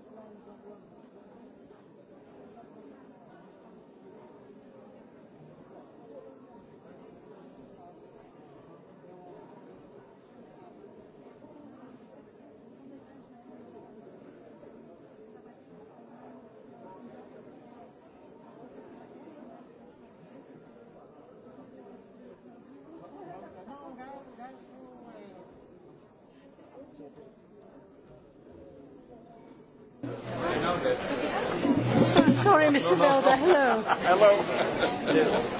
influenza Mr. Belder. Hello. Hello.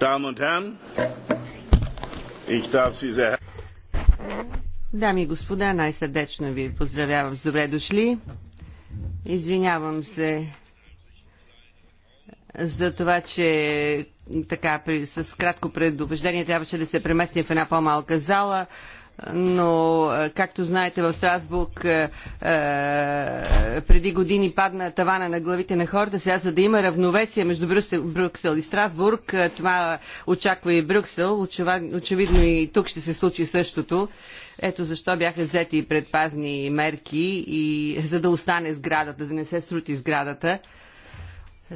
Damen und Herren, ich darf Sie sehr Дами и господа, най-сърдечно ви поздравявам с добре дошли. Извинявам се за това, че така, с кратко предупреждение трябваше да се преместим в една по-малка зала но е, както знаете в Страсбург е, е, преди години падна тавана на главите на хората. Сега за да има равновесие между Брюксел, Брюксел и Страсбург, това очаква и Брюксел. Очевидно и тук ще се случи същото. Ето защо бяха взети предпазни мерки и за да остане сградата, да не се срути сградата.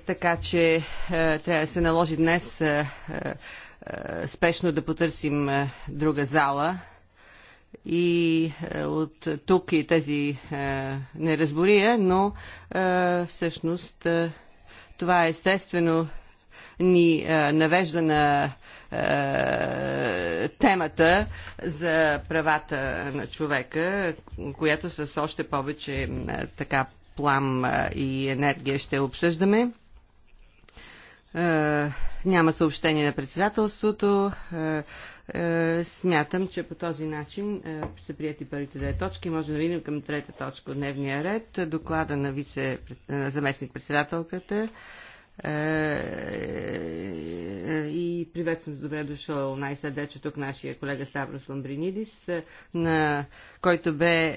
Така че трябва да се наложи днес спешно да потърсим друга зала и е, от тук и тази е, неразбория, но е, всъщност е, това естествено ни е, навежда на е, темата за правата на човека, която с още повече е, така плам е, и енергия ще обсъждаме. Е, няма съобщение на председателството. Е, е, смятам, че по този начин ще са прияти първите две точки. Може да видим към трета точка от дневния ред. Доклада на вице е, заместник-председателката е, и приветствам с добре дошъл най-сърдече тук нашия колега Ставрос Ламбринидис, на който бе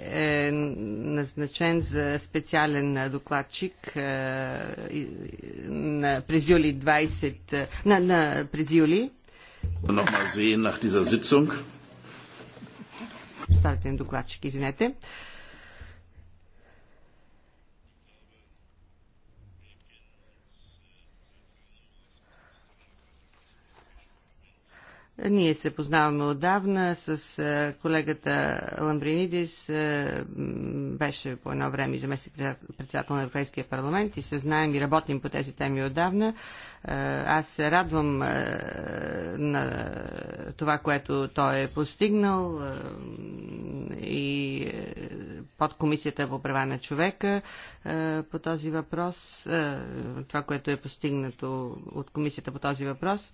назначен за специален докладчик на през юли 20 на, на през юли Старите докладчик, извинете. Ние се познаваме отдавна с колегата Ламбринидис, беше по едно време и заместник председател на Европейския парламент и се знаем и работим по тези теми отдавна. Аз се радвам на това, което той е постигнал и под Комисията по права на човека по този въпрос, това, което е постигнато от Комисията по този въпрос.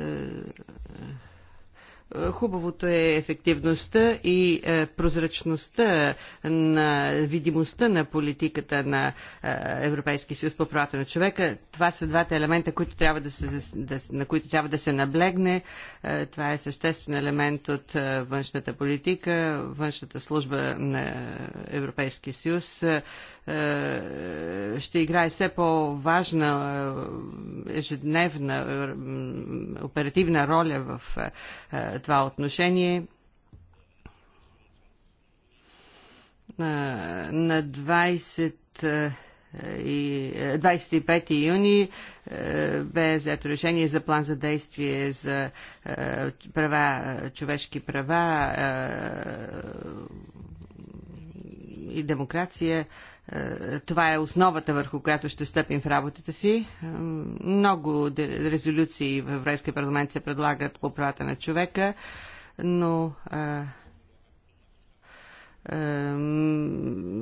Е, е, хубавото е ефективността и е, прозрачността на видимостта на политиката на Европейския съюз по правата на човека. Това са двата елемента, които трябва да се, да, на които трябва да се наблегне. Това е съществен елемент от външната политика, външната служба на Европейския съюз е, ще играе все по-важна е, ежедневна е, оперативна роля в това отношение. На 20 и 25 юни бе взето решение за план за действие за права, човешки права и демокрация е, това е основата върху която ще стъпим в работата си. Е, много резолюции в Еврейския парламент се предлагат по правата на човека, но е,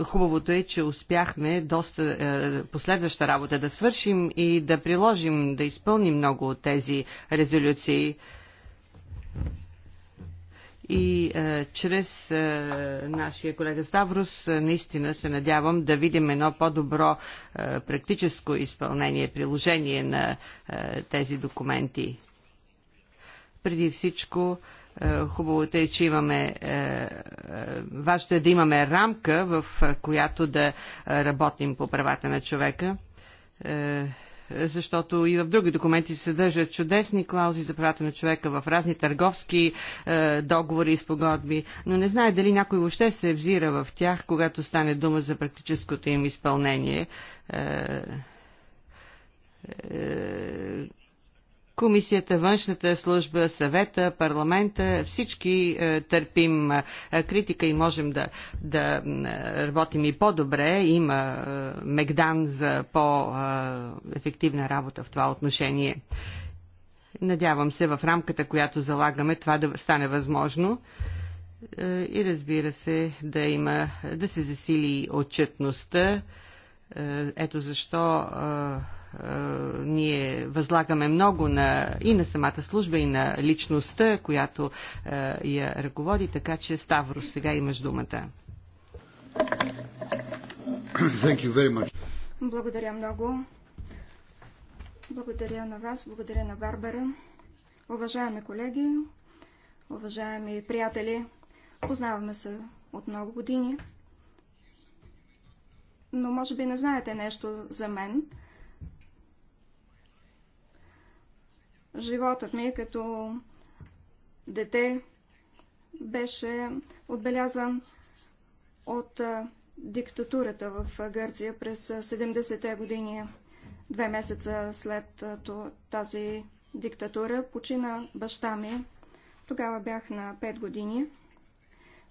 хубавото е, че успяхме доста последваща работа да свършим и да приложим, да изпълним много от тези резолюции и е, чрез е, нашия колега Ставрос е, наистина се надявам да видим едно по-добро е, практическо изпълнение, приложение на е, тези документи. Преди всичко, е, хубавото е, че имаме, е, е, важно е да имаме рамка, в е, която да е, работим по правата на човека. Е, защото и в други документи се съдържат чудесни клаузи за правата на човека в разни търговски е, договори и спогодби, но не знае дали някой въобще се взира в тях, когато стане дума за практическото им изпълнение. Е, е, Комисията, външната служба, съвета, парламента, всички е, търпим е, критика и можем да, да работим и по-добре. Има е, Мегдан за по-ефективна работа в това отношение. Надявам се в рамката, която залагаме, това да стане възможно е, и разбира се да има, да се засили отчетността. Е, ето защо е, ние възлагаме много на, и на самата служба, и на личността, която я ръководи, така че Ставро, сега имаш думата. Thank you very much. Благодаря много. Благодаря на вас, благодаря на Барбара. Уважаеми колеги, уважаеми приятели, познаваме се от много години, но може би не знаете нещо за мен – Животът ми като дете беше отбелязан от диктатурата в Гърция през 70-те години. Две месеца след тази диктатура почина баща ми. Тогава бях на 5 години.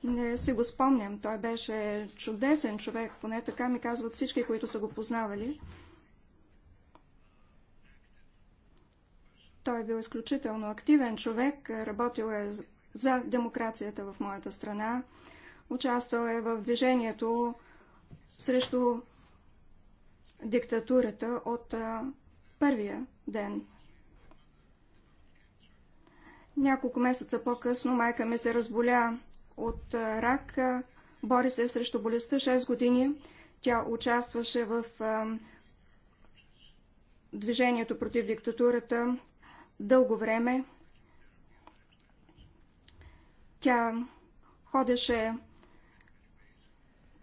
Не си го спомням. Той беше чудесен човек, поне така ми казват всички, които са го познавали. Той е бил изключително активен човек, работил е за демокрацията в моята страна, участвал е в движението срещу диктатурата от а, първия ден. Няколко месеца по-късно майка ми се разболя от а, рак, а, бори се срещу болестта 6 години. Тя участваше в а, движението против диктатурата, дълго време тя ходеше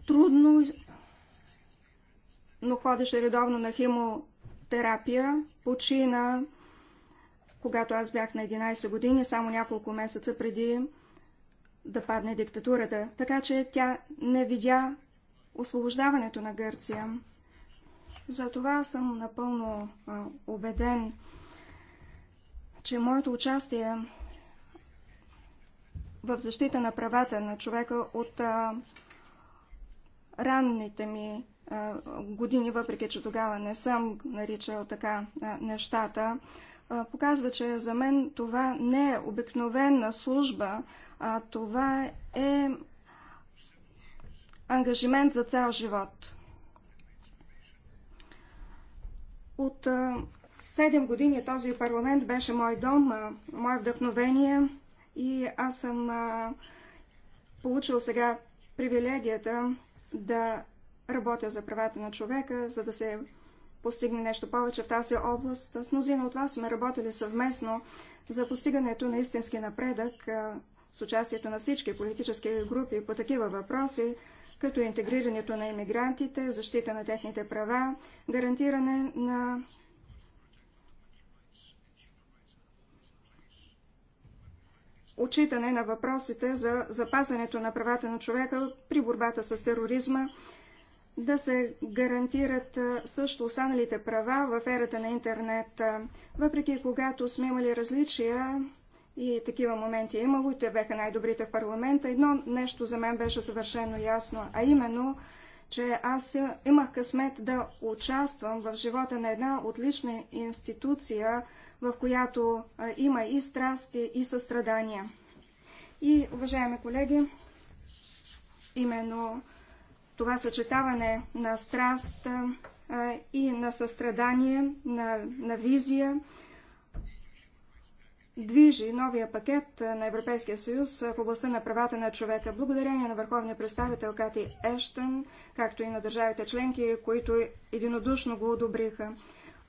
трудно, но ходеше редовно на химотерапия, почина, когато аз бях на 11 години, само няколко месеца преди да падне диктатурата. Така че тя не видя освобождаването на Гърция. Затова съм напълно убеден, че моето участие в защита на правата на човека от а, ранните ми а, години, въпреки че тогава не съм наричал така а, нещата, а, показва, че за мен това не е обикновена служба, а това е ангажимент за цял живот. От а, Седем години този парламент беше мой дом, мое вдъхновение и аз съм получил сега привилегията да работя за правата на човека, за да се постигне нещо повече в тази област. С мнозина от вас сме работили съвместно за постигането на истински напредък с участието на всички политически групи по такива въпроси, като интегрирането на иммигрантите, защита на техните права, гарантиране на отчитане на въпросите за запазването на правата на човека при борбата с тероризма, да се гарантират също останалите права в ерата на интернет. Въпреки когато сме имали различия и такива моменти е имало, те бяха най-добрите в парламента, едно нещо за мен беше съвършено ясно, а именно, че аз имах късмет да участвам в живота на една отлична институция, в която има и страсти, и състрадания. И, уважаеми колеги, именно това съчетаване на страст и на състрадание, на, на визия, движи новия пакет на Европейския съюз в областта на правата на човека. Благодарение на върховния представител Кати Ештън, както и на държавите членки, които единодушно го одобриха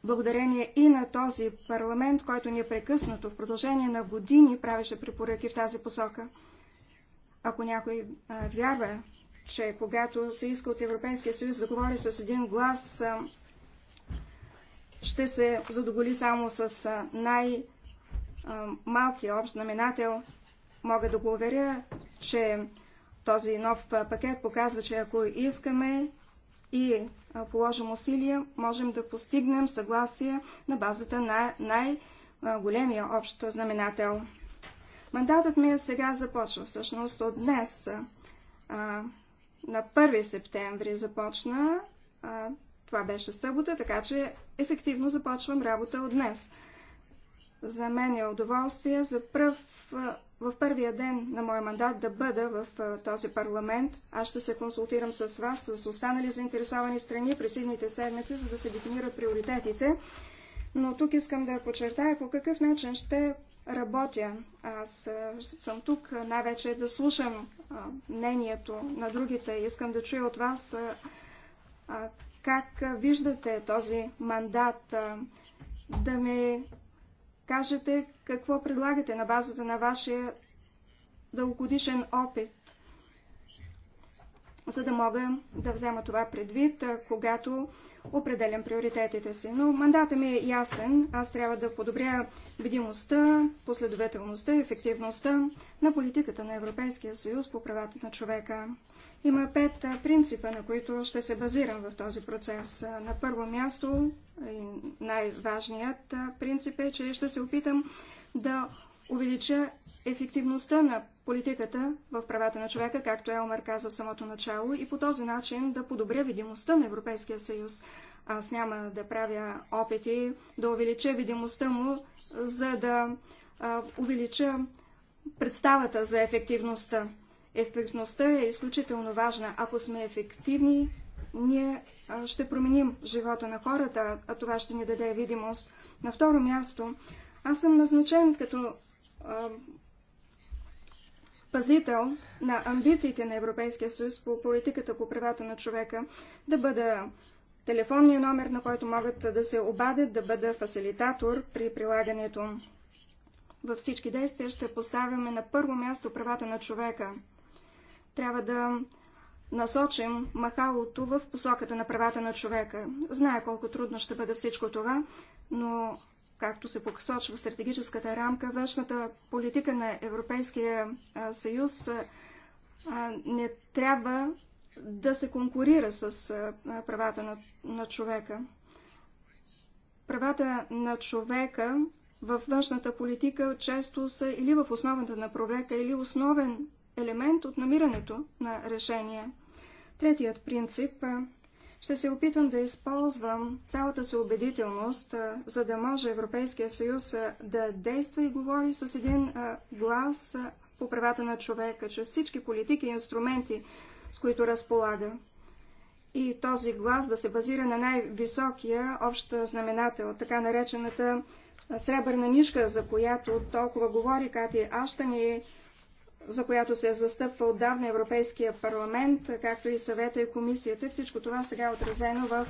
благодарение и на този парламент, който непрекъснато в продължение на години правеше препоръки в тази посока. Ако някой а, вярва, че когато се иска от Европейския съюз да говори с един глас, а, ще се задоволи само с най-малкия общ знаменател, мога да го уверя, че този нов пакет показва, че ако искаме и положим усилия, можем да постигнем съгласие на базата на най-големия общ знаменател. Мандатът ми е сега започва, всъщност от днес. на 1 септември започна. това беше събота, така че ефективно започвам работа от днес. За мен е удоволствие за пръв, в първия ден на моя мандат да бъда в този парламент. Аз ще се консултирам с вас, с останали заинтересовани страни през идните седмици, за да се дефинират приоритетите. Но тук искам да подчертая по какъв начин ще работя. Аз съм тук най-вече да слушам мнението на другите. Искам да чуя от вас как виждате този мандат, да ме кажете какво предлагате на базата на вашия дългогодишен опит, за да мога да взема това предвид, когато определям приоритетите си. Но мандата ми е ясен. Аз трябва да подобря видимостта, последователността и ефективността на политиката на Европейския съюз по правата на човека. Има пет принципа, на които ще се базирам в този процес. На първо място, най-важният принцип е, че ще се опитам да увелича ефективността на политиката в правата на човека, както Елмар каза в самото начало, и по този начин да подобря видимостта на Европейския съюз. Аз няма да правя опити да увелича видимостта му, за да увелича представата за ефективността. Ефективността е изключително важна. Ако сме ефективни, ние ще променим живота на хората, а това ще ни даде видимост. На второ място, аз съм назначен като а, пазител на амбициите на Европейския съюз по политиката по правата на човека, да бъда телефонния номер, на който могат да се обадят, да бъда фасилитатор при прилагането. Във всички действия ще поставяме на първо място правата на човека – трябва да насочим махалото в посоката на правата на човека. Зная колко трудно ще бъде всичко това, но както се посочва в стратегическата рамка, външната политика на Европейския съюз не трябва да се конкурира с правата на, на човека. Правата на човека във външната политика често са или в основата на проверка, или основен елемент от намирането на решение. Третият принцип ще се опитам да използвам цялата си убедителност, за да може Европейския съюз да действа и говори с един глас по правата на човека, чрез всички политики и инструменти, с които разполага. И този глас да се базира на най-високия общ знаменател, така наречената сребърна нишка, за която толкова говори Кати Аштани за която се е застъпва отдавна Европейския парламент, както и съвета и комисията. Всичко това сега е отразено в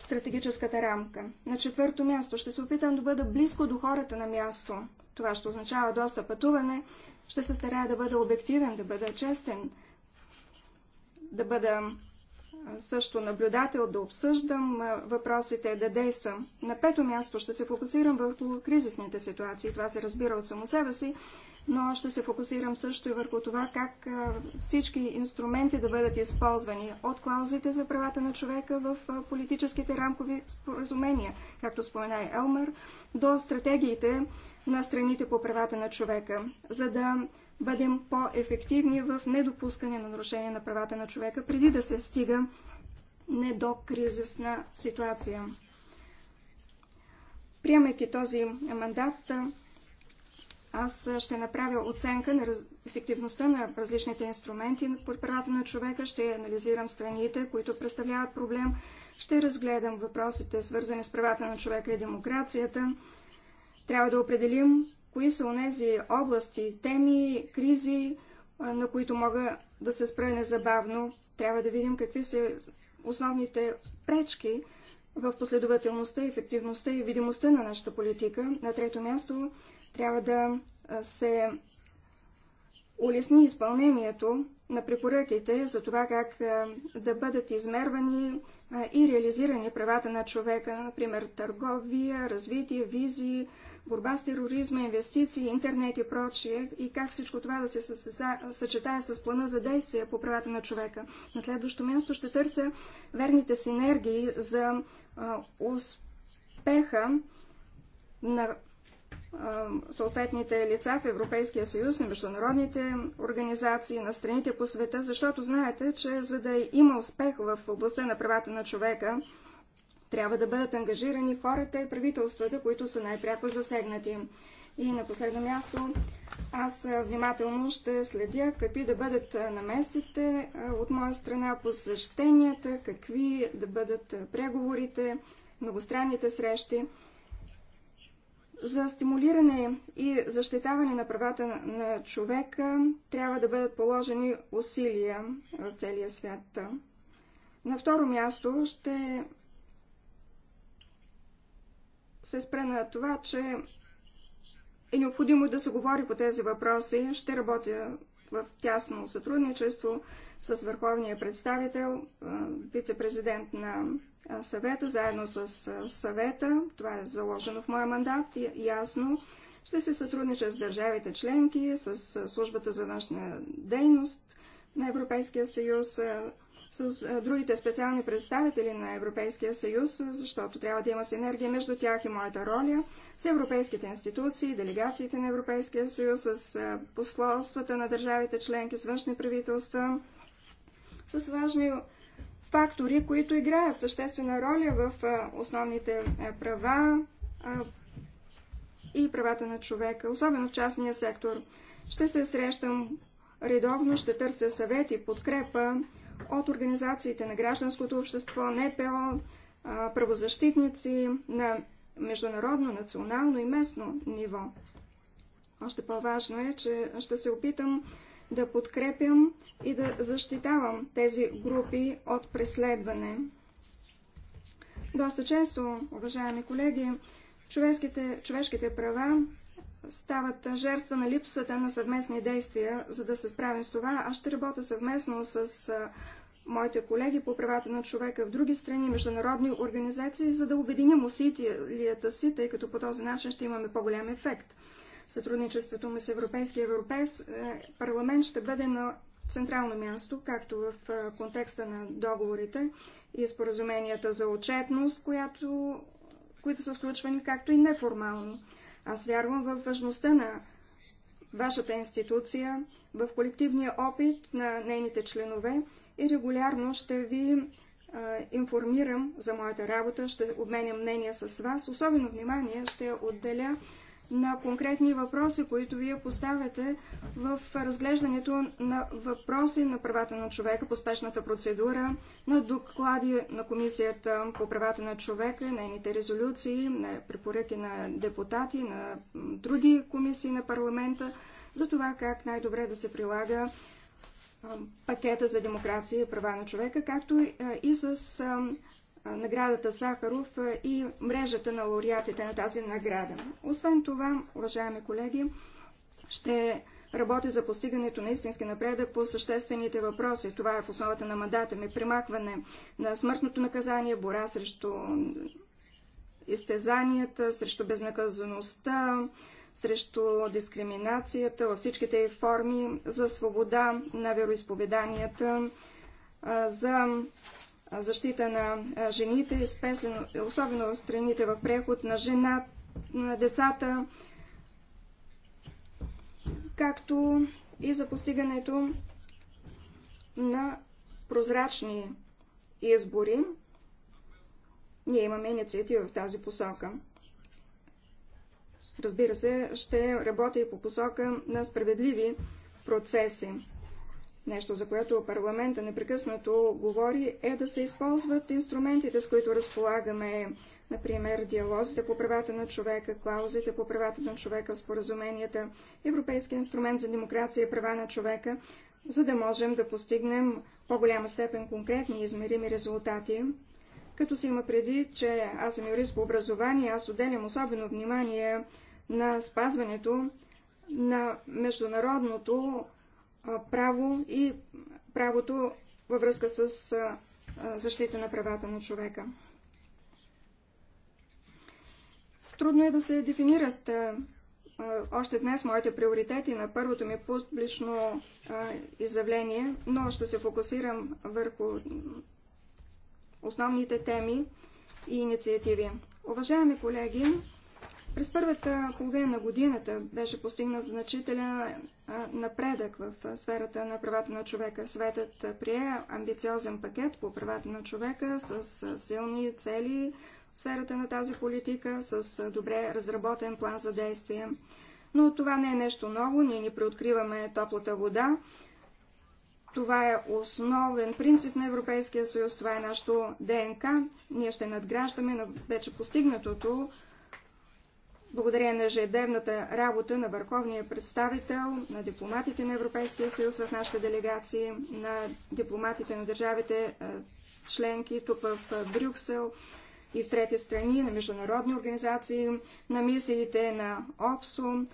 стратегическата рамка. На четвърто място ще се опитам да бъда близко до хората на място. Това ще означава доста пътуване. Ще се старая да бъда обективен, да бъда честен, да бъда също наблюдател, да обсъждам въпросите, да действам. На пето място ще се фокусирам върху кризисните ситуации. Това се разбира от само себе си но ще се фокусирам също и върху това как всички инструменти да бъдат използвани от клаузите за правата на човека в политическите рамкови споразумения, както спомена и Елмер, до стратегиите на страните по правата на човека, за да бъдем по-ефективни в недопускане на нарушение на правата на човека, преди да се стига не до кризисна ситуация. Приемайки този мандат, аз ще направя оценка на раз... ефективността на различните инструменти по правата на човека, ще анализирам страните, които представляват проблем, ще разгледам въпросите, свързани с правата на човека и демокрацията. Трябва да определим кои са онези области, теми, кризи, на които мога да се спра незабавно. Трябва да видим какви са основните пречки в последователността, ефективността и видимостта на нашата политика. На трето място трябва да се улесни изпълнението на препоръките за това как да бъдат измервани и реализирани правата на човека, например търговия, развитие, визии, борба с тероризма, инвестиции, интернет и прочие, и как всичко това да се съчетае с плана за действие по правата на човека. На следващо място ще търся верните синергии за успеха на съответните лица в Европейския съюз, на международните организации, на страните по света, защото знаете, че за да има успех в областта на правата на човека, трябва да бъдат ангажирани хората и правителствата, които са най-пряко засегнати. И на последно място, аз внимателно ще следя какви да бъдат намесите от моя страна, посещенията, какви да бъдат преговорите, многостранните срещи. За стимулиране и защитаване на правата на човека трябва да бъдат положени усилия в целия свят. На второ място ще се спре на това, че е необходимо да се говори по тези въпроси. Ще работя в тясно сътрудничество с върховния представител, вице-президент на съвета, заедно с съвета, това е заложено в моя мандат, ясно, ще се сътруднича с държавите членки, с службата за външна дейност на Европейския съюз, с другите специални представители на Европейския съюз, защото трябва да има синергия между тях и моята роля, с европейските институции, делегациите на Европейския съюз, с посолствата на държавите членки, с външни правителства, с важни фактори, които играят съществена роля в основните права и правата на човека, особено в частния сектор. Ще се срещам редовно, ще търся съвет и подкрепа от организациите на гражданското общество, НПО, правозащитници на международно, национално и местно ниво. Още по-важно е, че ще се опитам да подкрепям и да защитавам тези групи от преследване. Доста често, уважаеми колеги, човешките, човешките права стават жертва на липсата на съвместни действия. За да се справим с това, аз ще работя съвместно с моите колеги по правата на човека в други страни, международни организации, за да обединим усилията си, тъй като по този начин ще имаме по-голям ефект сътрудничеството му с Европейския Европейс, е, парламент ще бъде на централно място, както в е, контекста на договорите и споразуменията за отчетност, която, които са сключвани, както и неформално. Аз вярвам в важността на вашата институция, в колективния опит на нейните членове и регулярно ще ви е, информирам за моята работа, ще обменям мнения с вас. Особено внимание ще отделя на конкретни въпроси, които вие поставяте в разглеждането на въпроси на правата на човека по спешната процедура, на доклади на Комисията по правата на човека, нейните резолюции, на препоръки на депутати, на други комисии на парламента, за това как най-добре да се прилага пакета за демокрация и права на човека, както и с наградата Сахаров и мрежата на лауреатите на тази награда. Освен това, уважаеми колеги, ще работи за постигането на истински напредък по съществените въпроси. Това е в основата на мандата ми. Примахване на смъртното наказание, бора срещу изтезанията, срещу безнаказаността, срещу дискриминацията във всичките форми, за свобода на вероисповеданията, за защита на жените, особено в страните в преход на жена, на децата, както и за постигането на прозрачни избори. Ние имаме инициатива в тази посока. Разбира се, ще работя и по посока на справедливи процеси. Нещо, за което парламента непрекъснато говори, е да се използват инструментите, с които разполагаме, например, диалозите по правата на човека, клаузите по правата на човека в споразуменията, Европейски инструмент за демокрация и права на човека, за да можем да постигнем по-голяма степен конкретни измерими резултати. Като се има преди, че аз съм юрист по образование, аз отделям особено внимание на спазването на международното право и правото във връзка с защита на правата на човека. Трудно е да се дефинират още днес моите приоритети на първото ми публично изявление, но ще се фокусирам върху основните теми и инициативи. Уважаеми колеги, през първата половина на годината беше постигнат значителен напредък в сферата на правата на човека. Светът прие амбициозен пакет по правата на човека с силни цели в сферата на тази политика, с добре разработен план за действие. Но това не е нещо ново, ние ни преоткриваме топлата вода. Това е основен принцип на Европейския съюз, това е нашето ДНК. Ние ще надграждаме на вече постигнатото благодарение на ежедневната работа на върховния представител, на дипломатите на Европейския съюз в нашите делегации, на дипломатите на държавите членки тук в Брюксел и в трети страни, на международни организации, на мисиите на ОПСО,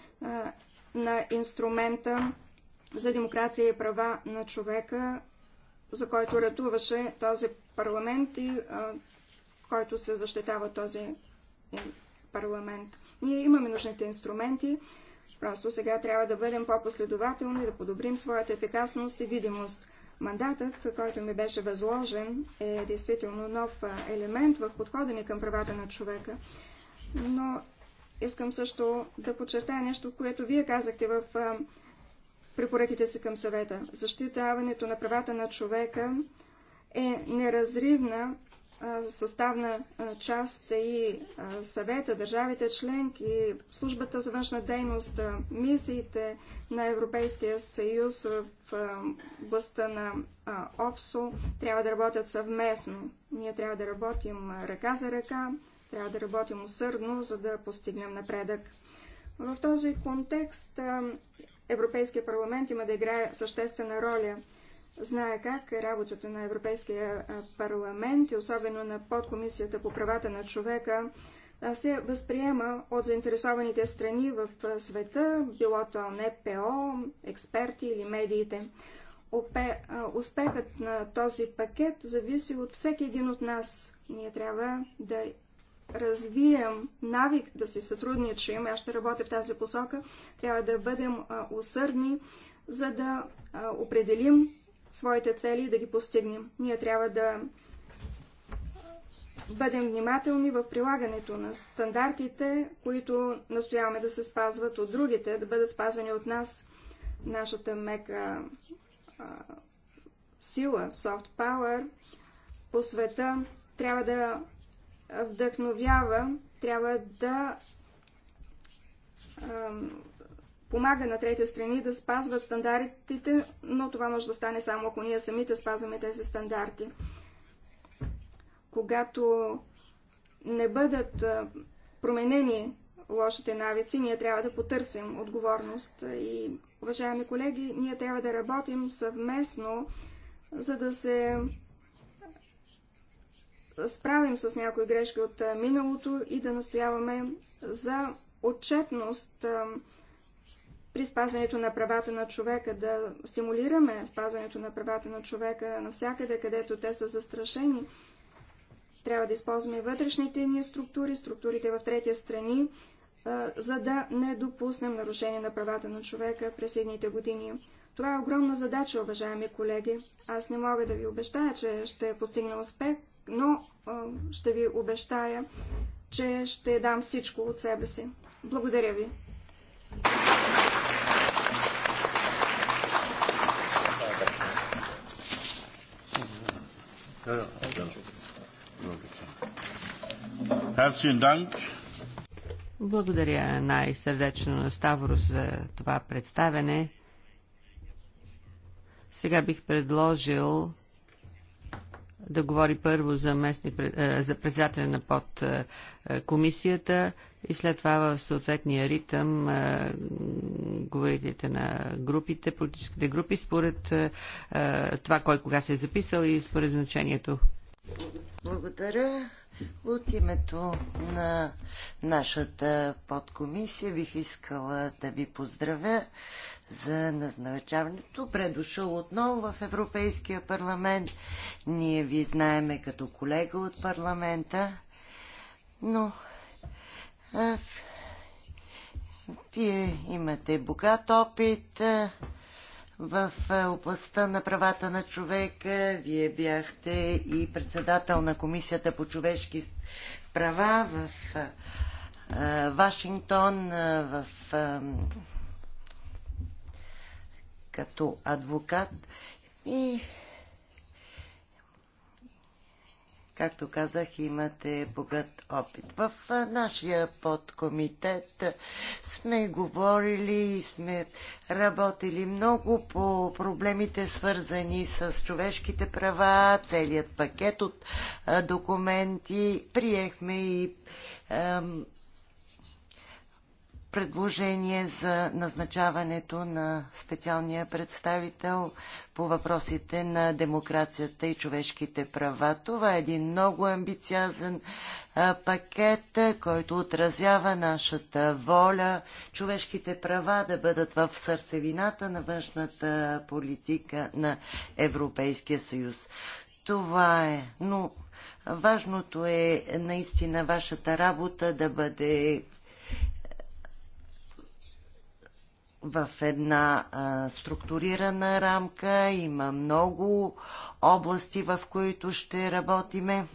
на инструмента за демокрация и права на човека, за който ратуваше този парламент и който се защитава този парламент. Ние имаме нужните инструменти, просто сега трябва да бъдем по-последователни, да подобрим своята ефикасност и видимост. Мандатът, който ми беше възложен, е действително нов елемент в подхода ни към правата на човека. Но искам също да подчертая нещо, което вие казахте в препоръките си към съвета. Защитаването на правата на човека е неразривна съставна част е и съвета, държавите членки, службата за външна дейност, мисиите на Европейския съюз в областта на ОПСО трябва да работят съвместно. Ние трябва да работим ръка за ръка, трябва да работим усърдно, за да постигнем напредък. В този контекст Европейския парламент има да играе съществена роля – знае как е работата на Европейския парламент и особено на подкомисията по правата на човека се възприема от заинтересованите страни в света, било то НПО, експерти или медиите. Успехът на този пакет зависи от всеки един от нас. Ние трябва да развием навик да си сътрудничим, аз ще работя в тази посока, трябва да бъдем усърдни, за да определим своите цели и да ги постигнем. Ние трябва да бъдем внимателни в прилагането на стандартите, които настояваме да се спазват от другите, да бъдат спазвани от нас. Нашата мека а, сила, soft power по света трябва да вдъхновява, трябва да а, помага на трети страни да спазват стандартите, но това може да стане само ако ние самите спазваме тези стандарти. Когато не бъдат променени лошите навици, ние трябва да потърсим отговорност. И, уважаеми колеги, ние трябва да работим съвместно, за да се справим с някои грешки от миналото и да настояваме за отчетност при спазването на правата на човека, да стимулираме спазването на правата на човека навсякъде, където те са застрашени. Трябва да използваме вътрешните ни структури, структурите в третия страни, за да не допуснем нарушение на правата на човека през едните години. Това е огромна задача, уважаеми колеги. Аз не мога да ви обещая, че ще постигна успех, но ще ви обещая, че ще дам всичко от себе си. Благодаря ви. Благодаря най-сърдечно на Ставрос за това представене. Сега бих предложил да говори първо за, местни, е, за председателя на под е, е, комисията и след това в съответния ритъм говорителите на групите, политическите групи, според това кой кога се е записал и според значението. Благодаря. От името на нашата подкомисия бих искала да ви поздравя за назначаването. Предошъл отново в Европейския парламент. Ние ви знаеме като колега от парламента, но а, вие имате богат опит. А, в е, областта на правата на човека. Вие бяхте и председател на Комисията по човешки права в е, е, Вашингтон, в, като адвокат. И както казах, имате богат опит. В нашия подкомитет сме говорили и сме работили много по проблемите свързани с човешките права, целият пакет от документи. Приехме и предложение за назначаването на специалния представител по въпросите на демокрацията и човешките права. Това е един много амбициозен пакет, който отразява нашата воля човешките права да бъдат в сърцевината на външната политика на Европейския съюз. Това е. Но важното е наистина вашата работа да бъде в една а, структурирана рамка. Има много области, в които ще работиме.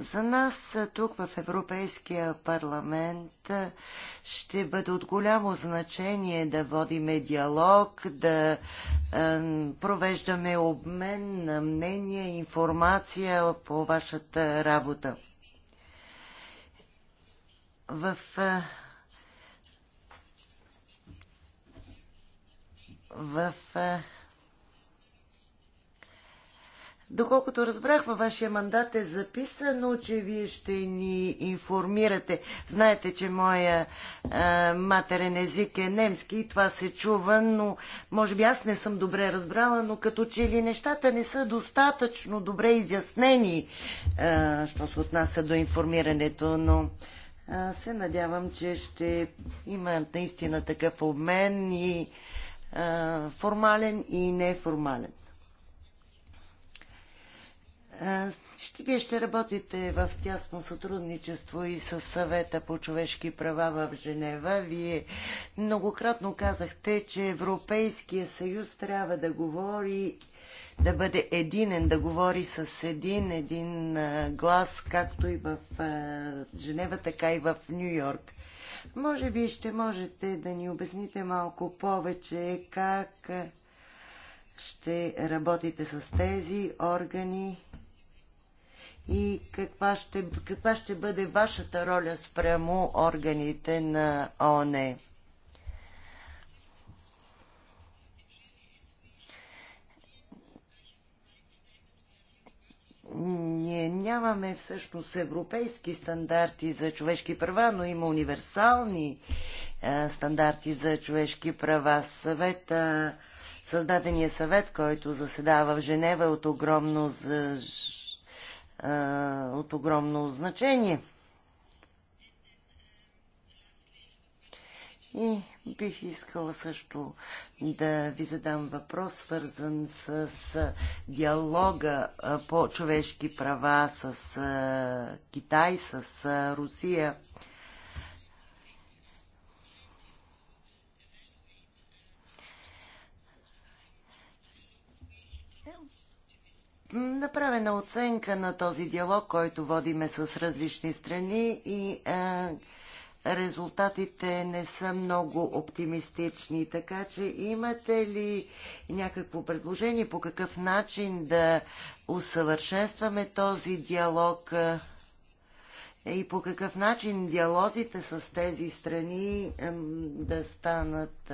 За нас тук в Европейския парламент ще бъде от голямо значение да водиме диалог, да е, провеждаме обмен на мнения, информация по вашата работа. В е, в Доколкото разбрах, във вашия мандат е записано, че вие ще ни информирате. Знаете, че моя а, матерен език е немски и това се чува, но може би аз не съм добре разбрала, но като че ли нещата не са достатъчно добре изяснени, а, що се отнася до информирането, но а, се надявам, че ще има наистина такъв обмен и формален и неформален. Ще, вие ще работите в тясно сътрудничество и с съвета по човешки права в Женева. Вие многократно казахте, че Европейския съюз трябва да говори да бъде единен, да говори с един, един глас, както и в Женева, така и в Нью Йорк. Може би ще можете да ни обясните малко повече как ще работите с тези органи и каква ще, каква ще бъде вашата роля спрямо органите на ОНЕ. ние нямаме всъщност европейски стандарти за човешки права, но има универсални стандарти за човешки права. Съвета, създадения съвет, който заседава в Женева е от огромно, за, от огромно значение. И бих искала също да ви задам въпрос, свързан с, с диалога по човешки права с Китай, с Русия. направена оценка на този диалог, който водиме с различни страни и резултатите не са много оптимистични, така че имате ли някакво предложение по какъв начин да усъвършенстваме този диалог и по какъв начин диалозите с тези страни да станат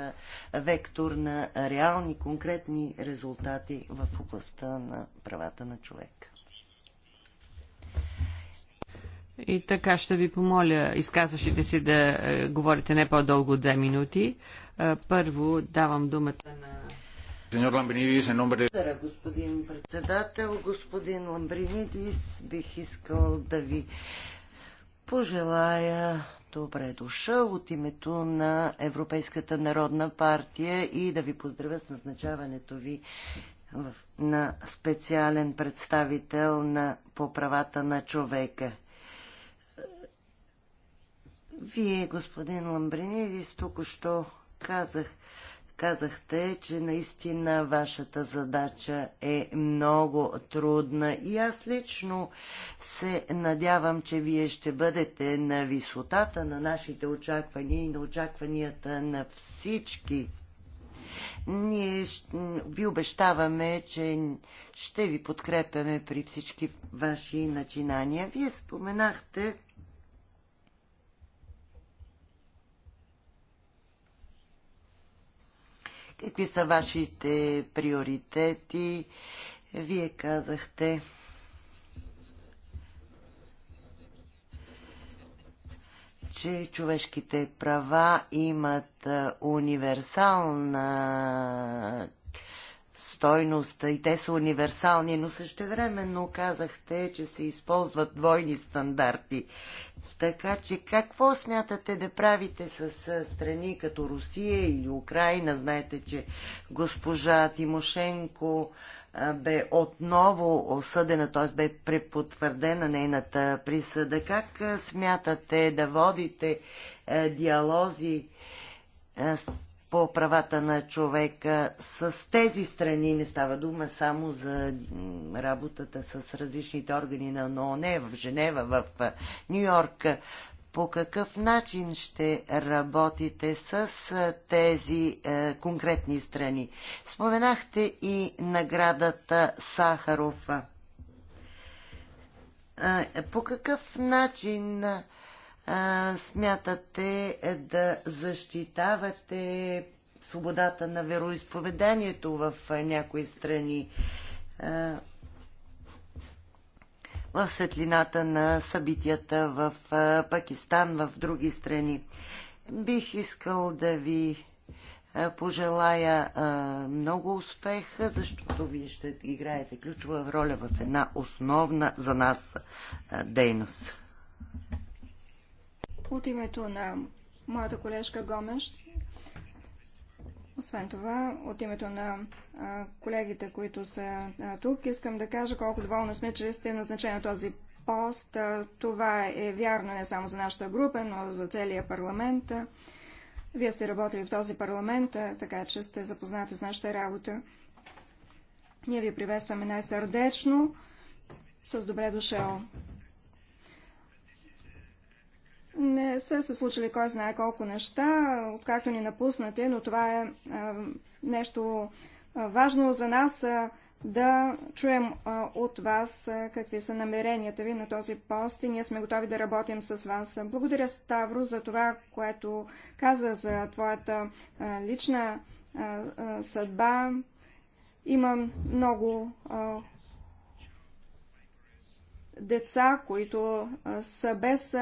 вектор на реални, конкретни резултати в областта на правата на човека? И така ще ви помоля изказващите си да е, говорите не по-дълго две минути. Е, първо давам думата на... Сеньор Благодаря, господин председател. Господин Ламбринидис, бих искал да ви пожелая добре дошъл от името на Европейската народна партия и да ви поздравя с назначаването ви на специален представител на по правата на човека. Вие, господин Ламбринидис, току-що казах, казахте, че наистина вашата задача е много трудна и аз лично се надявам, че вие ще бъдете на висотата на нашите очаквания и на очакванията на всички. Ние ви обещаваме, че ще ви подкрепяме при всички ваши начинания. Вие споменахте Какви са вашите приоритети? Вие казахте, че човешките права имат универсална стойност и те са универсални, но същевременно казахте, че се използват двойни стандарти. Така че какво смятате да правите с страни като Русия или Украина? Знаете, че госпожа Тимошенко бе отново осъдена, т.е. бе препотвърдена нейната присъда. Как смятате да водите диалози по правата на човека с тези страни. Не става дума само за работата с различните органи на ООН в Женева, в Нью Йорк. По какъв начин ще работите с тези е, конкретни страни? Споменахте и наградата Сахаров. По какъв начин смятате да защитавате свободата на вероисповеданието в някои страни в светлината на събитията в Пакистан, в други страни. Бих искал да ви пожелая много успеха, защото вие ще играете ключова роля в една основна за нас дейност от името на моята колежка Гомеш. Освен това, от името на колегите, които са тук, искам да кажа колко доволна сме, че сте назначени на този пост. Това е вярно не само за нашата група, но за целия парламент. Вие сте работили в този парламент, така че сте запознати с нашата работа. Ние ви приветстваме най-сърдечно. С добре дошъл не са се случили кой знае колко неща, откакто ни напуснате, но това е а, нещо важно за нас а, да чуем а, от вас а, какви са намеренията ви на този пост и ние сме готови да работим с вас. Благодаря, Ставро, за това, което каза за твоята а, лична а, а, съдба. Имам много а, деца, които са без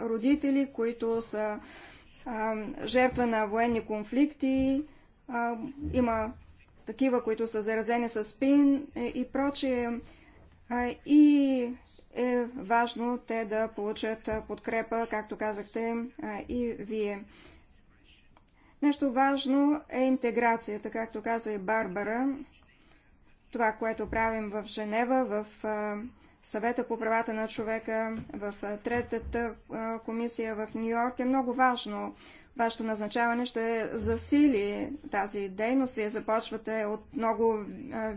родители, които са жертва на военни конфликти. Има такива, които са заразени с спин е, и прочие. И е важно те да получат подкрепа, както казахте и вие. Нещо важно е интеграцията, както каза и Барбара. Това, което правим в Женева, в съвета по правата на човека, в третата комисия в Нью-Йорк е много важно. Вашето назначаване ще засили тази дейност. Вие започвате от много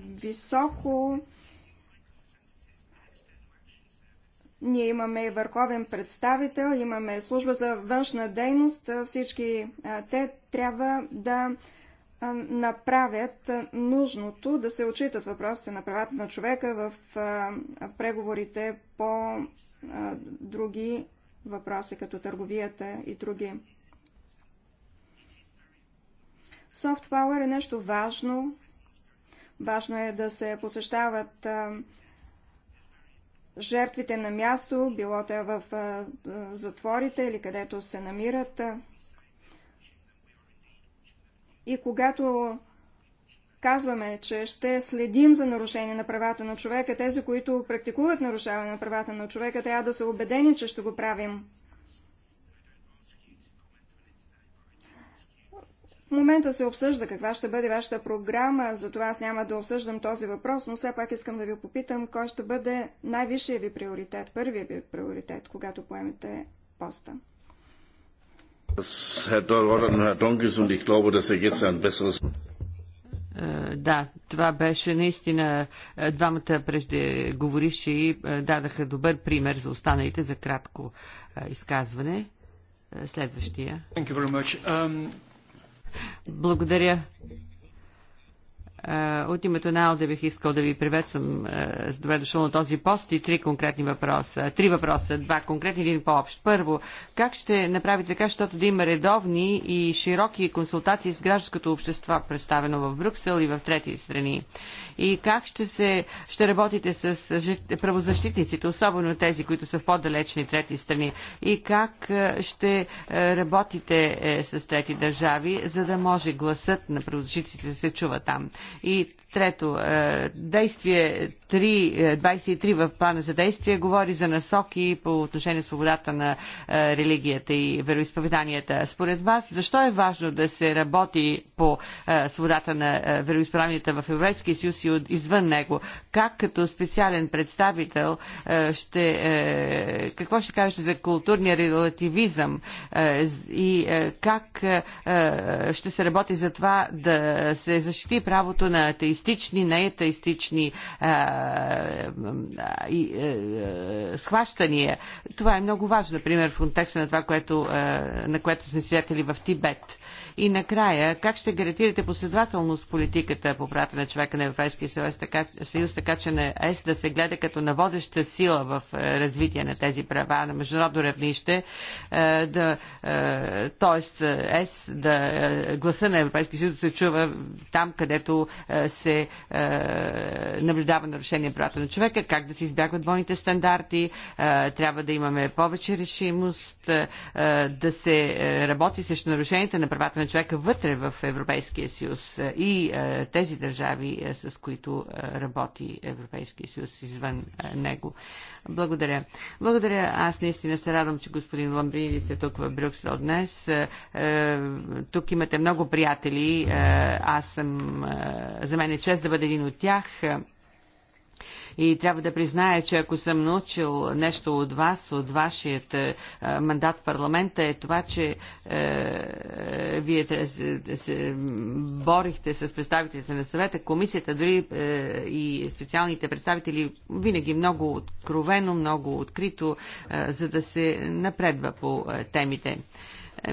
високо. Ние имаме върховен представител, имаме служба за външна дейност. Всички те трябва да направят нужното да се отчитат въпросите на правата на човека в преговорите по други въпроси, като търговията и други. Soft power е нещо важно. Важно е да се посещават жертвите на място, било те в затворите или където се намират. И когато казваме, че ще следим за нарушение на правата на човека, тези, които практикуват нарушаване на правата на човека, трябва да са убедени, че ще го правим. В момента се обсъжда каква ще бъде вашата програма, затова аз няма да обсъждам този въпрос, но все пак искам да ви попитам, кой ще бъде най-висшия ви приоритет, първият ви приоритет, когато поемете поста. Er е, да, това беше наистина е, двамата преждеговоривши е, дадаха добър пример за останалите за кратко изказване. Следващия. Um, Благодаря. От името на Алде бих искал да ви приветствам с добре дошъл на този пост и три конкретни въпроса. Три въпроса, два конкретни, един по-общ. Първо, как ще направите така, защото да има редовни и широки консултации с гражданското общество, представено в Брюксел и в трети страни? И как ще, се, ще работите с правозащитниците, особено тези, които са в по-далечни трети страни? И как ще работите е, с трети държави, за да може гласът на правозащитниците да се чува там? И трето, е, действие 23 е, в плана за действие говори за насоки по отношение свободата на е, религията и вероисповеданията. Според вас, защо е важно да се работи по е, свободата на вероисповеданията в Европейския съюз и извън него? Как като специален представител ще... Какво ще кажете за културния релативизъм и как ще се работи за това да се защити правото на атеистични, неатеистични а, е, е, схващания. Това е много важно, например, в контекста на това, което, е, на което сме свидетели в Тибет. И накрая, как ще гарантирате последователност политиката по правата на човека на Европейския съюз, така, съюз, така че на ЕС да се гледа като на водеща сила в е, развитие на тези права на международно равнище, е, да, т.е. Е, ЕС да гласа на Европейския съюз да се чува там, където се наблюдава нарушение на правата на човека, как да се избягват двойните стандарти, трябва да имаме повече решимост, да се работи срещу нарушенията на правата на на човека вътре в Европейския съюз е, и е, тези държави, е, с които работи Европейския съюз извън него. Благодаря. Благодаря. Аз наистина се радвам, че господин Ламбрини е тук в Брюксел днес. Тук имате много приятели. Аз съм... За мен е чест да бъда един от тях. И трябва да призная, че ако съм научил нещо от вас, от вашият е, е, мандат в парламента, е това, че е, е, вие се, се борихте с представителите на съвета, комисията, дори е, и специалните представители, винаги много откровено, много открито, е, за да се напредва по темите.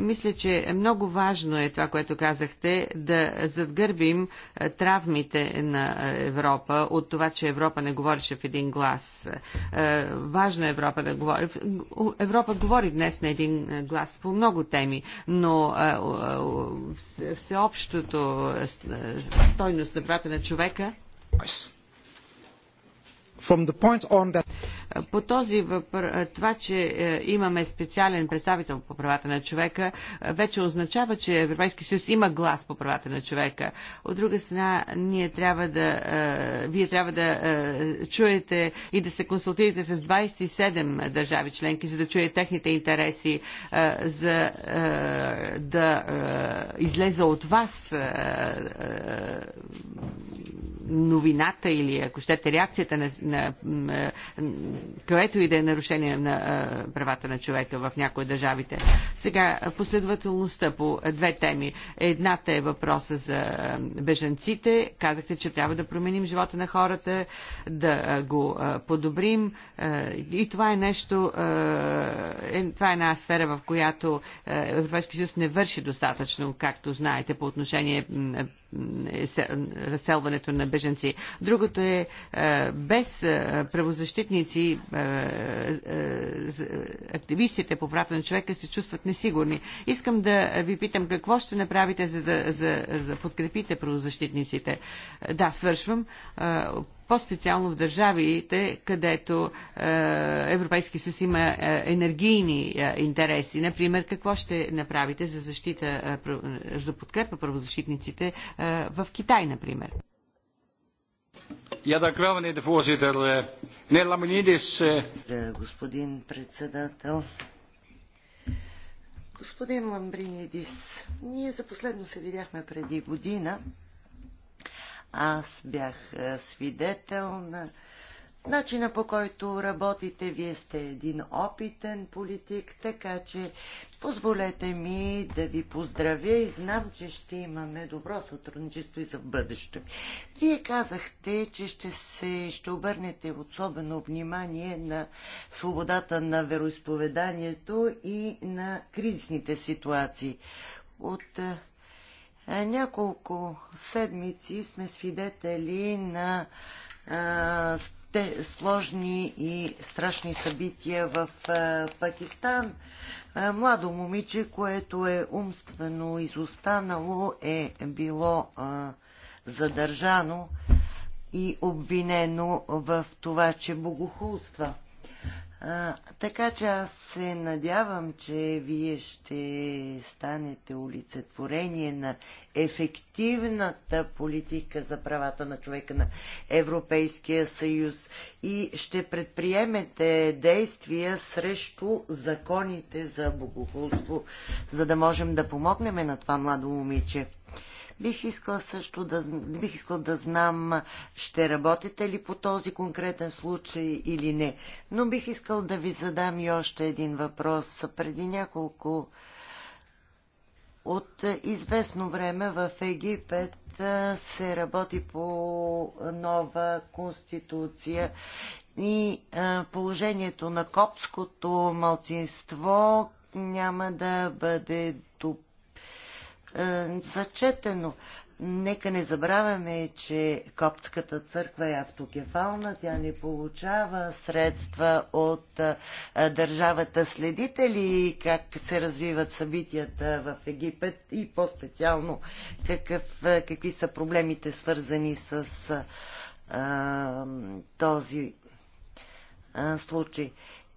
Мисля, че много важно е това, което казахте, да задгърбим травмите на Европа от това, че Европа не говореше в един глас. Важно е Европа да говори. Европа говори днес на един глас по много теми, но всеобщото стойност на правата на човека. Nice. That... По този въпрос, това, че е, имаме специален представител по правата на човека, е, вече означава, че Европейски съюз има глас по правата на човека. От друга страна, ние трябва да, е, вие трябва да чуете и да се консултирате с 27 държави членки, за да чуете техните интереси, за да излезе от вас новината или, ако щете, реакцията на, на, на което и да е нарушение на а, правата на човека в някои държавите. Сега, последователността по две теми. Едната е въпроса за бежанците. Казахте, че трябва да променим живота на хората, да го подобрим. И това е нещо, е, това е една сфера, в която Европейския съюз не върши достатъчно, както знаете, по отношение е, разселването на беженци. Другото е, е без е, правозащитници активистите по правата на човека се чувстват несигурни. Искам да ви питам какво ще направите, за да за, за подкрепите правозащитниците. Да, свършвам по-специално в държавите, където е, Европейски съюз има е, енергийни е, интереси. Например, какво ще направите за защита, е, за подкрепа правозащитниците е, в Китай, например? Eh, eh. Господин председател, господин Ламбринидис, ние за последно се видяхме преди година аз бях свидетел на начина по който работите. Вие сте един опитен политик, така че позволете ми да ви поздравя и знам, че ще имаме добро сътрудничество и за бъдеще. Вие казахте, че ще, се, ще обърнете особено внимание на свободата на вероисповеданието и на кризисните ситуации. От е, няколко седмици сме свидетели на а, сложни и страшни събития в а, Пакистан. А, младо момиче, което е умствено изостанало, е било а, задържано и обвинено в това, че богохулства. А, така че аз се надявам, че вие ще станете олицетворение на ефективната политика за правата на човека на Европейския съюз и ще предприемете действия срещу законите за богохулство, за да можем да помогнем на това младо момиче. Бих искал също да, бих искал да знам, ще работите ли по този конкретен случай или не. Но бих искал да ви задам и още един въпрос. Преди няколко от известно време в Египет се работи по нова конституция и положението на копското малцинство няма да бъде е, зачетено. Нека не забравяме, че Коптската църква е автокефална, тя не получава средства от е, държавата. Следители как се развиват събитията в Египет и по-специално е, какви са проблемите свързани с а, този а, случай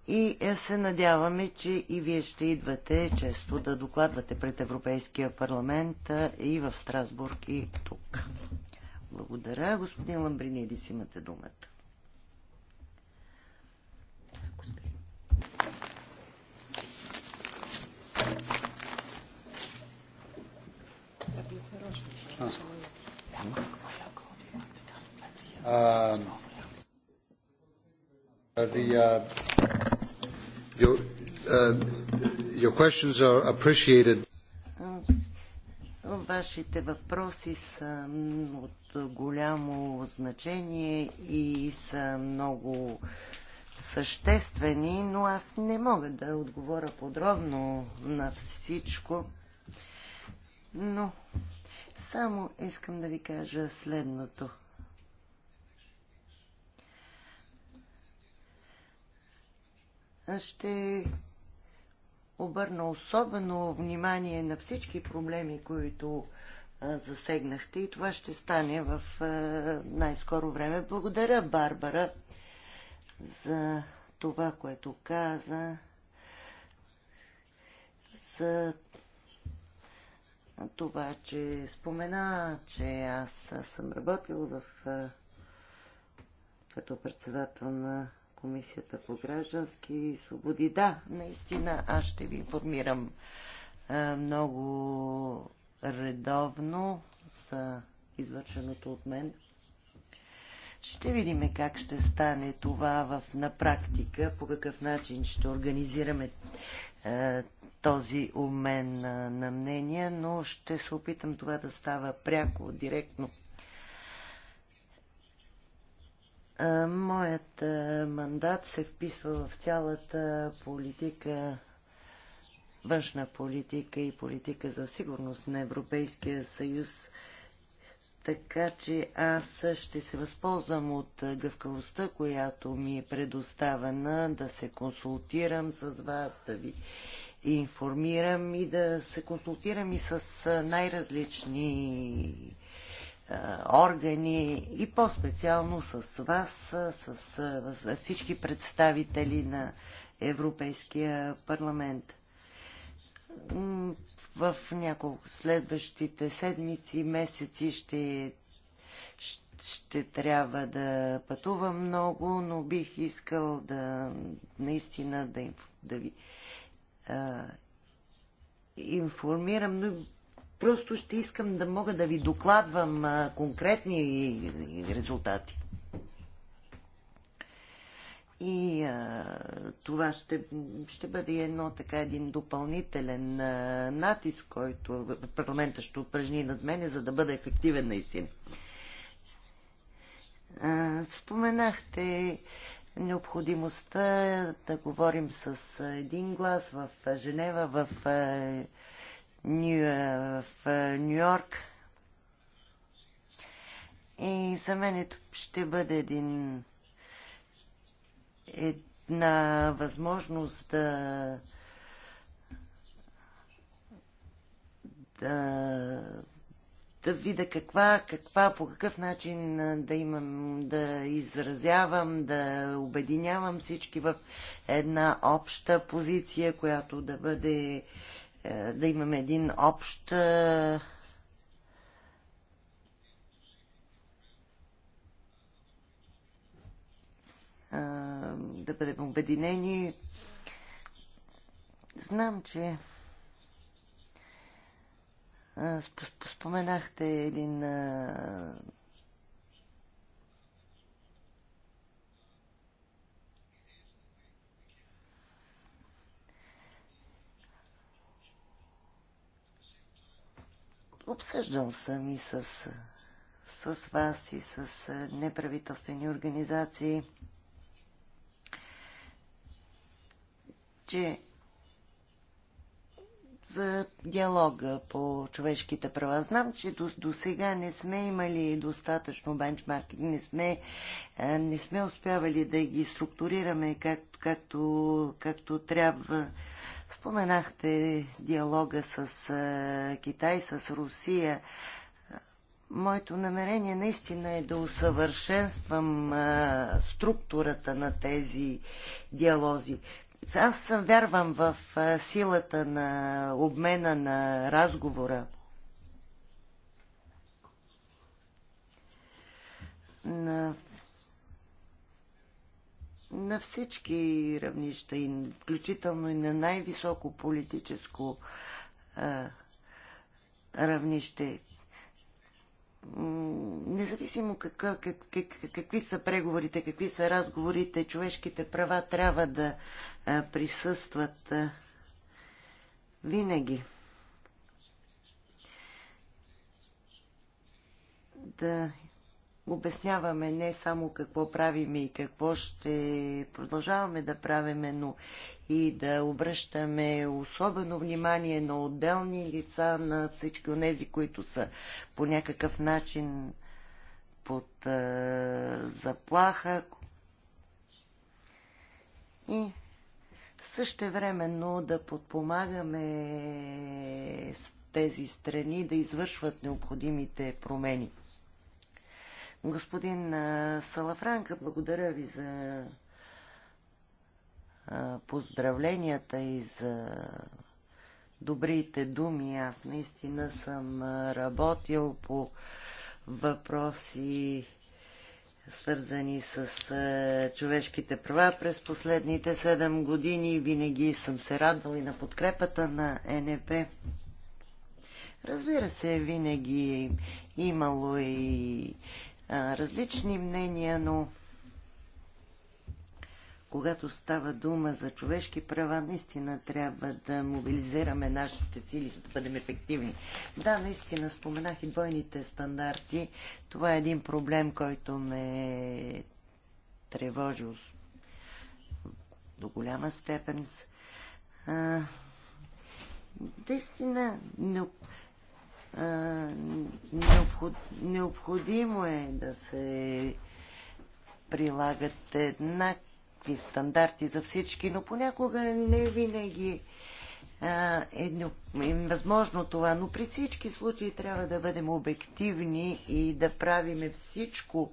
и е, се надяваме, че и вие ще идвате често да докладвате пред Европейския парламент е, и в Страсбург и тук. Благодаря. Господин Ламбринидис, имате думата. Uh, the uh, Your, uh, your questions are appreciated. Uh, вашите въпроси са от голямо значение и са много съществени, но аз не мога да отговоря подробно на всичко. Но само искам да ви кажа следното – ще обърна особено внимание на всички проблеми, които засегнахте и това ще стане в най-скоро време. Благодаря, Барбара, за това, което каза, за това, че спомена, че аз съм работил в като председател на Комисията по граждански свободи. Да, наистина аз ще ви информирам е, много редовно за извършеното от мен. Ще видим как ще стане това в, на практика, по какъв начин ще организираме е, този умен на, е, на мнения, но ще се опитам това да става пряко, директно Моят мандат се вписва в цялата политика, външна политика и политика за сигурност на Европейския съюз. Така че аз ще се възползвам от гъвкавостта, която ми е предоставена, да се консултирам с вас, да ви информирам и да се консултирам и с най-различни органи и по-специално с вас, с, с всички представители на Европейския парламент. В няколко следващите седмици, месеци ще, ще трябва да пътувам много, но бих искал да наистина да, да ви а, информирам, но Просто ще искам да мога да ви докладвам конкретни резултати. И а, това ще, ще бъде едно така един допълнителен а, натиск, който парламента ще упражни над мене, за да бъда ефективен наистина. А, споменахте необходимостта да говорим с един глас в Женева, в е, в е, Нью Йорк. И за мен ще бъде един, една възможност да, да, да видя каква, каква, по какъв начин да имам, да изразявам, да обединявам всички в една обща позиция, която да бъде е, да имаме един общ е, е, да бъдем обединени. Знам, че споменахте един Обсъждал съм и с, с вас, и с неправителствени организации, че за диалога по човешките права. Знам, че до, до сега не сме имали достатъчно бенчмаркинг, не сме, не сме успявали да ги структурираме как, както, както трябва. Споменахте диалога с Китай, с Русия. Моето намерение наистина е да усъвършенствам структурата на тези диалози. Аз вярвам в силата на обмена на разговора. На на всички равнища, и включително и на най-високо политическо а, равнище. Независимо какъв, как, как, какви са преговорите, какви са разговорите, човешките права трябва да а, присъстват а, винаги. Да обясняваме не само какво правиме и какво ще продължаваме да правиме, но и да обръщаме особено внимание на отделни лица, на всички от тези, които са по някакъв начин под а, заплаха. И също времено да подпомагаме тези страни да извършват необходимите промени. Господин Салафранка, благодаря ви за поздравленията и за добрите думи. Аз наистина съм работил по въпроси свързани с човешките права през последните 7 години. Винаги съм се радвал и на подкрепата на НП. Разбира се, винаги е имало и различни мнения, но когато става дума за човешки права, наистина трябва да мобилизираме нашите сили, за да бъдем ефективни. Да, наистина споменах и двойните стандарти. Това е един проблем, който ме тревожи до голяма степен. А, наистина, но необходимо е да се прилагат еднакви стандарти за всички, но понякога не винаги е, е възможно това. Но при всички случаи трябва да бъдем обективни и да правиме всичко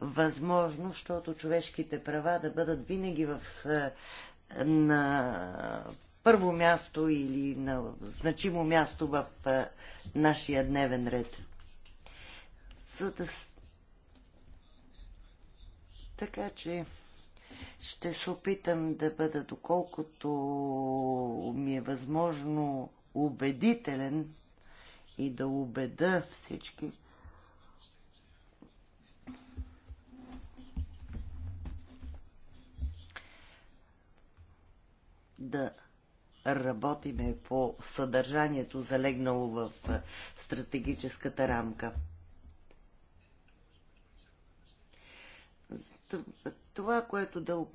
възможно, защото човешките права да бъдат винаги в на първо място или на значимо място в е, нашия дневен ред. За да... Така че ще се опитам да бъда доколкото ми е възможно убедителен и да убеда всички. Да работиме по съдържанието, залегнало в стратегическата рамка. Това, което дъл...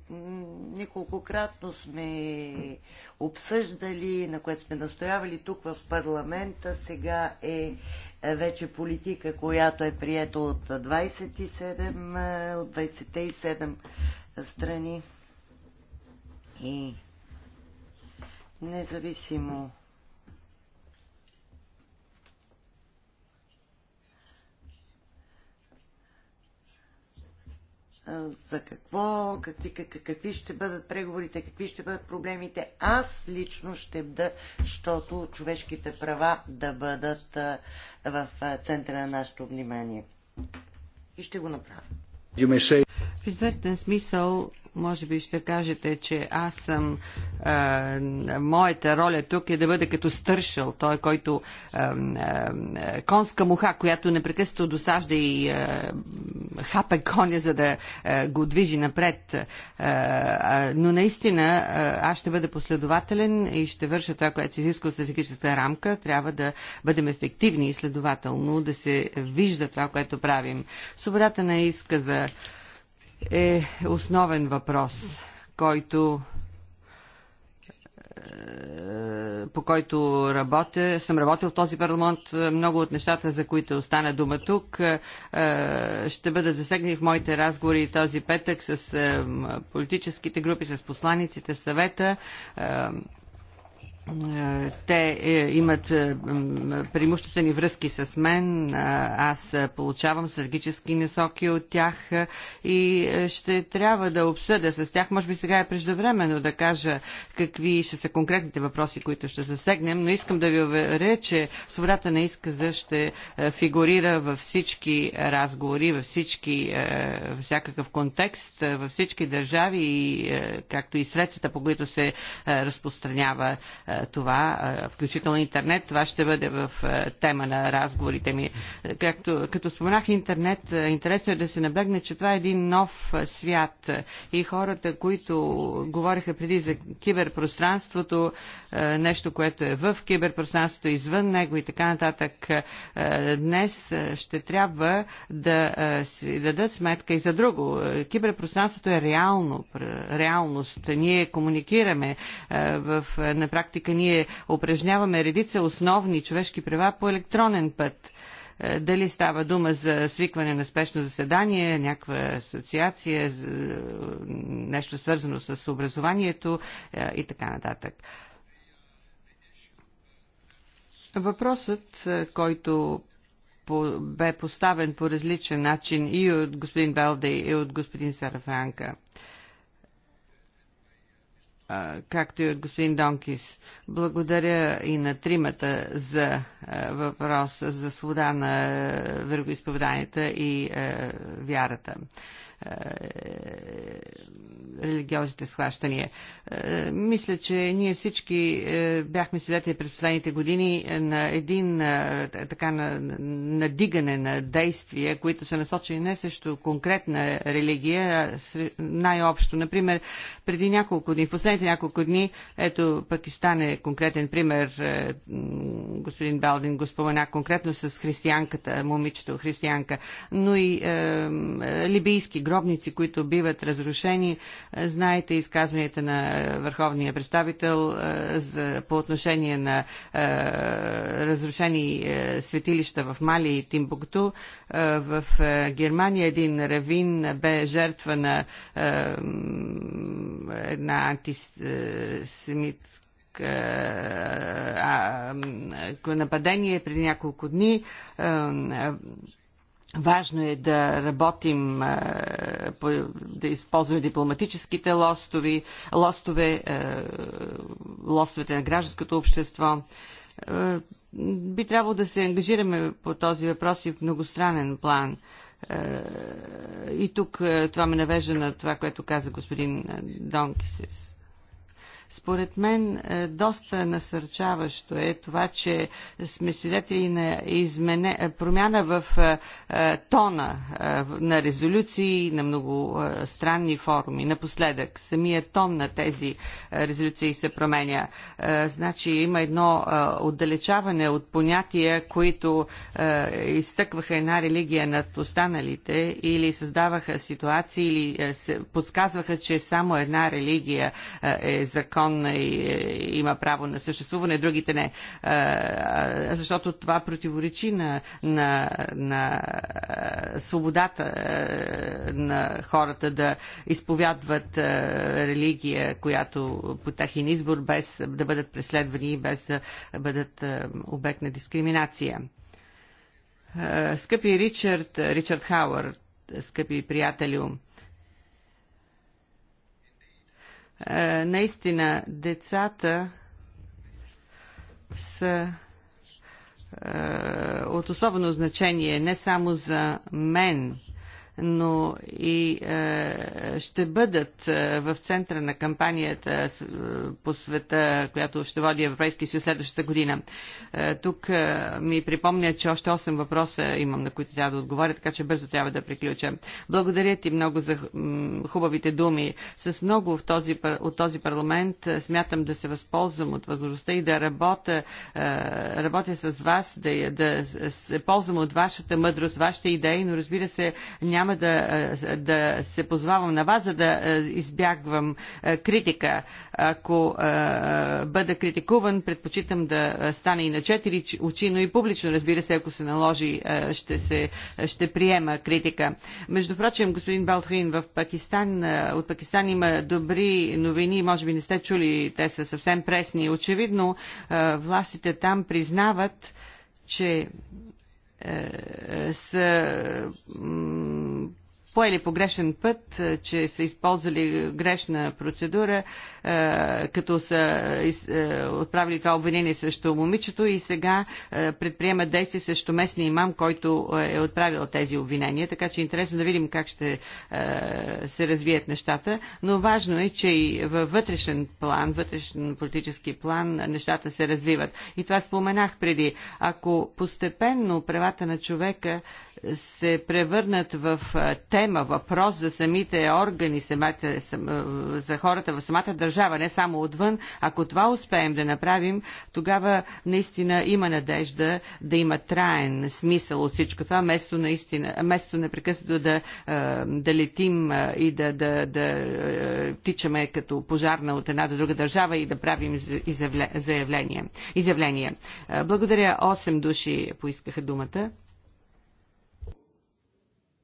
неколкократно сме обсъждали, на което сме настоявали тук в парламента, сега е вече политика, която е приета от 27, от 27 страни. И независимо за какво, какви, как, какви ще бъдат преговорите, какви ще бъдат проблемите. Аз лично ще бъда, защото човешките права да бъдат в центъра на нашето внимание. И ще го направя. Say... В известен смисъл може би ще кажете, че аз съм. А, моята роля тук е да бъда като стършъл, той, който. А, а, конска муха, която непрекъснато досажда и а, хапе коня, за да а, го движи напред. А, а, но наистина а, аз ще бъда последователен и ще върша това, което се изисква от стратегическата рамка. Трябва да бъдем ефективни и следователно да се вижда това, което правим. Свободата на изказа. за е основен въпрос, който е, по който работя. Съм работил в този парламент. Е, много от нещата, за които остана дума тук, е, ще бъдат засегнати в моите разговори този петък с политическите групи, с посланиците, съвета. Е, те е, имат е, преимуществени връзки с мен, аз получавам стратегически насоки от тях и ще трябва да обсъда с тях. Може би сега е преждевременно да кажа какви ще са конкретните въпроси, които ще засегнем, но искам да ви уверя, че свободата на изказа ще фигурира във всички разговори, във всички, във всякакъв контекст, във всички държави, както и средствата, по които се разпространява това, включително интернет. Това ще бъде в тема на разговорите ми. Както, като споменах интернет, интересно е да се наблегне, че това е един нов свят и хората, които говориха преди за киберпространството, нещо, което е в киберпространството, извън него и така нататък, днес ще трябва да си дадат сметка и за друго. Киберпространството е реално, реалност. Ние комуникираме в, на практика практика ние упражняваме редица основни човешки права по електронен път. Е, дали става дума за свикване на спешно заседание, някаква асоциация, нещо свързано с образованието е, и така нататък. Въпросът, е, който бе поставен по различен начин и от господин Белдей, и от господин Сарафанка както и от господин Донкис. Благодаря и на тримата за въпроса за свобода на вероисповеданията и вярата. Е, е, религиозните схващания. Е, мисля, че ние всички бяхме свидетели през последните години на един така надигане на действия, които са насочени не срещу конкретна религия, а най-общо. Например, преди няколко дни, в последните няколко дни, ето Пакистан е конкретен пример, господин Балдин го спомена конкретно с християнката, момичето християнка, но и е, либийски гробници, които биват разрушени. Знаете изказванията на върховния представител е, по отношение на е, разрушени е, светилища в Мали и Тимбукту. В Германия един равин бе жертва на една антисемитска нападение преди няколко дни. Важно е да работим, е, да използваме дипломатическите лостови, лостове, е, лостовете на гражданското общество. Е, би трябвало да се ангажираме по този въпрос и в многостранен план. И тук това ме навежда на това, което каза господин Донкисис според мен е, доста насърчаващо е това, че сме свидетели на измене, е, промяна в е, тона на резолюции, на многостранни форуми. Напоследък самият тон на тези резолюции се променя. Значи има едно отдалечаване от понятия, които изтъкваха една религия над останалите или създаваха ситуации или подсказваха, че само една религия е закон закон и е, има право на съществуване, другите не. Е, е, защото това противоречи на, на, на свободата на хората да изповядват религия, която по техен избор, без да бъдат преследвани и без да бъдат обект на дискриминация. Скъпи Ричард, Ричард Хауърд, скъпи приятелю, Е, наистина, децата са е, от особено значение не само за мен, но и е, ще бъдат е, в центъра на кампанията е, по света, която ще води Европейски съюз следващата година. Е, тук е, ми припомня, че още 8 въпроса имам, на които трябва да отговоря, така че бързо трябва да приключа. Благодаря ти много за хубавите думи. С много в този, от този парламент е, смятам да се възползвам от възможността и да работя, е, работя с вас, да, да се ползвам от вашата мъдрост, вашите идеи, но разбира се, няма няма да, да се позвавам на вас, за да е, избягвам е, критика. Ако е, бъда критикуван, предпочитам да стане и на четири очи, но и публично, разбира се, ако се наложи, ще, се, ще приема критика. Между прочим, господин Балтхуин, в Пакистан, от Пакистан има добри новини, може би не сте чули, те са съвсем пресни. Очевидно, властите там признават, че е, е, с поели по грешен път, че са използвали грешна процедура, като са отправили това обвинение срещу момичето и сега предприема действие срещу местния имам, който е отправил тези обвинения. Така че е интересно да видим как ще се развият нещата. Но важно е, че и във вътрешен план, вътрешен политически план, нещата се развиват. И това споменах преди. Ако постепенно правата на човека се превърнат в те, тема, въпрос за самите органи, самата, е, за хората в самата държава, не само отвън. Ако това успеем да направим, тогава наистина има надежда да има траен смисъл от всичко това, вместо наистина, вместо непрекъснато да, е, да летим е, и да, да, да тичаме като пожарна от една до друга държава и да правим изявления. изявления. Благодаря, 8 души поискаха думата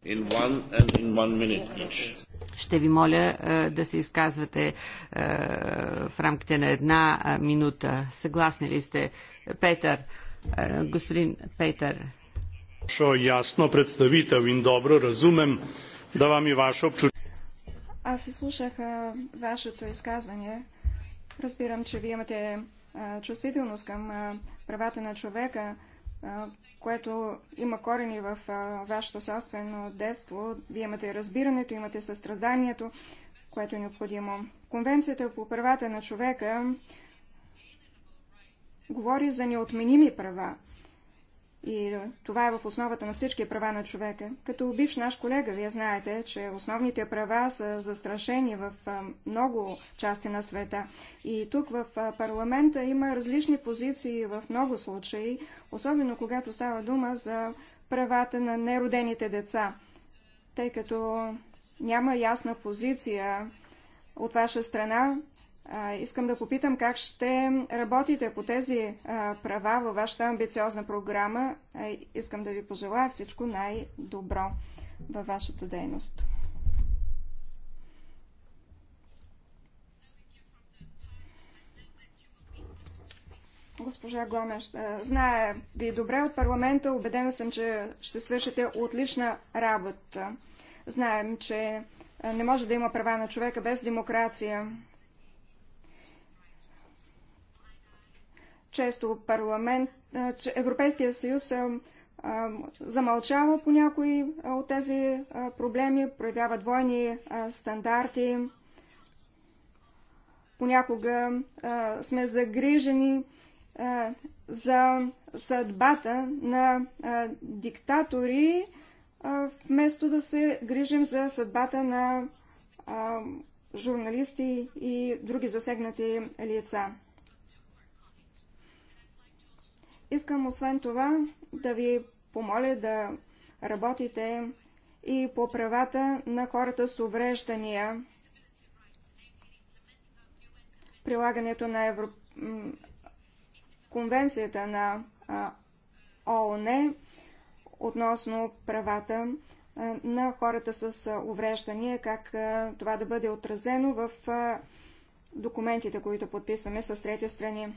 in one and in one minute each. Ще ви моля е, да се изказвате е, в рамките на една е, минута. Съгласни ли сте, Петър? Господин Петър. Вашо ясно представител и добро разумем да вам и ваше обчувствие. Аз се слушах вашето изказване. Разбирам, че вие имате чувствителност към правата на човека, което има корени в вашето собствено детство. Вие имате разбирането, имате състраданието, което е необходимо. Конвенцията по правата на човека говори за неотменими права. И е, това е в основата на всички права на човека. Като бивш наш колега, вие знаете, че основните права са застрашени в е, много части на света. И тук в е, парламента има различни позиции в много случаи, особено когато става дума за правата на неродените деца, тъй като няма ясна позиция от ваша страна Искам да попитам как ще работите по тези права във вашата амбициозна програма. Искам да ви пожелая всичко най-добро във вашата дейност. Госпожа Гомеш, знае ви добре от парламента, убедена съм, че ще свършите отлична работа. Знаем, че не може да има права на човека без демокрация. Често парламент, Европейския съюз замълчава по някои от тези проблеми, проявява двойни стандарти. Понякога сме загрижени за съдбата на диктатори, вместо да се грижим за съдбата на журналисти и други засегнати лица. Искам освен това да ви помоля да работите и по правата на хората с увреждания, прилагането на Евро... Конвенцията на ООН относно правата на хората с увреждания, как това да бъде отразено в документите, които подписваме с трети страни.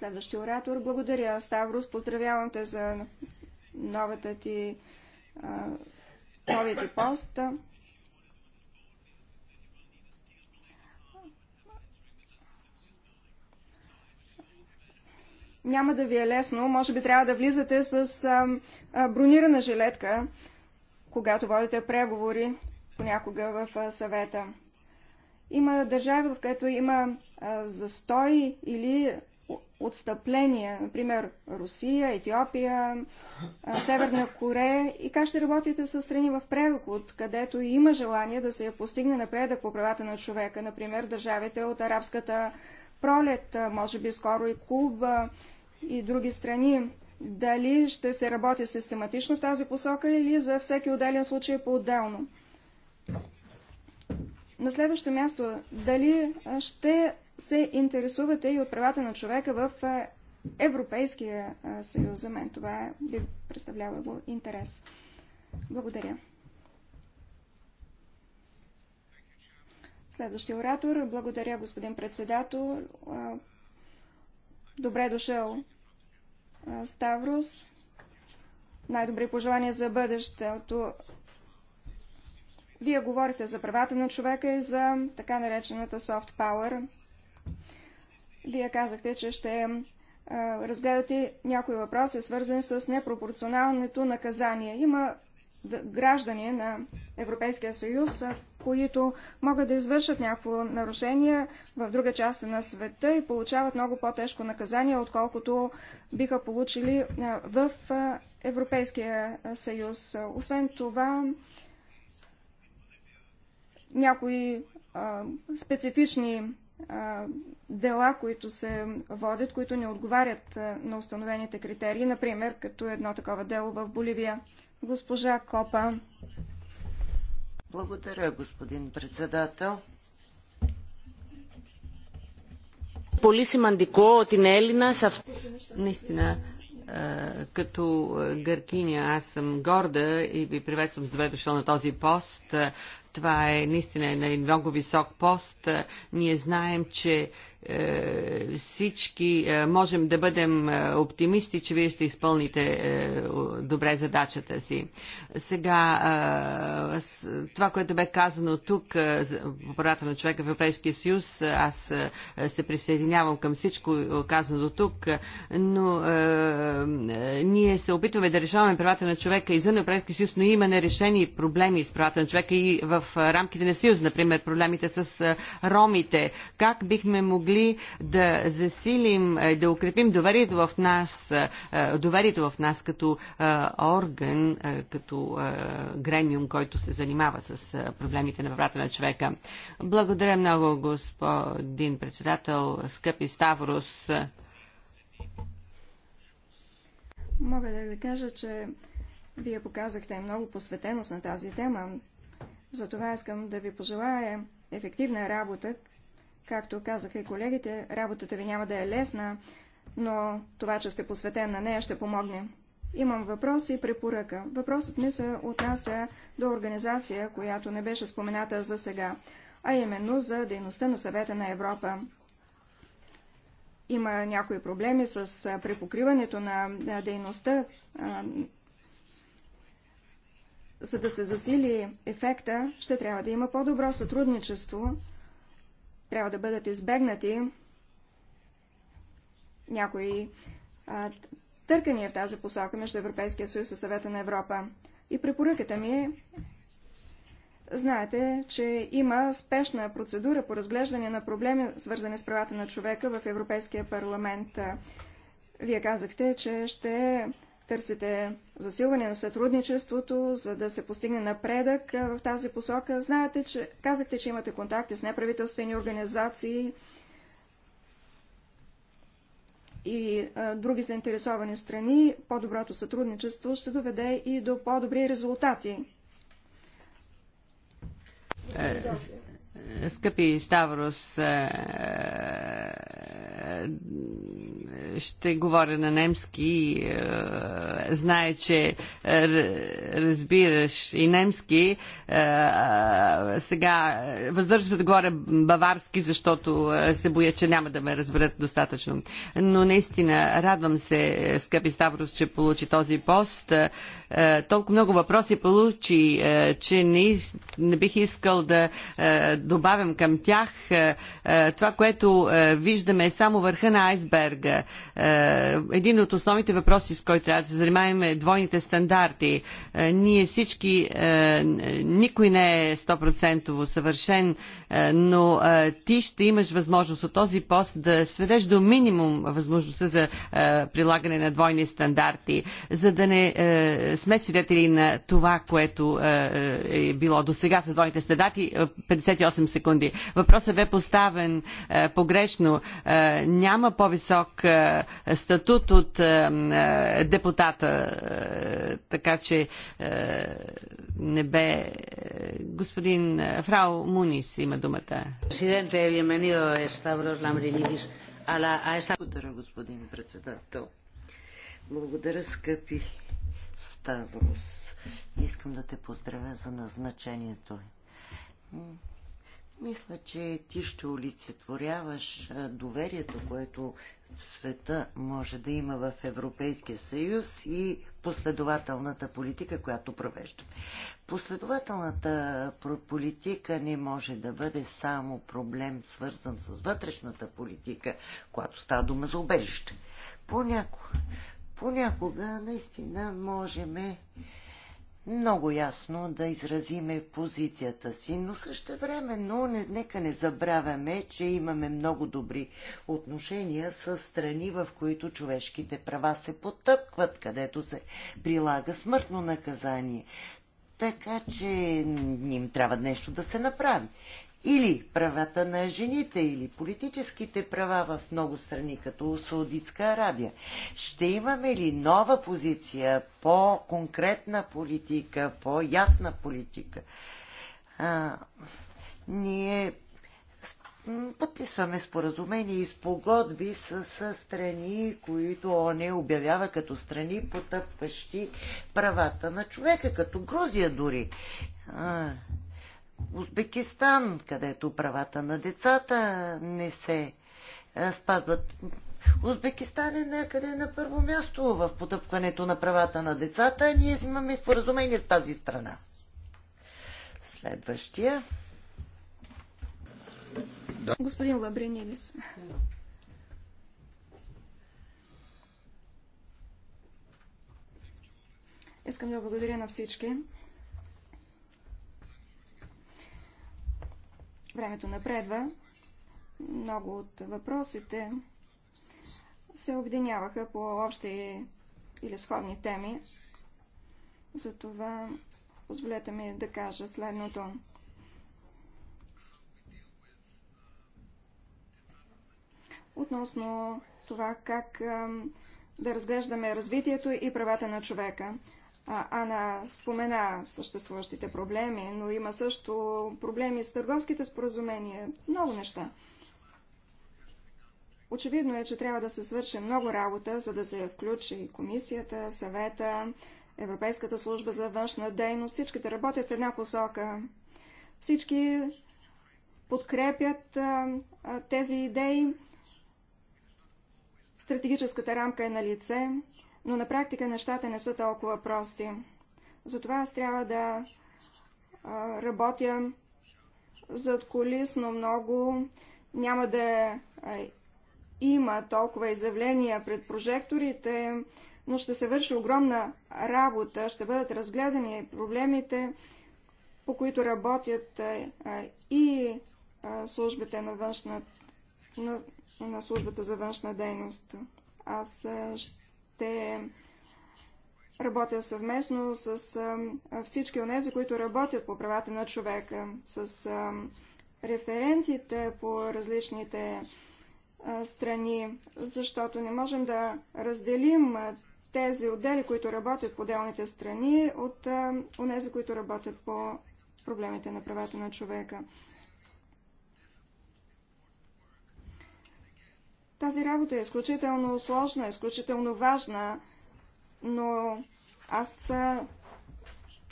Следващия оратор. Благодаря, Ставрос. Поздравявам те за новата ти, новия ти пост. Няма да ви е лесно. Може би трябва да влизате с бронирана жилетка, когато водите преговори понякога в съвета. Има държави, в които има застой или отстъпления, например Русия, Етиопия, Северна Корея и как ще работите с страни в превод, където има желание да се постигне напредък по правата на човека, например държавите от арабската пролет, може би скоро и Куба и други страни. Дали ще се работи систематично в тази посока или за всеки отделен случай по-отделно? На следващо място, дали ще се интересувате и от правата на човека в е, Европейския е, съюз. За мен това е, би представлявало интерес. Благодаря. Следващия оратор. Благодаря, господин председател. Добре дошъл, Ставрос. Най-добри пожелания за бъдещето. Вие говорите за правата на човека и за така наречената soft power – вие казахте, че ще разгледате някои въпроси, свързани с непропорционалното наказание. Има граждани на Европейския съюз, които могат да извършат някакво нарушение в друга част на света и получават много по-тежко наказание, отколкото биха получили в Европейския съюз. Освен това, някои специфични дела, които се водят, които не отговарят на установените критерии, например, като едно такова дело в Боливия. Госпожа Копа. Благодаря, господин председател. Πολύ σημαντικό ότι είναι Έλληνα. Наистина, като гъркиня, аз съм горда и ви приветствам с добре дошъл на този пост. Това е наистина на много висок пост. Ние знаем, че е, всички е, можем да бъдем е, оптимисти, че вие ще изпълните добре задачата си. Сега, това, което бе казано тук по правата на човека в Европейския съюз, аз се присъединявам към всичко казано тук, но ние се опитваме да решаваме правата на човека извън Европейския съюз, но има нерешени проблеми с правата на човека и в рамките на съюз, например проблемите с ромите. Как бихме могли могли да засилим, е, да укрепим доверието в нас, е, е, доверието в нас като орган, като гремиум, който се занимава с проблемите на врата на човека. Благодаря много, господин председател, скъпи Ставрос. Мога да ви кажа, че вие показахте много посветеност на тази тема. Затова искам да ви пожелая ефективна работа Както казаха и колегите, работата ви няма да е лесна, но това, че сте посветен на нея, ще помогне. Имам въпрос и препоръка. Въпросът ми се отнася до организация, която не беше спомената за сега, а именно за дейността на съвета на Европа. Има някои проблеми с препокриването на дейността, за да се засили ефекта, ще трябва да има по-добро сътрудничество трябва да бъдат избегнати някои а, търкания в тази посока между Европейския съюз и Съвета на Европа. И препоръката ми е, знаете, че има спешна процедура по разглеждане на проблеми, свързани с правата на човека в Европейския парламент. Вие казахте, че ще търсите засилване на сътрудничеството, за да се постигне напредък в тази посока. Знаете, че казахте, че имате контакти с неправителствени организации и а, други заинтересовани страни. По-доброто сътрудничество ще доведе и до по-добри резултати. Е, е, скъпи Ставрос, е, ще говоря на немски. Е, знае, че е, разбираш и немски. Е, сега въздържам да говоря баварски, защото се боя, че няма да ме разберат достатъчно. Но наистина радвам се, скъпи Ставрос, че получи този пост. Толкова много въпроси получи, че не, не бих искал да добавям към тях. Това, което виждаме е само върха на айсберга е, един от основните въпроси, с който трябва да се занимаем е двойните стандарти. Е, ние всички, е, никой не е 100% съвършен, но ти ще имаш възможност от този пост да сведеш до минимум възможността за прилагане на двойни стандарти, за да не сме свидетели на това, което е било до сега с двойните стандарти. 58 секунди. Въпросът бе поставен погрешно. Няма по-висок е, статут от е, е, депутата, така че не бе. Господин Фрау Мунис има думата. Президенте, е Ставрос Ламбринидис. Благодаря, господин председател. Благодаря, скъпи Ставрос. Искам да те поздравя за назначението. Мисля, че ти ще олицетворяваш доверието, което света може да има в Европейския съюз и последователната политика, която провеждаме. Последователната политика не може да бъде само проблем, свързан с вътрешната политика, която става дума за убежище. Понякога, понякога наистина можеме много ясно да изразиме позицията си, но също време, но не, нека не забравяме, че имаме много добри отношения с страни, в които човешките права се потъпкват, където се прилага смъртно наказание. Така че им трябва нещо да се направи или правата на жените, или политическите права в много страни, като Саудитска Арабия. Ще имаме ли нова позиция, по-конкретна политика, по-ясна политика? А, ние подписваме споразумение и спогодби с, с страни, които ОНЕ обявява като страни, потъпващи правата на човека, като Грузия дори. А, Узбекистан, където правата на децата не се спазват. Узбекистан е някъде на първо място в потъпкването на правата на децата. Ние имаме споразумение с тази страна. Следващия. Да. Господин Лабринилис. Искам да благодаря на всички. Времето напредва. Много от въпросите се объединяваха по общи или сходни теми. Затова позволете ми да кажа следното. Относно това как да разглеждаме развитието и правата на човека. Ана спомена съществуващите проблеми, но има също проблеми с търговските споразумения, много неща. Очевидно е, че трябва да се свърши много работа, за да се включи комисията, съвета, Европейската служба за външна дейност. Всичките работят в една посока. Всички подкрепят а, а, тези идеи. Стратегическата рамка е на лице но на практика нещата не са толкова прости. Затова аз трябва да а, работя колисно много. Няма да а, има толкова изявления пред прожекторите, но ще се върши огромна работа, ще бъдат разгледани проблемите, по които работят а, и а, службите на външна на, на службата за външна дейност. Аз ще ще работя съвместно с всички тези, които работят по правата на човека, с референтите по различните страни, защото не можем да разделим тези отдели, които работят по отделните страни, от тези, които работят по проблемите на правата на човека. Тази работа е изключително сложна, изключително важна, но аз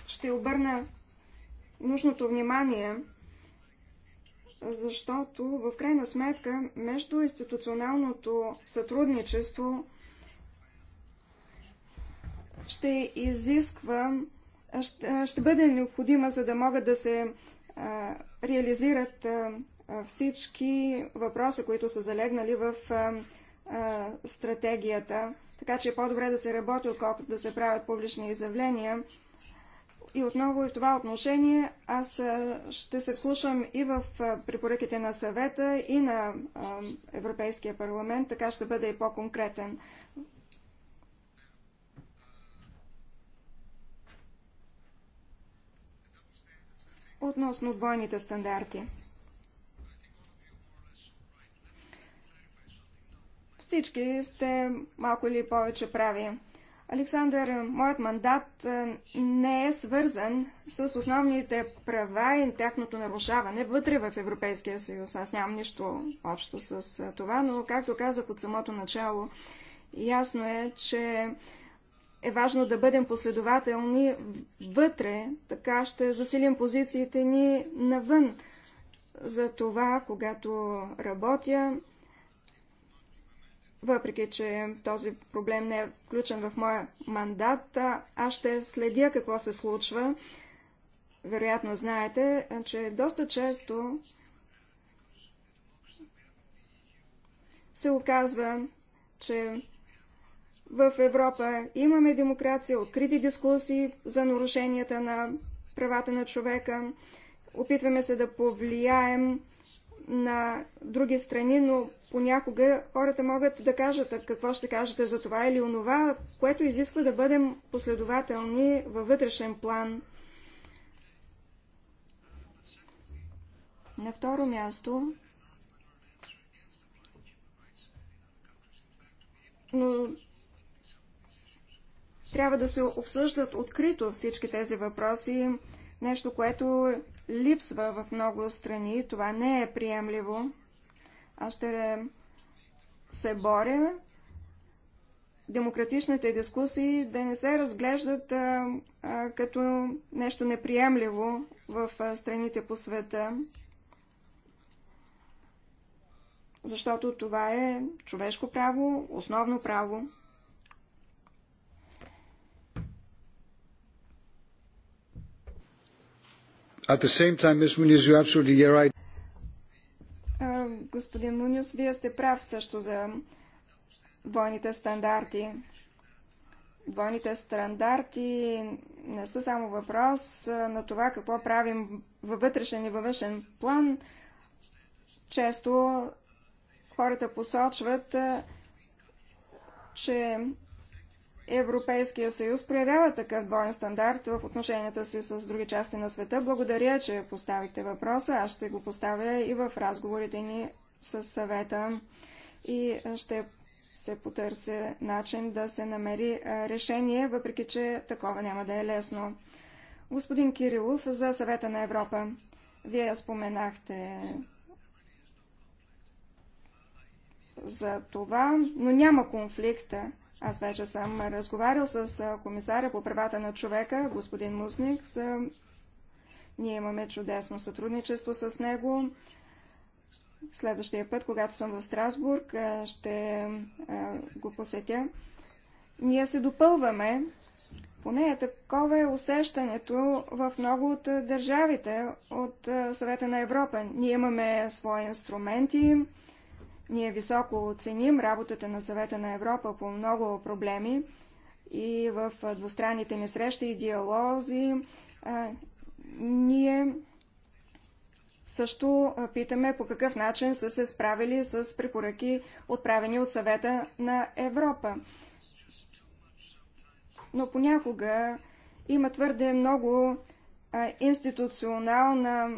ще обърна нужното внимание, защото в крайна сметка между институционалното сътрудничество ще изисква, ще, ще бъде необходима, за да могат да се а, реализират а, всички въпроси, които са залегнали в стратегията. Така че е по-добре да се работи, отколкото да се правят публични изявления. И отново и в това отношение аз ще се вслушам и в препоръките на съвета и на Европейския парламент, така ще бъда и по-конкретен. Относно двойните стандарти. Всички сте малко или повече прави. Александър, моят мандат е, не е свързан с основните права и тяхното нарушаване вътре в Европейския съюз. Аз нямам нищо общо с е, това, но както казах от самото начало, ясно е, че е важно да бъдем последователни вътре, така ще засилим позициите ни навън. За това, когато работя, въпреки, че този проблем не е включен в моя мандат, аз ще следя какво се случва. Вероятно знаете, че доста често се оказва, че в Европа имаме демокрация, открити дискусии за нарушенията на правата на човека. Опитваме се да повлияем на други страни, но понякога хората могат да кажат какво ще кажете за това или онова, което изисква да бъдем последователни във вътрешен план. На второ място, но трябва да се обсъждат открито всички тези въпроси, нещо, което липсва в много страни. Това не е приемливо. Аз ще се боря демократичните дискусии да не се разглеждат а, а, като нещо неприемливо в а, страните по света, защото това е човешко право, основно право. At the same time, Ms. Muniz, absolutely right. Господин Мунюс, вие сте прав също за двойните стандарти. Двойните стандарти не са само въпрос на това какво правим във вътрешен и във външен план. Често хората посочват, че Европейския съюз проявява такъв двоен стандарт в отношенията си с други части на света. Благодаря, че поставихте въпроса. Аз ще го поставя и в разговорите ни с съвета и ще се потърси начин да се намери решение, въпреки че такова няма да е лесно. Господин Кирилов, за съвета на Европа. Вие споменахте за това, но няма конфликта. Аз вече съм разговарял с комисаря по правата на човека, господин Мусник. Ние имаме чудесно сътрудничество с него. Следващия път, когато съм в Страсбург, ще го посетя. Ние се допълваме. Поне е такова е усещането в много от държавите от Съвета на Европа. Ние имаме свои инструменти, ние високо оценим работата на съвета на Европа по много проблеми и в двустранните ни срещи и диалози. А, ние също питаме по какъв начин са се справили с препоръки, отправени от съвета на Европа. Но понякога има твърде много институционална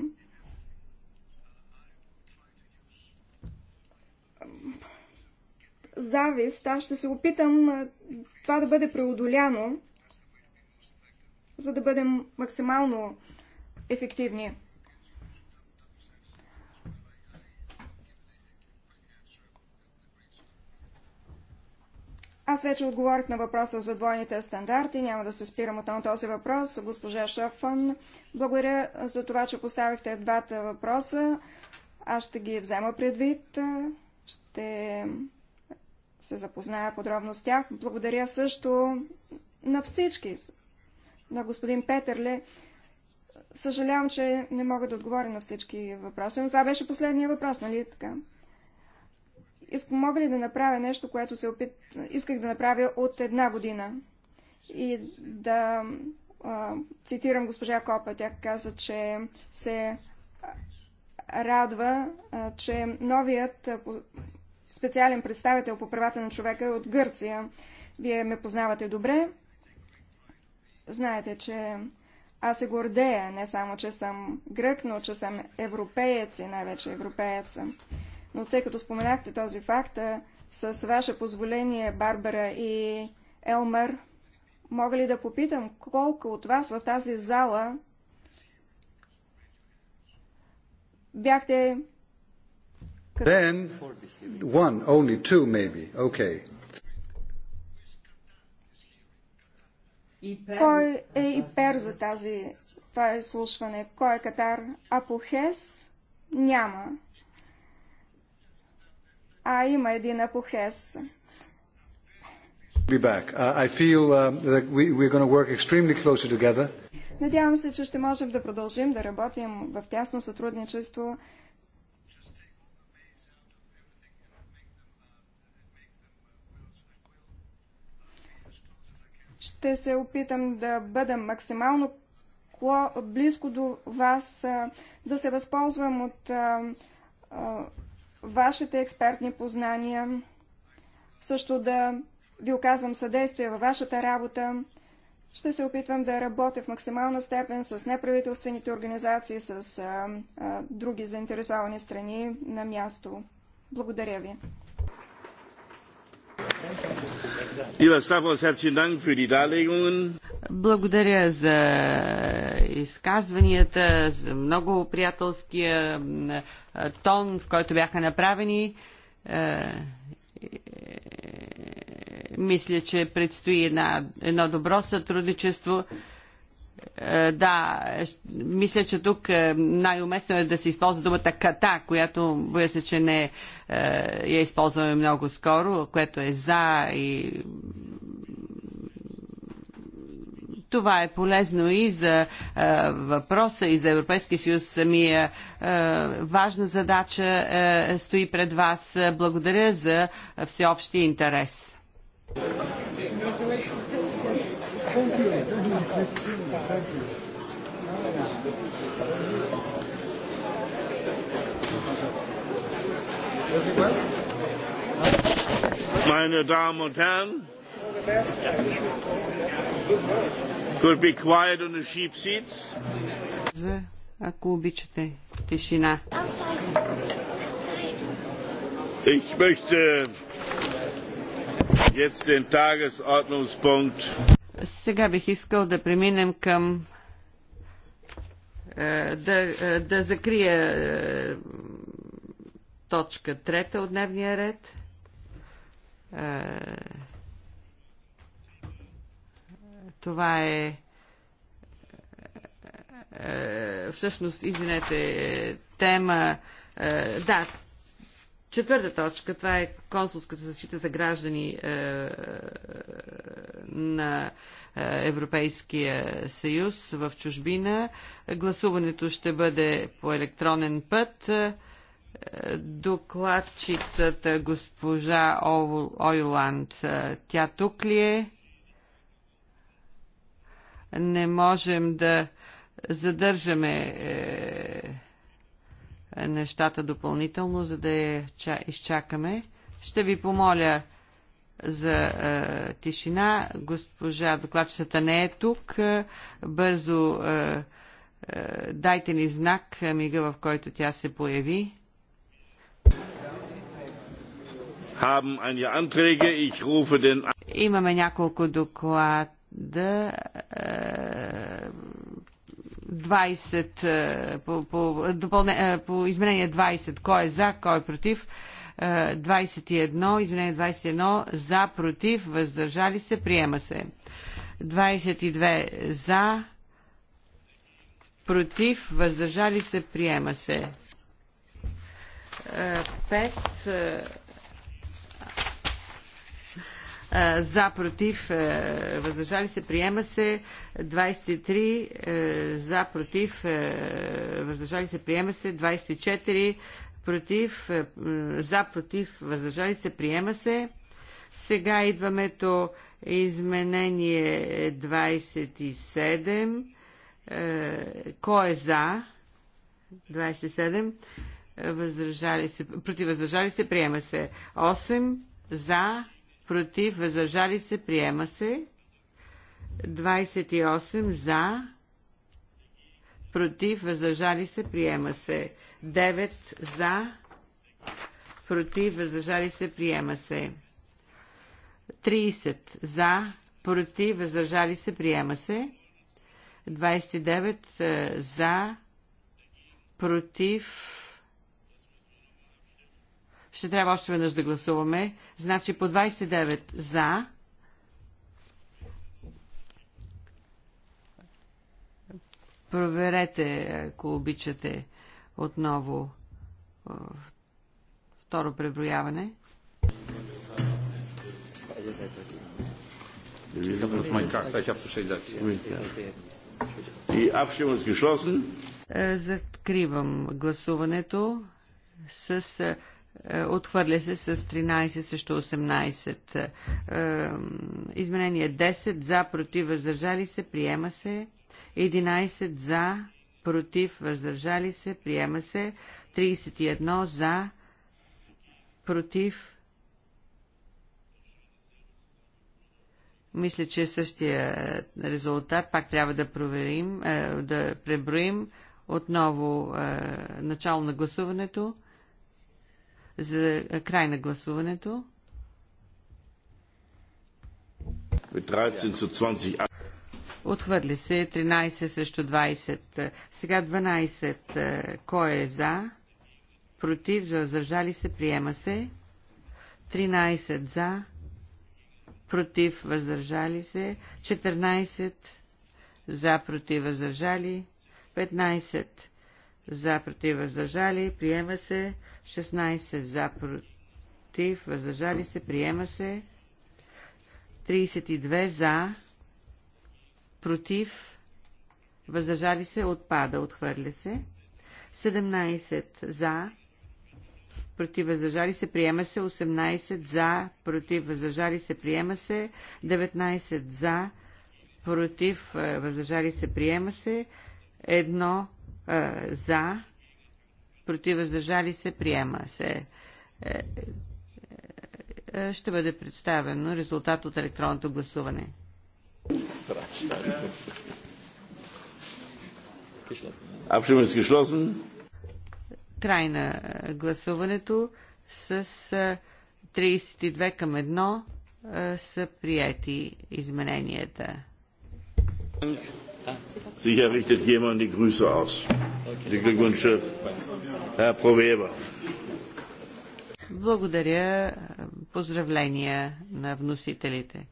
завист. Аз ще се опитам това да бъде преодоляно, за да бъдем максимално ефективни. Аз вече отговорих на въпроса за двойните стандарти. Няма да се спирам отново този въпрос. Госпожа Шофан, благодаря за това, че поставихте двата въпроса. Аз ще ги взема предвид. Ще се запозная подробно с тях. Благодаря също на всички, на господин Петърле. Съжалявам, че не мога да отговоря на всички въпроси, но това беше последния въпрос, нали така? Искам, мога ли да направя нещо, което се опит... исках да направя от една година? И да а, цитирам госпожа Копа, тя каза, че се радва, а, че новият специален представител по правата на човека от Гърция. Вие ме познавате добре. Знаете, че аз се гордея не само, че съм грък, но че съм европеец и най-вече европеец Но тъй като споменахте този факт, с ваше позволение, Барбара и Елмър, мога ли да попитам колко от вас в тази зала бяхте Then one, only two maybe. Okay. Кой е Ипер за тази, това е слушване? Кой е Катар? Апохес? Няма. А, има един Апохес. Надявам се, че ще можем да продължим да работим в тясно сътрудничество Ще се опитам да бъда максимално близко до вас, да се възползвам от вашите експертни познания, също да ви оказвам съдействие във вашата работа. Ще се опитвам да работя в максимална степен с неправителствените организации, с а, а, други заинтересовани страни на място. Благодаря ви. Благодаря за изказванията, за много приятелския тон, в който бяха направени. Е, е, мисля, че предстои една, едно добро сътрудничество. Е, да, е, мисля, че тук е, най-уместно е да се използва думата ката, която боя се, че не я използваме много скоро, което е за и това е полезно и за е, въпроса, и за Европейския съюз самия. Е, важна задача е, стои пред вас. Благодаря за всеобщия интерес. Thank you. Thank you. Meine Damen und Herren, could be quiet on the sheep seats. Ако обичате, тишина. Ich möchte jetzt den Tagesordnungspunkt сега бих искал да преминем към е, да, е, да закрия е, точка трета от дневния ред. Това е всъщност, извинете, тема да, Четвърта точка, това е консулската защита за граждани е, на е, Европейския съюз в чужбина. Гласуването ще бъде по електронен път. Е, докладчицата госпожа Ойланд, е, тя тук ли е? Не можем да задържаме. Е, е, нещата допълнително, за да я изчакаме. Ще ви помоля за е, тишина. Госпожа докладчицата не е тук. Е, бързо е, е, дайте ни знак, е, мига в който тя се появи. Имаме няколко доклада. Е, 20, е, по, по, допълне, е, по изменение 20, кой е за, кой е против. 21, е, изменение 21, за, против, въздържали се, приема се. 22 за, против, въздържали се, приема се. 5 за, против, е, въздържали се, приема се. 23 е, за, против, е, въздържали се, приема се. 24 против, за, против, въздържали се, приема се. Сега идваме до изменение 27. Кой е за? 27. Въздържали се, против, въздържали се, приема се. 8 за, против, въздържали се, приема се. 28 за, против, въздържали се, приема се. 9 за, против, въздържали се, приема се. 30 за, против, въздържали се, приема се. 29 е, за, против, ще трябва още веднъж да гласуваме. Значи по 29 за. Проверете, ако обичате, отново второ преброяване. Е, закривам гласуването с е, отхвърля се с 13 срещу 18. Е, изменение 10 за, против, въздържали се, приема се. 11 за, против, въздържали се, приема се. 31 за, против. Мисля, че е същия резултат. Пак трябва да проверим, да преброим отново начало на гласуването за край на гласуването. 13 Отхвърли се 13 срещу 20. Сега 12. Кой е за? Против, въздържали се, приема се. 13 за. Против, въздържали се. 14 за, против, въздържали. 15 за, против, въздържали. Приема се. 16 за, против, въздържали се, приема се. 32 за, против, въздържали се, отпада, отхвърля се. 17 за, против въздържали се, приема се, 18 за, против въздържали се, приема се, 19 за, против въздържали се, приема се, 1 за, против въздържали се, приема се. Е, е, е, ще бъде представено резултат от електронното гласуване. Край на гласуването с 32 към 1 са прияти измененията. Sicher richtet jemand die Grüße aus. Die Glückwünsche, Herr Proweber. Благодаря. Поздравления на вносителите.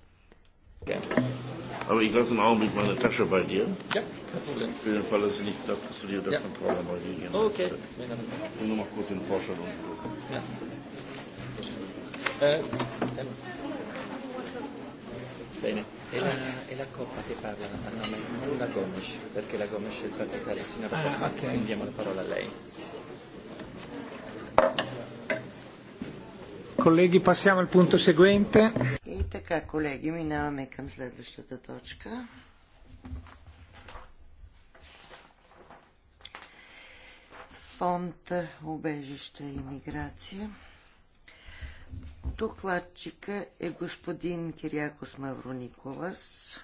Aber ich lasse einen Augenblick meine Tasche bei dir. Ja, kein Problem. Für den Fall, dass sie nicht klappt, dass du dir das ja. Vertrauen bei dir gehen Okay. Ich will nur mal kurz in Vorstellung. Ja. Äh, Bene. E la, e la Coppa che parla a nome, non la Gomes, perché la Gomes è il partito della signora Coppa. Ah, okay. Quindi diamo la parola a lei. Colleghi, passiamo al punto seguente. И colleghi, mi минаваме към следващата точка. Фонд обежище и миграция. Докладчика е господин Кириакос Мавроникулас,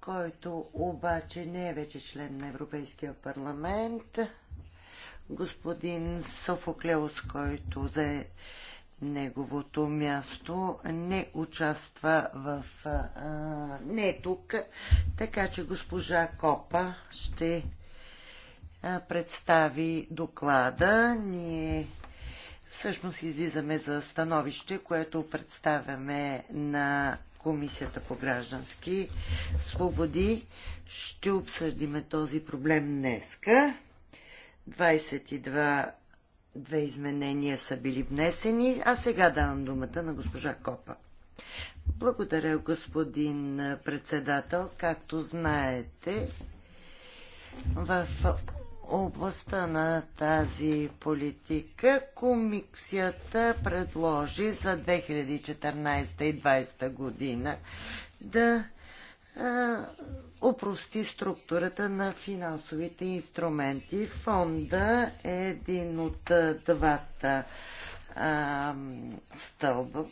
който обаче не е вече член на Европейския парламент. Господин Софоклеус, който взе неговото място, не участва в... А, не е тук, така че госпожа Копа ще представи доклада. Ние всъщност излизаме за становище, което представяме на Комисията по граждански свободи. Ще обсъдиме този проблем днеска. 22 две изменения са били внесени, а сега давам думата на госпожа Копа. Благодаря, господин председател. Както знаете, в областта на тази политика комисията предложи за 2014 и 2020 година да опрости структурата на финансовите инструменти. Фонда е един от двата а, стълба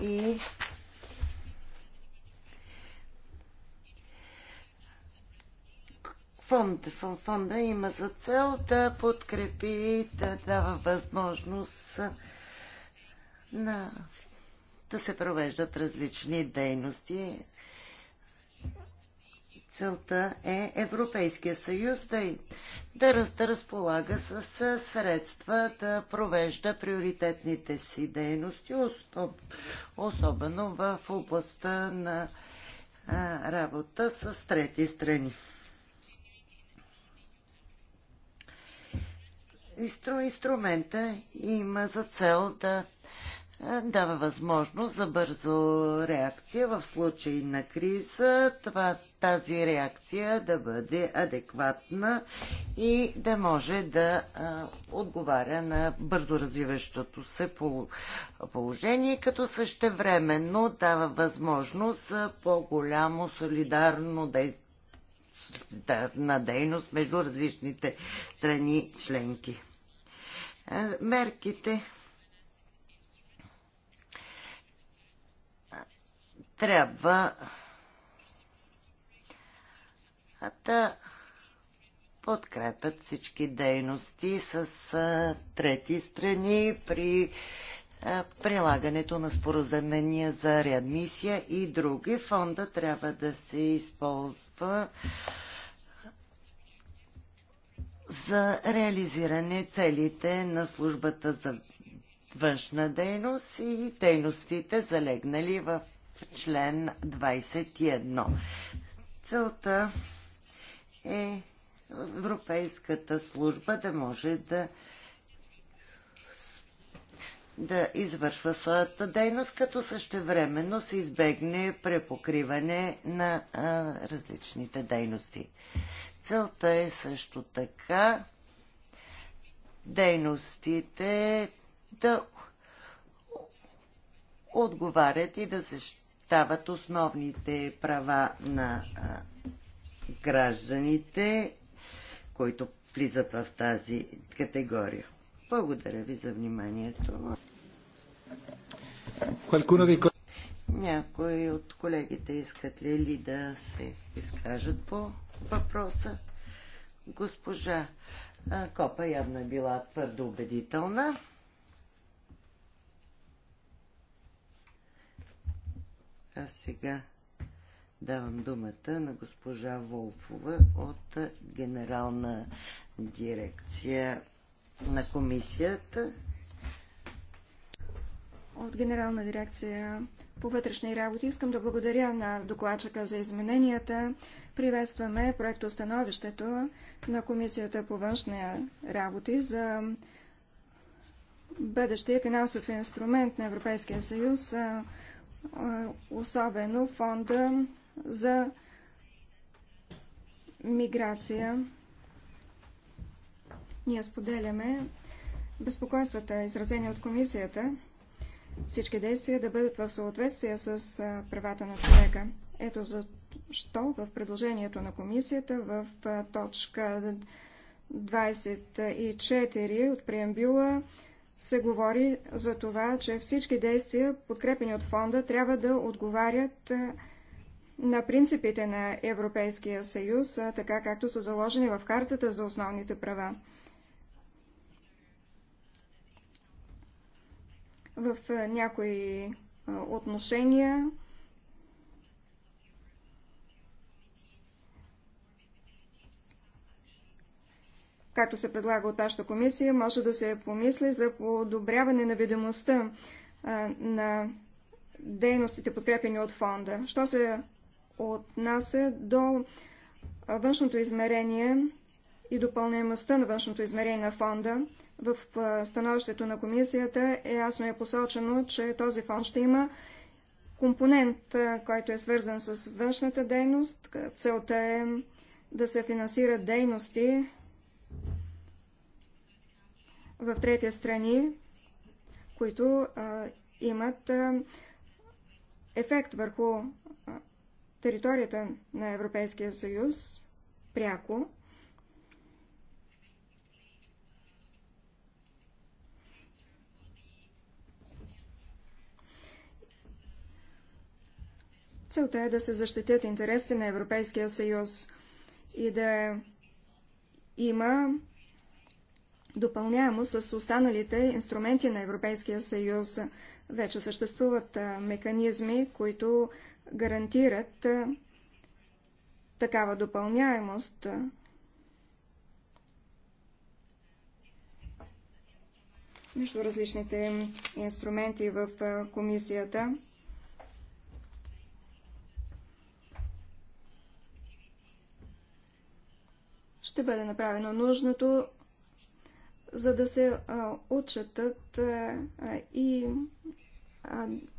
и фонд, фонда има за цел да подкрепи, да дава възможност на, да се провеждат различни дейности. Целта е Европейския съюз да, да, да разполага с, с средства да провежда приоритетните си дейности, особ, особено в областта на а, работа с трети страни. Инстру, инструмента има за цел да дава възможност за бързо реакция в случай на криза. Това, тази реакция да бъде адекватна и да може да а, отговаря на бързо развиващото се положение, като същевременно дава възможност за по-голямо солидарно действие на дейност между различните страни членки мерките трябва да подкрепят всички дейности с трети страни при прилагането на споразумения за реадмисия и други. Фонда трябва да се използва за реализиране целите на службата за външна дейност и дейностите залегнали в член 21. Целта е Европейската служба да може да да извършва своята дейност, като същевременно се избегне препокриване на а, различните дейности. Целта е също така дейностите да отговарят и да защитават основните права на гражданите, които влизат в тази категория. Благодаря ви за вниманието. Някои от колегите искат ли, ли да се изкажат по въпроса? Госпожа Копа явно е била твърдо убедителна. А сега давам думата на госпожа Волфова от Генерална дирекция на комисията от Генерална дирекция по вътрешни работи. Искам да благодаря на докладчика за измененията. Приветстваме проектостановището на Комисията по външни работи за бъдещия финансов инструмент на Европейския съюз, особено фонда за миграция. Ние споделяме безпокойствата, изразени от комисията, всички действия да бъдат в съответствие с правата на човека. Ето защо в предложението на комисията в точка 24 от преамбюла се говори за това, че всички действия, подкрепени от фонда, трябва да отговарят на принципите на Европейския съюз, така както са заложени в Картата за основните права. в някои отношения. както се предлага от нашата комисия, може да се помисли за подобряване на видимостта на дейностите, подкрепени от фонда. Що се отнася до външното измерение и допълняемостта на външното измерение на фонда. В становището на комисията е ясно е посочено, че този фонд ще има компонент, който е свързан с външната дейност. Целта е да се финансират дейности в трети страни, които а, имат а, ефект върху а, територията на Европейския съюз пряко. Целта е да се защитят интересите на Европейския съюз и да има допълняемо с останалите инструменти на Европейския съюз. Вече съществуват механизми, които гарантират такава допълняемост. между различните инструменти в комисията. ще бъде направено нужното, за да се отчетат и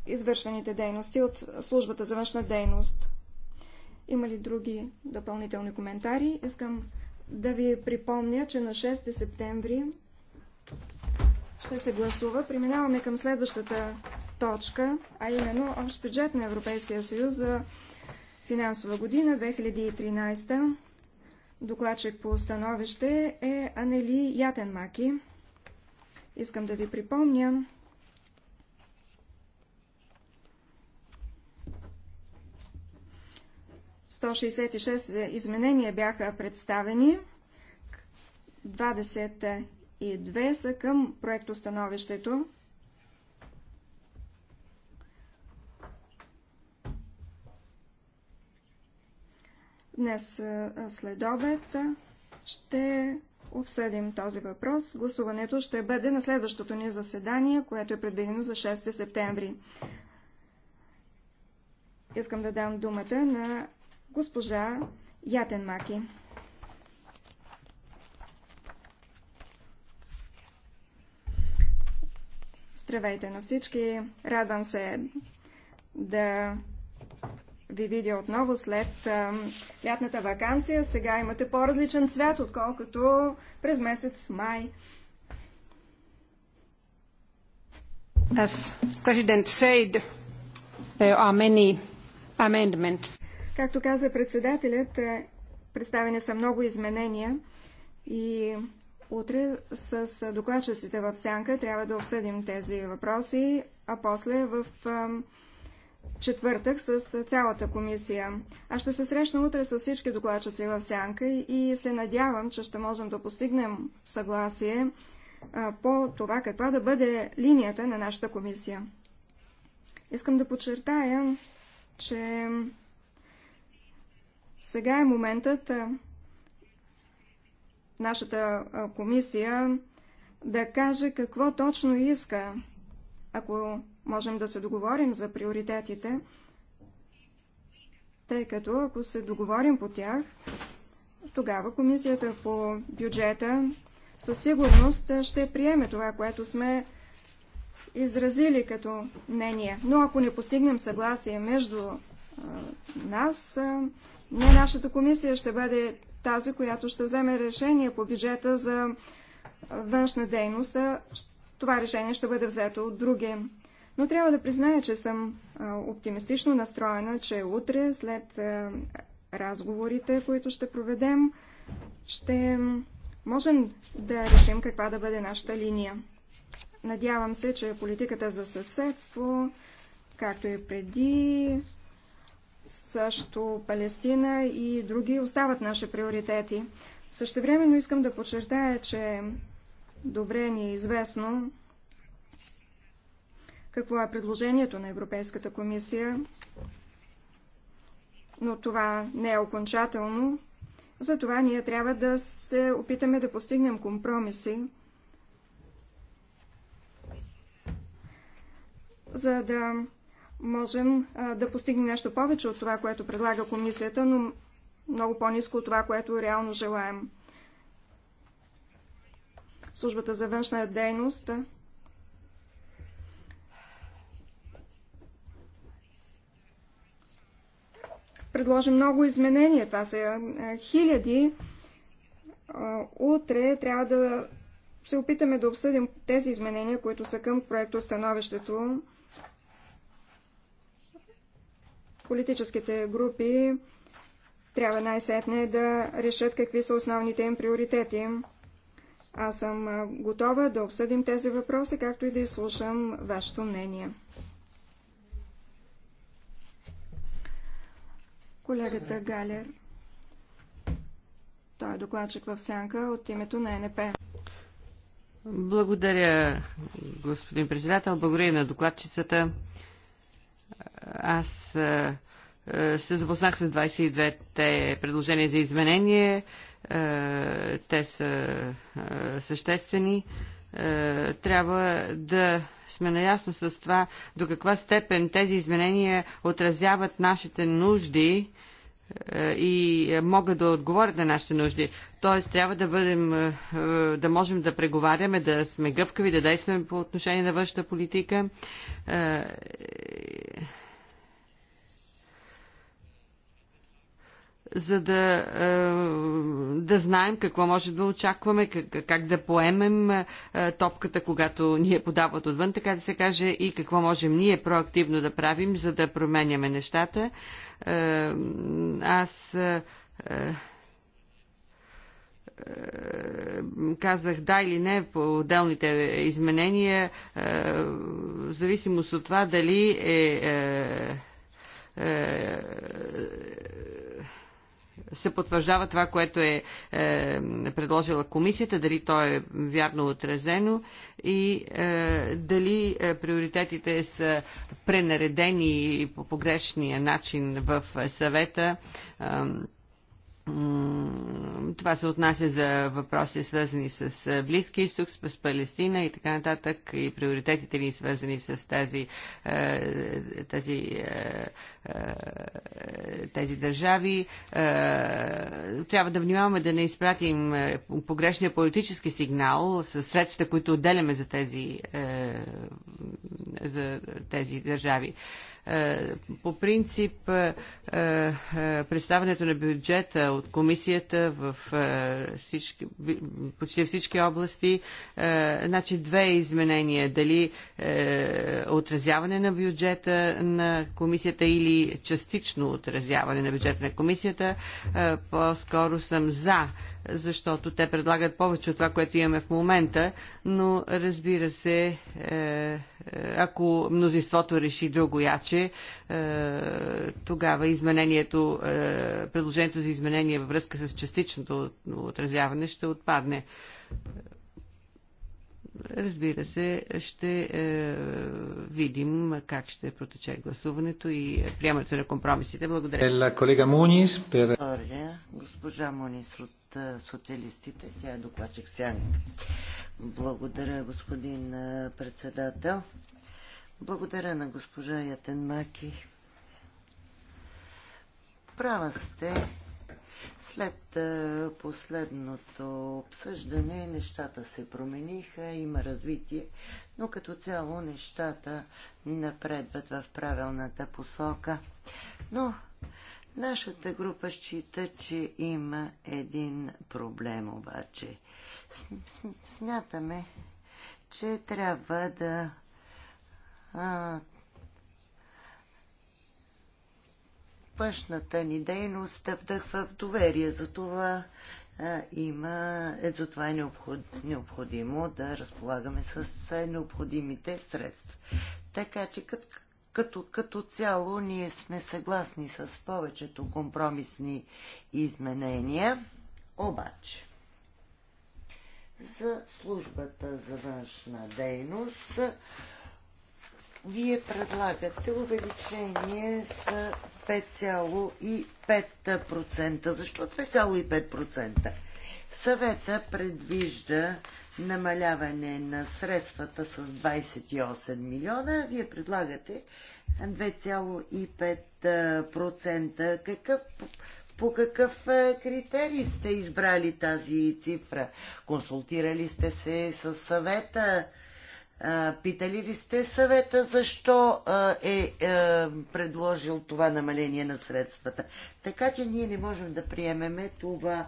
извършваните дейности от службата за външна дейност. Има ли други допълнителни коментари? Искам да ви припомня, че на 6 септември ще се гласува. Преминаваме към следващата точка, а именно общ бюджет на Европейския съюз за финансова година 2013. Докладчик по становище е Анели Ятенмаки. Искам да ви припомня, ...166 изменения бяха представени, 22 са към проектостановището. Днес след обед ще обсъдим този въпрос. Гласуването ще бъде на следващото ни заседание, което е предвидено за 6 септември. Искам да дам думата на госпожа Ятенмаки. Здравейте на всички! Радвам се да ви видя отново след а, лятната вакансия. Сега имате по-различен цвят, отколкото през месец май. As President said, there are many amendments. Както каза председателят, е, представени са много изменения и утре с докладчиците в сянка трябва да обсъдим тези въпроси, а после в четвъртък с цялата комисия. А ще се срещна утре с всички докладчици в Сянка и се надявам, че ще можем да постигнем съгласие по това каква да бъде линията на нашата комисия. Искам да подчертая, че сега е моментът нашата комисия да каже какво точно иска. Ако Можем да се договорим за приоритетите, тъй като ако се договорим по тях, тогава комисията по бюджета със сигурност ще приеме това, което сме изразили като мнение. Но ако не постигнем съгласие между нас, не нашата комисия ще бъде тази, която ще вземе решение по бюджета за външна дейност. Това решение ще бъде взето от други. Но трябва да призная, че съм оптимистично настроена, че утре, след разговорите, които ще проведем, ще можем да решим каква да бъде нашата линия. Надявам се, че политиката за съседство, както и преди, също Палестина и други остават наши приоритети. Същевременно искам да подчертая, че добре ни е известно, какво е предложението на Европейската комисия, но това не е окончателно. Затова ние трябва да се опитаме да постигнем компромиси, за да можем да постигнем нещо повече от това, което предлага комисията, но много по-низко от това, което реално желаем. Службата за външна дейност предложи много изменения. Това са хиляди. Утре трябва да се опитаме да обсъдим тези изменения, които са към проекто становището. Политическите групи трябва най-сетне да решат какви са основните им приоритети. Аз съм готова да обсъдим тези въпроси, както и да изслушам вашето мнение. Колегата Галер. Той е докладчик в сянка от името на НП. Благодаря, господин председател. Благодаря на докладчицата. Аз е, е, се запознах с 22-те предложения за изменение. Е, те са съществени. Трябва да сме наясно с това до каква степен тези изменения отразяват нашите нужди е, и могат да отговорят на нашите нужди. Тоест, трябва да бъдем, е, да можем да преговаряме, да сме гъвкави, да действаме по отношение на външната политика е, за да, е, да знаем какво може да очакваме, как, как да поемем е, топката, когато ни я подават отвън, така да се каже, и какво можем ние проактивно да правим, за да променяме нещата. Е, аз казах да или не по отделните изменения, в зависимост от това дали е, е, е се потвърждава това, което е, е предложила комисията, дали то е вярно отразено и е, дали е, приоритетите са пренаредени по погрешния начин в съвета. Е, това се отнася за въпроси, свързани с Близки изток, с Палестина и така нататък, и приоритетите ни, свързани с тази, тази, тези държави. Трябва да внимаваме да не изпратим погрешния политически сигнал с средствата, които отделяме за тези, за тези държави. Е, по принцип, е, е, представането на бюджета от комисията в всички, почти всички области, значи две изменения. Дали отразяване на бюджета на комисията или частично отразяване на бюджета на комисията, по-скоро съм за защото те предлагат повече от това, което имаме в момента, но разбира се, е, е, ако мнозинството реши друго яче, е, тогава изменението, предложението за изменение във връзка с частичното отразяване ще отпадне. Разбира се, ще е, видим как ще протече гласуването и приемането на компромисите. Благодаря. Е, колега Мунис. Благодаря. Госпожа Мунис от е, социалистите. Тя е докладчик Сянка. Благодаря, господин е, председател. Благодаря на госпожа Ятенмаки. Права сте след последното обсъждане нещата се промениха, има развитие, но като цяло нещата напредват в правилната посока. Но нашата група счита, че има един проблем обаче. Смятаме, че трябва да а, външната ни дейност вдъхва в доверие. Затова има, ето това е необход, необходимо да разполагаме с необходимите средства. Така че като, като, като цяло ние сме съгласни с повечето компромисни изменения, обаче за службата за външна дейност вие предлагате увеличение за 5,5%. Защо 2,5%? Съвета предвижда намаляване на средствата с 28 милиона, вие предлагате 2,5%. Какъв, по какъв е, критерий сте избрали тази цифра? Консултирали сте се с съвета? Питали ли сте съвета защо е, е предложил това намаление на средствата? Така че ние не можем да приемеме това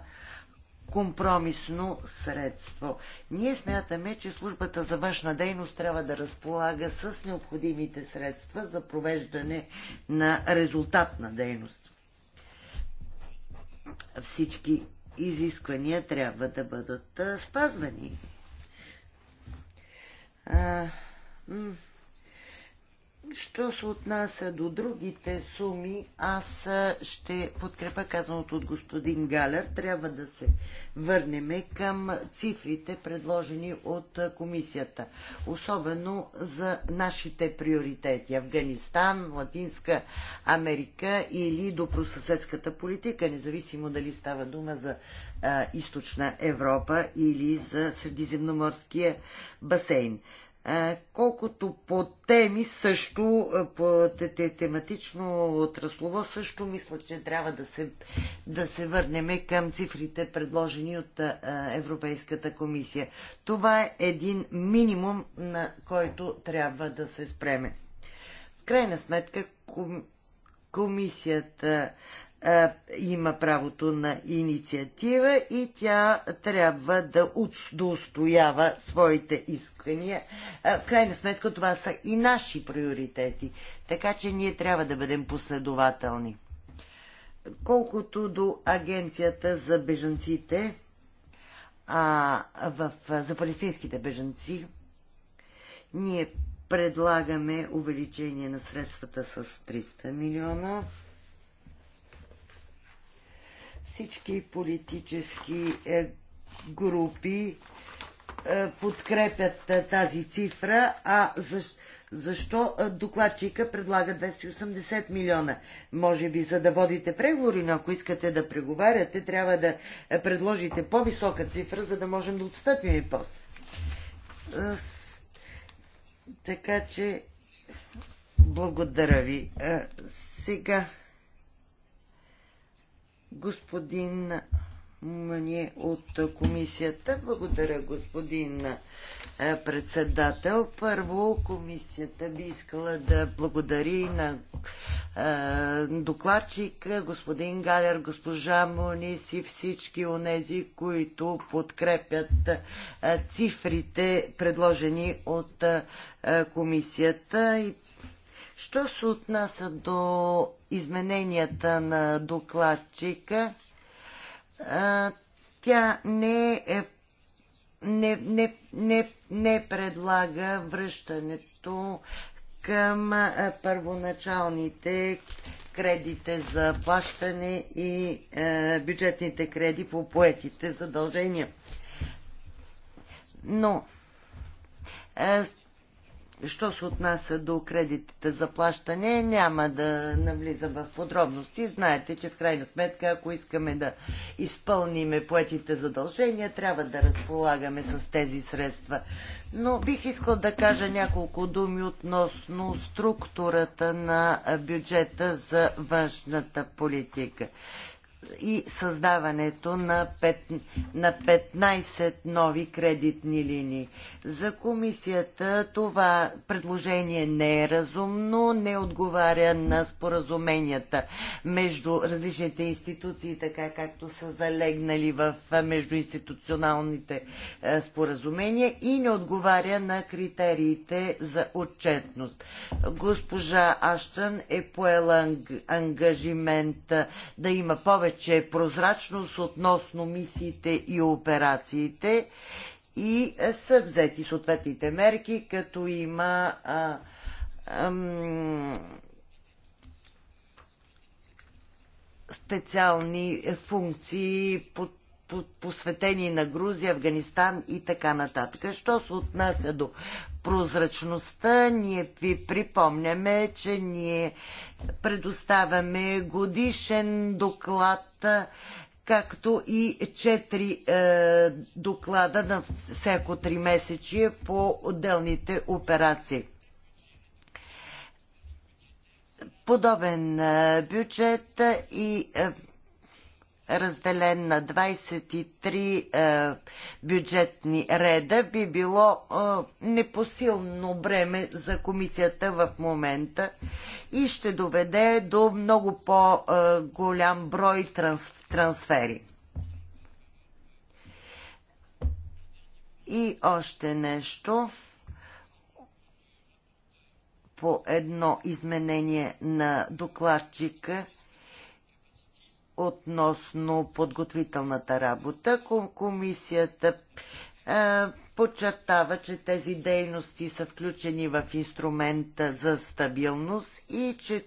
компромисно средство. Ние смятаме, че службата за външна дейност трябва да разполага с необходимите средства за провеждане на резултатна дейност. Всички изисквания трябва да бъдат спазвани. Що се отнася до другите суми, аз ще подкрепа казаното от господин Галер. Трябва да се върнем към цифрите, предложени от комисията. Особено за нашите приоритети. Афганистан, Латинска Америка или добросъседската политика, независимо дали става дума за а, източна Европа или за Средиземноморския басейн. А, колкото по теми също, по тематично отраслово също, мисля, че трябва да се, да се върнем към цифрите, предложени от а, Европейската комисия. Това е един минимум, на който трябва да се спреме. В крайна сметка, комисията е, има правото на инициатива и тя трябва да, устоява своите искания. Е, в крайна сметка това са и наши приоритети, така че ние трябва да бъдем последователни. Колкото до агенцията за бежанците, а в, за палестинските бежанци, ние предлагаме увеличение на средствата с 300 милиона всички политически е, групи е, подкрепят е, тази цифра, а защо защо докладчика предлага 280 милиона. Може би за да водите преговори, но ако искате да преговаряте, трябва да предложите по-висока цифра, за да можем да отстъпим и после. Така че, благодаря ви. Сега господин Мъни от комисията. Благодаря, господин председател. Първо, комисията би искала да благодари на докладчик, господин Галер, госпожа Монис и всички онези, които подкрепят цифрите, предложени от комисията. Що се отнася до измененията на докладчика, тя не е не, не, не, не предлага връщането към първоначалните кредите за плащане и е, бюджетните креди по поетите задължения. Но е, Що се отнася до кредитите за плащане, няма да навлизам в подробности. Знаете, че в крайна сметка, ако искаме да изпълниме поетите задължения, трябва да разполагаме с тези средства. Но бих искал да кажа няколко думи относно структурата на бюджета за външната политика и създаването на, 5, на 15 нови кредитни линии. За комисията това предложение не е разумно, не отговаря на споразуменията между различните институции, така както са залегнали в междуинституционалните е, споразумения и не отговаря на критериите за отчетност. Госпожа Аштън е поела ангажимент да има повече повече прозрачност относно мисиите и операциите и е, са взети съответните мерки, като има специални функции под посветени на Грузия, Афганистан и така нататък. Що се отнася до прозрачността, ние ви припомняме, че ние предоставяме годишен доклад както и четири е, доклада на всяко три месечие по отделните операции. Подобен е, бюджет и е, разделен на 23 е, бюджетни реда, би било е, непосилно бреме за комисията в момента и ще доведе до много по-голям брой транс, трансфери. И още нещо по едно изменение на докладчика – относно подготвителната работа. Комисията подчертава, че тези дейности са включени в инструмента за стабилност и че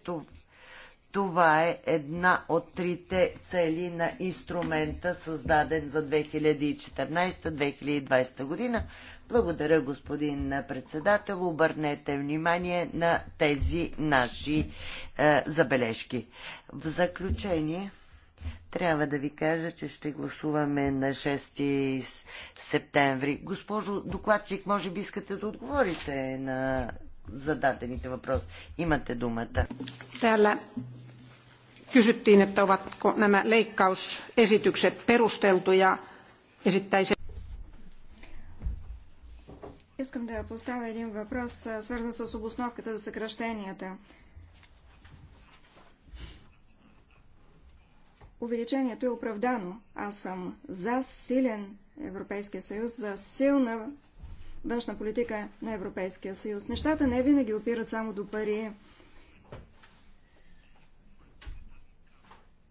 това е една от трите цели на инструмента, създаден за 2014-2020 година. Благодаря, господин председател. Обърнете внимание на тези наши е, забележки. В заключение. Трябва да ви кажа, че ще гласуваме на 6 септември. Госпожо докладчик, може би искате да отговорите на зададените въпроси. Имате думата. Täällä kysyttiin, että ovatko nämä leikkausesitykset perusteltuja esittäisin. Искам да поставя един въпрос, свързан с обосновката за съкръщенията. увеличението е оправдано. Аз съм за силен Европейския съюз, за силна външна политика на Европейския съюз. Нещата не винаги опират само до пари.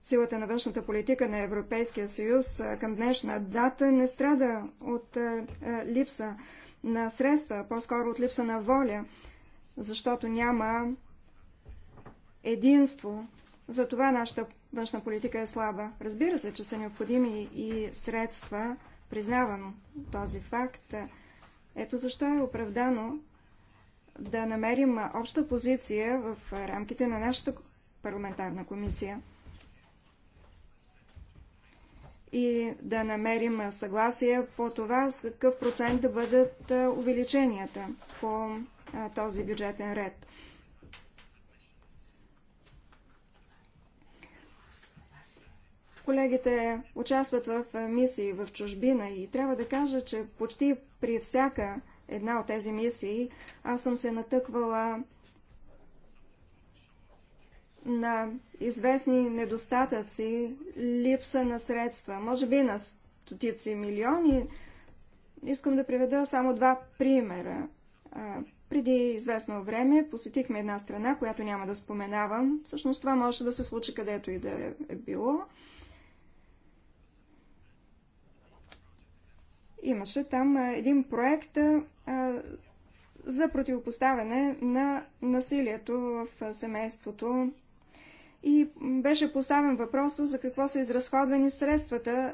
Силата на външната политика на Европейския съюз към днешна дата не страда от липса на средства, по-скоро от липса на воля, защото няма единство. Затова нашата външна политика е слаба. Разбира се, че са необходими и средства, признавам този факт. Ето защо е оправдано да намерим обща позиция в рамките на нашата парламентарна комисия и да намерим съгласие по това с какъв процент да бъдат увеличенията по този бюджетен ред. Колегите участват в е, мисии в чужбина и трябва да кажа, че почти при всяка една от тези мисии аз съм се натъквала на известни недостатъци, липса на средства, може би на стотици милиони. Искам да приведа само два примера. Преди известно време посетихме една страна, която няма да споменавам. Всъщност това може да се случи където и да е било. Имаше там един проект за противопоставяне на насилието в семейството и беше поставен въпроса за какво са изразходвани средствата,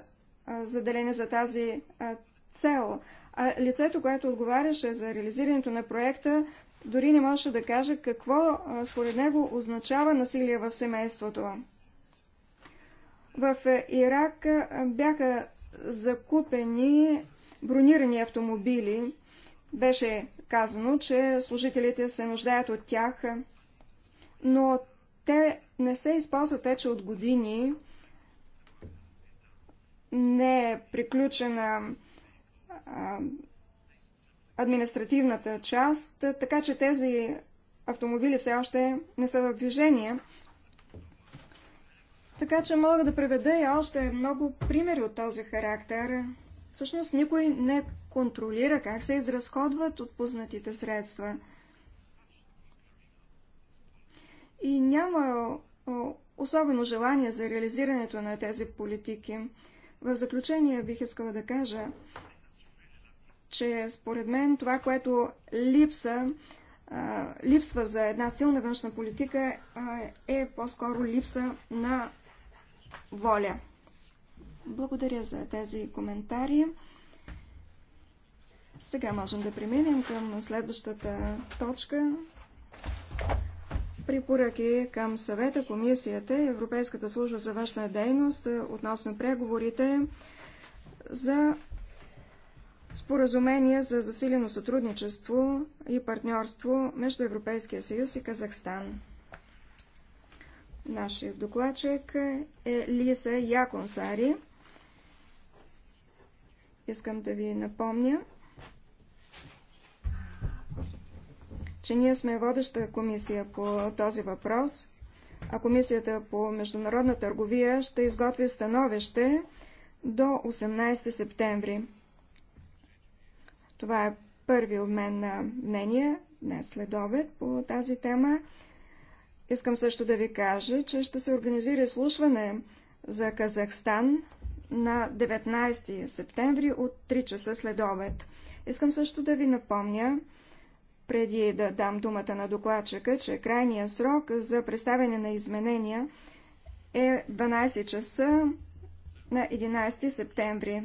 заделени за тази цел. А лицето, което отговаряше за реализирането на проекта, дори не можеше да каже какво според него означава насилие в семейството. В Ирак бяха закупени бронирани автомобили. Беше казано, че служителите се нуждаят от тях, но те не се използват вече от години. Не е приключена а, административната част, така че тези автомобили все още не са в движение. Така че мога да преведа и още много примери от този характер. Всъщност никой не контролира как се изразходват отпуснатите средства. И няма особено желание за реализирането на тези политики. В заключение бих искала да кажа, че според мен това, което липса, липсва за една силна външна политика, е по-скоро липса на воля. Благодаря за тези коментари. Сега можем да преминем към следващата точка. Препоръки към съвета, комисията, Европейската служба за външна дейност относно преговорите за споразумение за засилено сътрудничество и партньорство между Европейския съюз и Казахстан. Нашият докладчик е Лиса Яконсари. Искам да ви напомня, че ние сме водеща комисия по този въпрос, а комисията по международна търговия ще изготви становище до 18 септември. Това е първи обмен на мнение днес след обед по тази тема. Искам също да ви кажа, че ще се организира изслушване за Казахстан на 19 септември от 3 часа след обед. Искам също да ви напомня, преди да дам думата на докладчика, че крайният срок за представяне на изменения е 12 часа на 11 септември.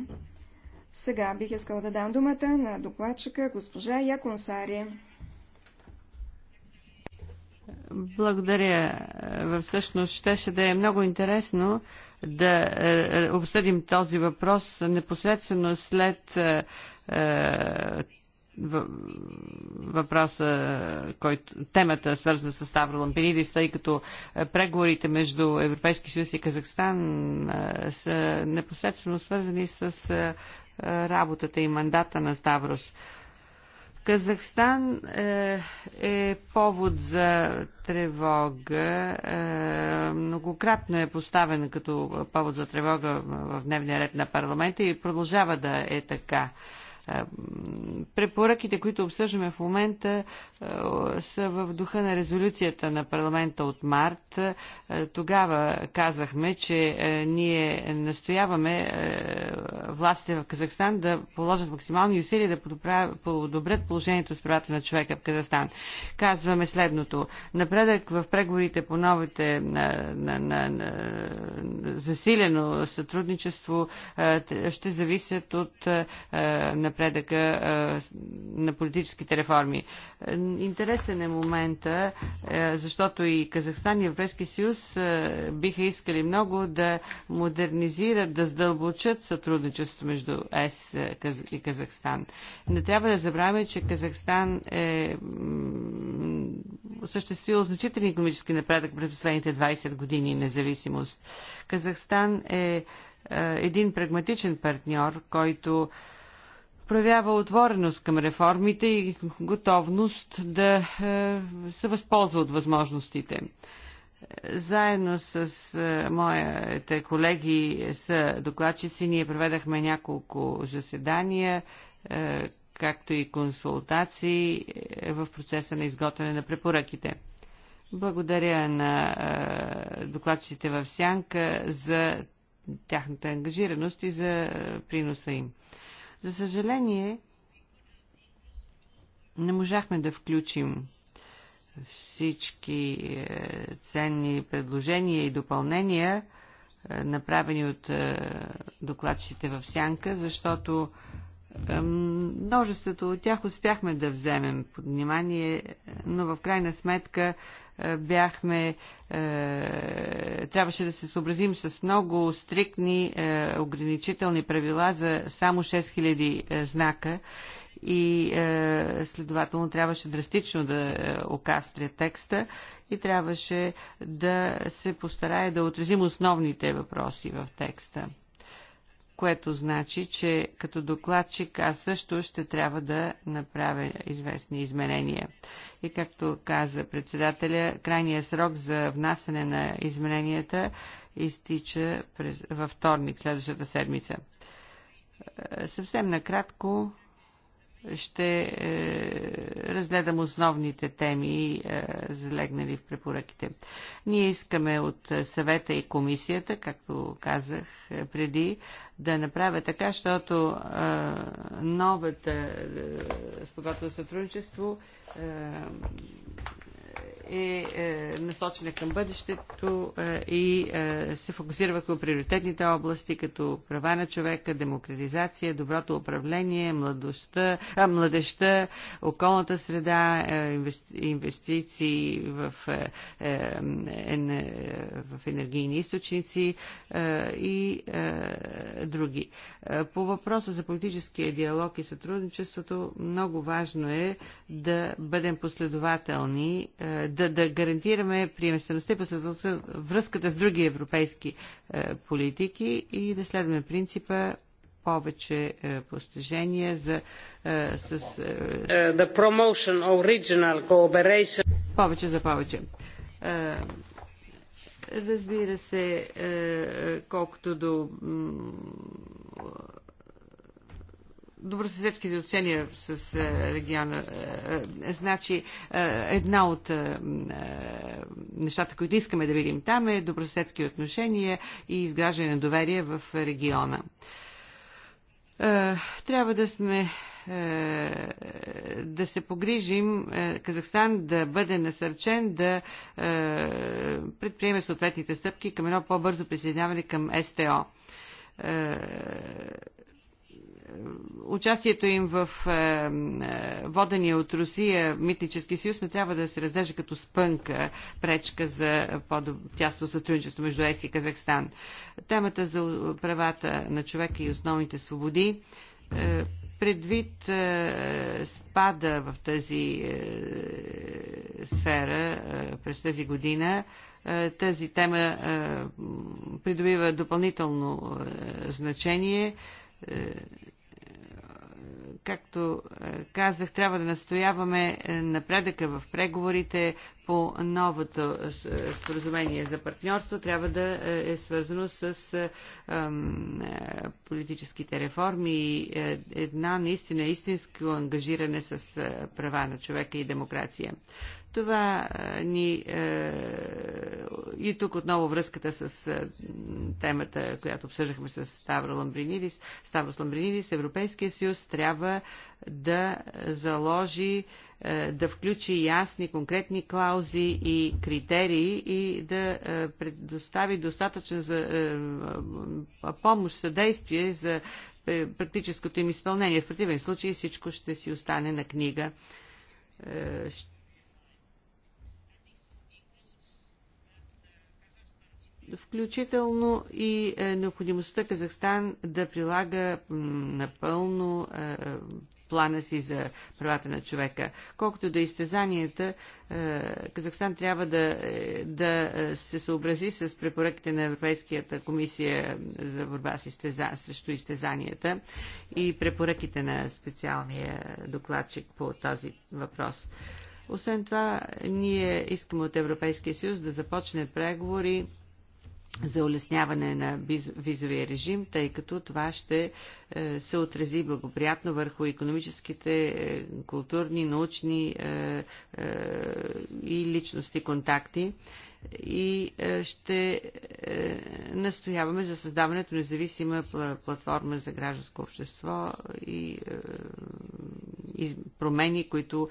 Сега бих искал да дам думата на докладчика госпожа Яконсари. Благодаря. Всъщност щеше да е много интересно да е, е, обсъдим този въпрос непосредствено след е, въпроса, който, темата свързана с Ставро Лампинидис, тъй като преговорите между Европейски съюз и Казахстан са непосредствено свързани с работата и мандата на Ставрос. Казахстан е, е повод за тревога. Е, многократно е поставен като повод за тревога в дневния ред на парламента и продължава да е така. Е, Препоръките, които обсъждаме в момента, е, са в духа на резолюцията на парламента от март. Е, тогава казахме, че е, ние настояваме властите в Казахстан да положат максимални усилия да подобрят положението с правата на човека в Казахстан. Казваме следното. Напредък в преговорите по новите на, на, на, на засилено сътрудничество ще зависят от на напредъка на политическите реформи. Е, интересен е момента, е, защото и Казахстан и Европейски съюз е, биха искали много да модернизират, да задълбочат сътрудничеството между ЕС и Казахстан. Не трябва да забравяме, че Казахстан е съществил значителен економически напредък през последните 20 години независимост. Казахстан е един прагматичен партньор, който проявява отвореност към реформите и готовност да е, се възползва от възможностите. Заедно с е, моите колеги са докладчици, ние проведахме няколко заседания, е, както и консултации в процеса на изготвяне на препоръките. Благодаря на докладчиците в Сянка за тяхната ангажираност и за приноса им. За съжаление, не можахме да включим всички е, ценни предложения и допълнения, е, направени от е, докладчите в Сянка, защото множеството от тях успяхме да вземем под внимание, но в крайна сметка е, бяхме, е, трябваше да се съобразим с много стриктни е, ограничителни правила за само 6000 знака и следователно трябваше драстично да окастря текста и трябваше да се постарае да отразим основните въпроси в текста което значи, че като докладчик аз също ще трябва да направя известни изменения. И както каза председателя, крайният срок за внасене на измененията изтича през, във вторник, следващата седмица. Е, съвсем накратко ще е, разгледам основните теми, е, залегнали в препоръките. Ние искаме от съвета и комисията, както казах е, преди, да направя така, защото новата спогодба сътрудничество е, е насочена към бъдещето е, и е, се фокусира върху приоритетните области, като права на човека, демократизация, доброто управление, младостта, а, младеща, околната среда, е, инвестиции в, е, е, е, в енергийни източници е, и е, други. Е, по въпроса за политическия диалог и сътрудничеството, много важно е да бъдем последователни, е, да, да гарантираме приемствеността и последователността връзката с други европейски е, политики и да следваме принципа повече е, постижения за, е, с... Е, е The promotion of regional cooperation. Повече за повече. Е, разбира се, е, е колкото до добросъседските отношения с е, региона. Е, е, значи, една от нещата, които искаме да видим там е добросъседски отношения и изграждане на доверие в региона. Трябва да сме да се погрижим Казахстан да бъде насърчен да предприеме съответните стъпки към едно по-бързо присъединяване към СТО участието им в е, е, водения от Русия митнически съюз не трябва да се разлежа като спънка, пречка за по-тясно сътрудничество между ЕС и Казахстан. Темата за правата на човека и основните свободи е, предвид спада в тази сфера през тази година, тази тема придобива допълнително значение както е, казах, трябва да настояваме е, напредъка в преговорите по новото е, споразумение за партньорство. Трябва да е свързано с политическите реформи и една наистина истинско ангажиране с права на човека и демокрация. Това ни. Е, и тук отново връзката с темата, която обсъждахме с Ставро Ламбринидис. Ставрос Ламбринидис, Европейския съюз трябва да заложи, е, да включи ясни, конкретни клаузи и критерии и да е, предостави достатъчно за помощ, съдействие за практическото им изпълнение. В противен случай всичко ще си остане на книга. Е, включително и е, необходимостта Казахстан да прилага напълно е, е, плана си за правата на човека. Колкото до изтезанията, Казахстан трябва да, да се съобрази с препоръките на Европейската комисия за борба с изтеза, срещу изтезанията и препоръките на специалния докладчик по този въпрос. Освен това, ние искаме от Европейския съюз да започне преговори за улесняване на визовия режим, тъй като това ще е, се отрази благоприятно върху економическите, е, културни, научни е, и личности контакти и е, ще е, настояваме за създаването на независима платформа за гражданско общество и е, промени, които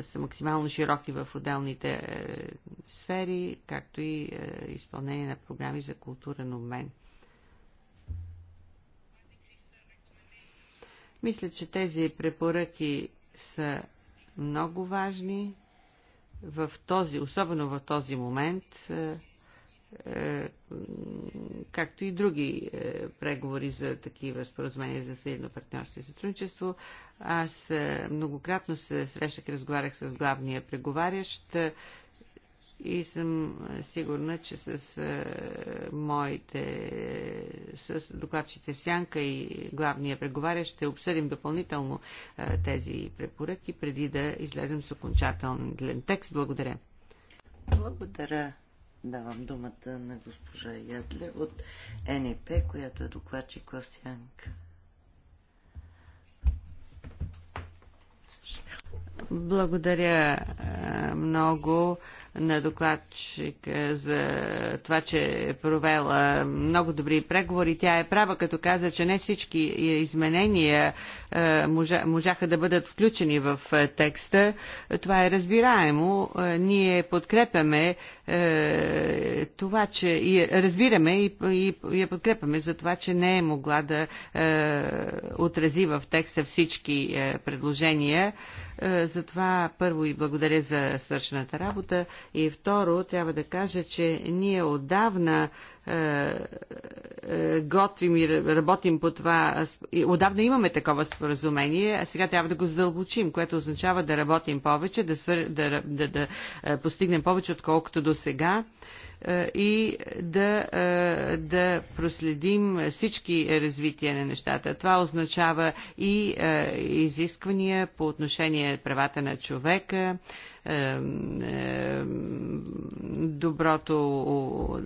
са максимално широки в отделните сфери, както и изпълнение на програми за културен обмен. Мисля, че тези препоръки са много важни в този, особено в този момент, е, е, както и други е, преговори за такива споразумения за съедно партньорство и сътрудничество. Аз многократно се срещах и разговарях с главния преговарящ и съм е, сигурна, че с е, моите, с докладчите в Сянка и главния преговарящ ще обсъдим допълнително е, тези препоръки, преди да излезем с окончателен текст. Благодаря. Благодаря. Давам думата на госпожа Ядле от НЕП, която е докладчик в Сянка. Благодаря много на докладчик е, за това, че е провела много добри преговори. Тя е права, като каза, че не всички изменения е, можаха да бъдат включени в е, текста. Това е разбираемо. Ние подкрепяме е, това, че и разбираме и, и, и я подкрепяме за това, че не е могла да е, отрази в текста всички е, предложения. Е, затова първо и благодаря за свършената работа и второ трябва да кажа, че ние отдавна е, е, е, готвим и работим по това. Отдавна имаме такова споразумение, а сега трябва да го задълбочим, което означава да работим повече, да, свър... да, да, да е, постигнем повече, отколкото до сега и да, да проследим всички развития на нещата. Това означава и изисквания по отношение правата на човека, доброто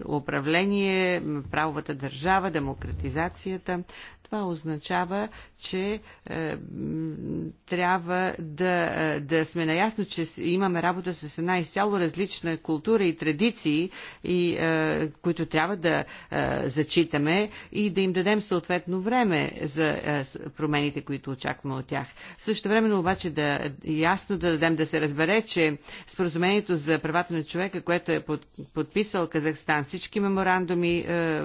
управление, правовата държава, демократизацията. Това означава, че е, трябва да, е, да сме наясно, че имаме работа с една изцяло различна култура и традиции, и, е, които трябва да зачитаме и да им дадем съответно време за промените, които очакваме от тях. Също времено обаче да ясно да дадем да се разбере, че споразумението за правата на човека, което е под, подписал Казахстан, всички меморандуми, е,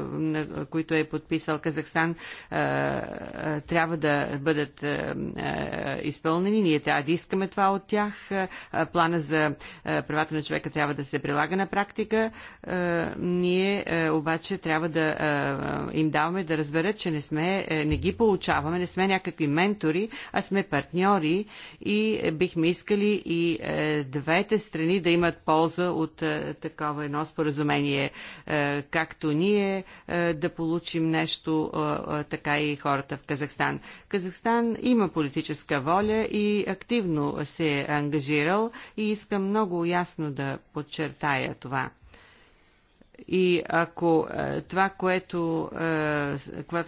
които е подписал Казахстан, е, е, трябва да бъдат е, е, изпълнени. Ние трябва да искаме това от тях. Е, е плана за е, правата на човека трябва да се прилага на практика. Е, ние е, обаче трябва да е, е, им даваме да разберат, че не, сме, е, не ги получаваме, не сме някакви ментори, а сме партньори и е, бихме искали и двете страни да имат полза от е, такова едно споразумение, е, както ние е, да получим нещо, така и хората в Казахстан. Казахстан има политическа воля и активно се е ангажирал и искам много ясно да подчертая това. И ако е, това, което, е,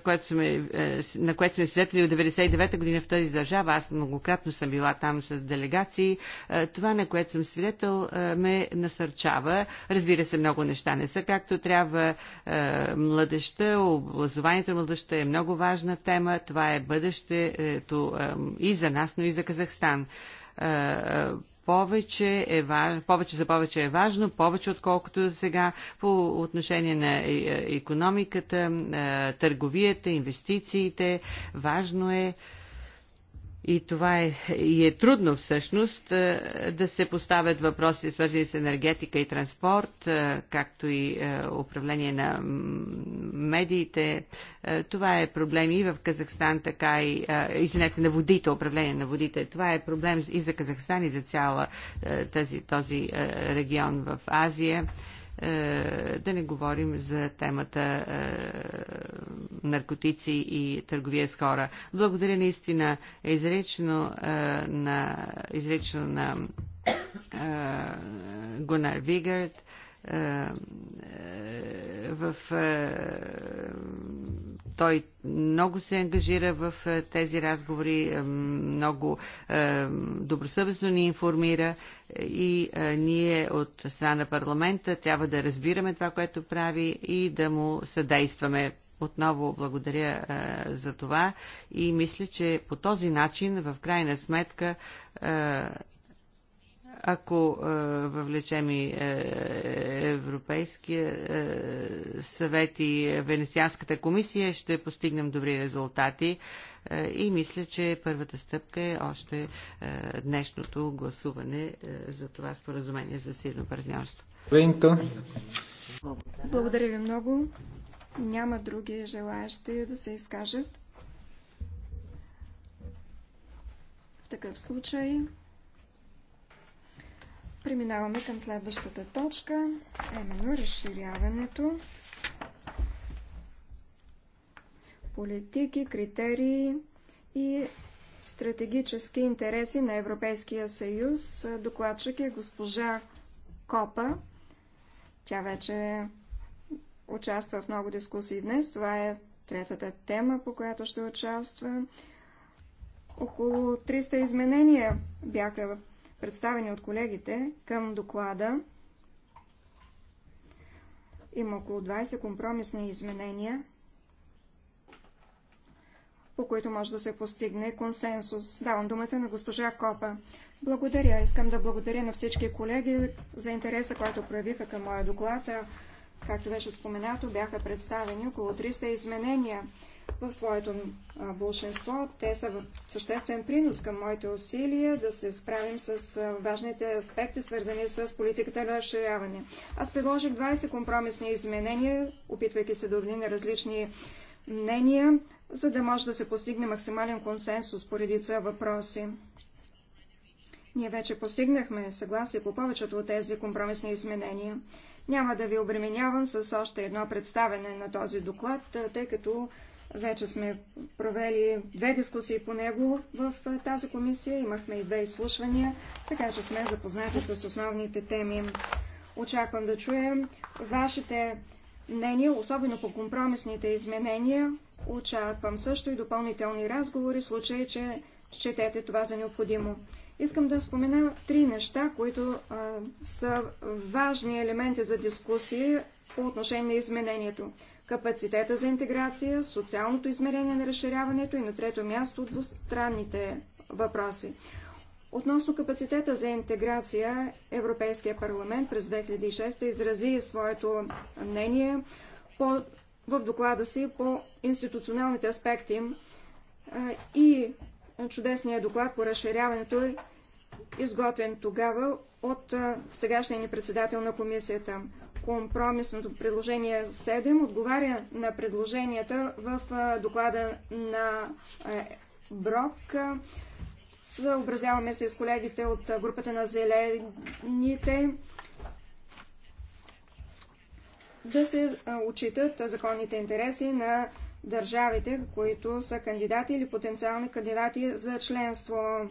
което сме, е, на което сме свидетели от 99-та година в тази държава, аз многократно съм била там с делегации, това, на което съм свидетел, ме насърчава. Разбира се, много неща не са както трябва. Младеща, образованието на младеща е много важна тема. Това е бъдещето и за нас, но и за Казахстан повече, е, повече за повече е важно, повече отколкото за сега по отношение на економиката, е, е, търговията, инвестициите. Важно е и това е, и е трудно всъщност е, да се поставят въпроси свързани с енергетика и транспорт, е, както и е, управление на медиите. Това е проблем и в Казахстан, така и, извинете, на водите, управление на водите. Това е проблем и за Казахстан, и за цяла тази, този регион в Азия. Е, да не говорим за темата е, наркотици и търговия с хора. Благодаря наистина изрично е, на, изречено на Гунар Вигард в той много се ангажира в е, тези разговори, е, много е, добросъвестно ни информира и ние от страна на парламента трябва да разбираме това, което прави и да му съдействаме отново благодаря е, за това и мисля, че по този начин, в крайна сметка, е, ако е, въвлечем и е, Европейския е, съвет и Венецианската комисия, ще постигнем добри резултати. Е, и мисля, че първата стъпка е още е, днешното гласуване е, за това споразумение за силно партньорство. Благодаря ви много. Няма други желаящи да се изкажат. В такъв случай. Преминаваме към следващата точка, именно разширяването. Политики, критерии и стратегически интереси на Европейския съюз. Докладчик е госпожа Копа. Тя вече участва в много дискусии днес. Това е третата тема, по която ще участва. Около 300 изменения бяха представени от колегите към доклада. Има около 20 компромисни изменения, по които може да се постигне консенсус. Давам думата на госпожа Копа. Благодаря. Искам да благодаря на всички колеги за интереса, който проявиха към моя доклад. Както беше споменато, бяха представени около 300 изменения в своето большинство. Те са съществен принос към моите усилия да се справим с важните аспекти, свързани с политиката на разширяване. Аз предложих 20 компромисни изменения, опитвайки се да на различни мнения, за да може да се постигне максимален консенсус по редица въпроси. Ние вече постигнахме съгласие по повечето от тези компромисни изменения. Няма да ви обременявам с още едно представене на този доклад, тъй като вече сме провели две дискусии по него в тази комисия. Имахме и две изслушвания, така че сме запознати с основните теми. Очаквам да чуем вашите мнения, особено по компромисните изменения. Очаквам също и допълнителни разговори, в случай, че четете това за необходимо. Искам да спомена три неща, които а, са важни елементи за дискусии по отношение на изменението капацитета за интеграция, социалното измерение на разширяването и на трето място двустранните въпроси. Относно капацитета за интеграция, Европейския парламент през 2006 изрази своето мнение по, в доклада си по институционалните аспекти и чудесния доклад по разширяването е изготвен тогава от сегашния ни председател на комисията. Компромисното предложение 7 отговаря на предложенията в доклада на Брок. Съобразяваме се с колегите от групата на зелените да се отчитат законните интереси на държавите, които са кандидати или потенциални кандидати за членство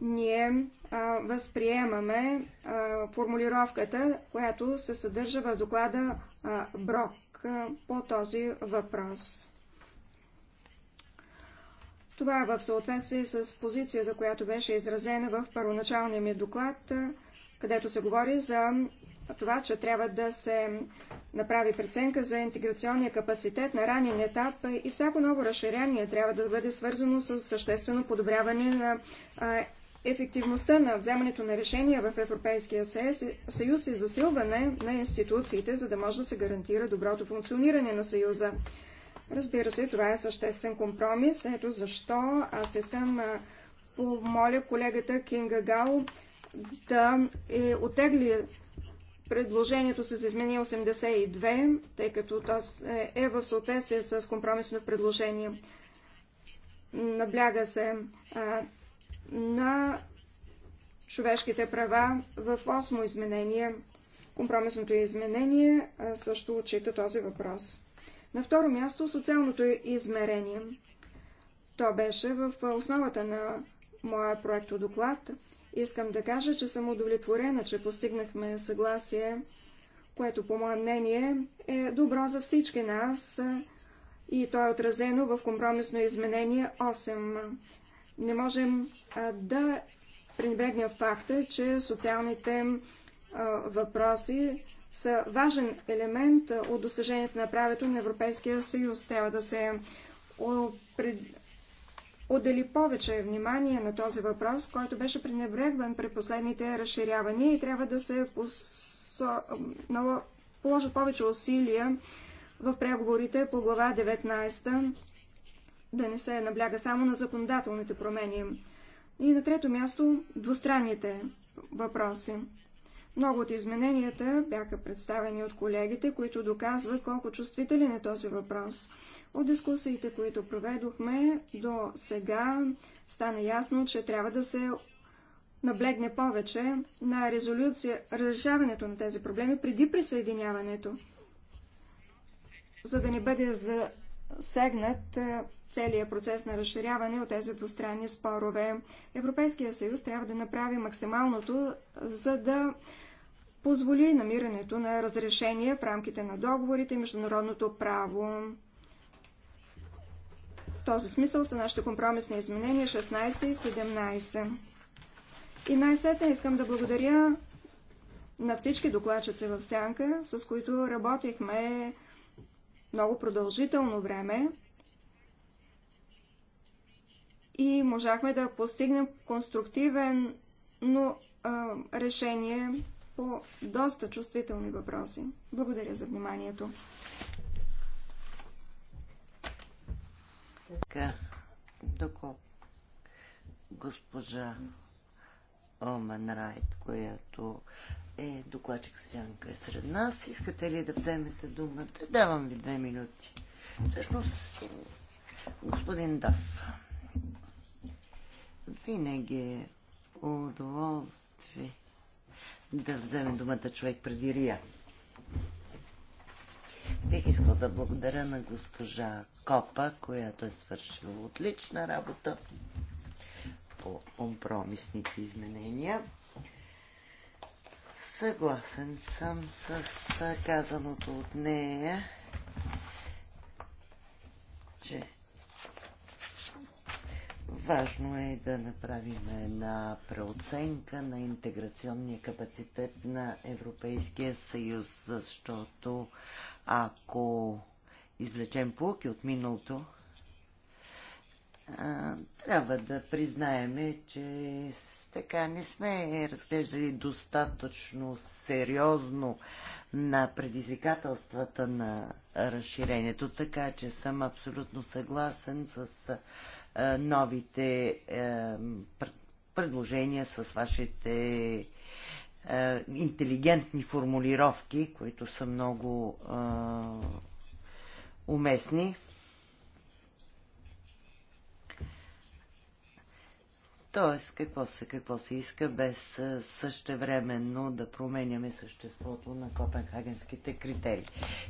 ние а, възприемаме а, формулировката, която се съдържа в доклада а, Брок а, по този въпрос. Това е в съответствие с позицията, която беше изразена в първоначалния ми доклад, където се говори за това, че трябва да се направи преценка за интеграционния капацитет на ранен етап и всяко ново разширение трябва да бъде свързано с съществено подобряване на Ефективността на вземането на решения в Европейския съюз е засилване на институциите, за да може да се гарантира доброто функциониране на съюза. Разбира се, това е съществен компромис. Ето защо аз искам помоля колегата Кинга Гал да е отегли предложението с изменение 82, тъй като то е, е в съответствие с компромисно предложение. Набляга се а, на човешките права в 8 изменение. Компромисното изменение също отчита този въпрос. На второ място социалното измерение. То беше в основата на моя проекто доклад. Искам да кажа, че съм удовлетворена, че постигнахме съгласие, което по мое мнение е добро за всички нас и то е отразено в компромисно изменение 8 не можем да пренебрегнем факта, че социалните въпроси са важен елемент от достижението на правето на Европейския съюз. Трябва да се отдели повече внимание на този въпрос, който беше пренебрегван при последните разширявания и трябва да се посо... положат повече усилия в преговорите по глава 19 да не се набляга само на законодателните промени. И на трето място двустранните въпроси. Много от измененията бяха представени от колегите, които доказват колко чувствителен е този въпрос. От дискусиите, които проведохме до сега, стана ясно, че трябва да се наблегне повече на резолюция, разрешаването на тези проблеми преди присъединяването, за да не бъде за засегнат е, целият процес на разширяване от тези двустранни спорове. Европейския съюз трябва да направи максималното, за да позволи намирането на разрешение в рамките на договорите и международното право. В този смисъл са нашите компромисни изменения 16 и 17. И най-сетне искам да благодаря на всички докладчици в Сянка, с които работихме много продължително време и можахме да постигнем конструктивен, но а, решение по доста чувствителни въпроси. Благодаря за вниманието. Така, доколко госпожа Омен Райт, която е докладчик Сянка е сред нас. Искате ли да вземете думата? Давам ви две минути. Всъщност, господин Дав, винаги е удоволствие да вземе думата човек преди Рия. Бих искал да благодаря на госпожа Копа, която е свършила отлична работа по компромисните изменения. Съгласен съм с казаното от нея, че важно е да направим една преоценка на интеграционния капацитет на Европейския съюз, защото ако извлечем полки от миналото, трябва да признаеме, че така не сме разглеждали достатъчно сериозно на предизвикателствата на разширението, така че съм абсолютно съгласен с а, новите а, предложения, с вашите а, интелигентни формулировки, които са много уместни. Тоест, какво се, какво се иска, без същевременно да променяме съществото на копенхагенските критерии.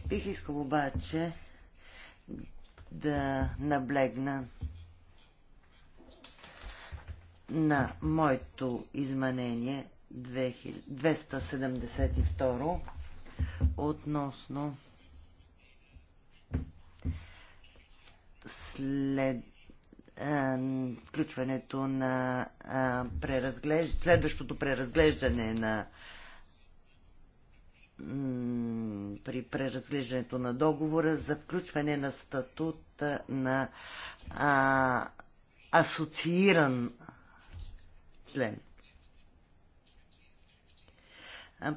Бих искал обаче да наблегна на моето изменение 272 относно след е, включването на е, преразглеж... следващото преразглеждане на при преразглеждането на договора за включване на статут на а, асоцииран член.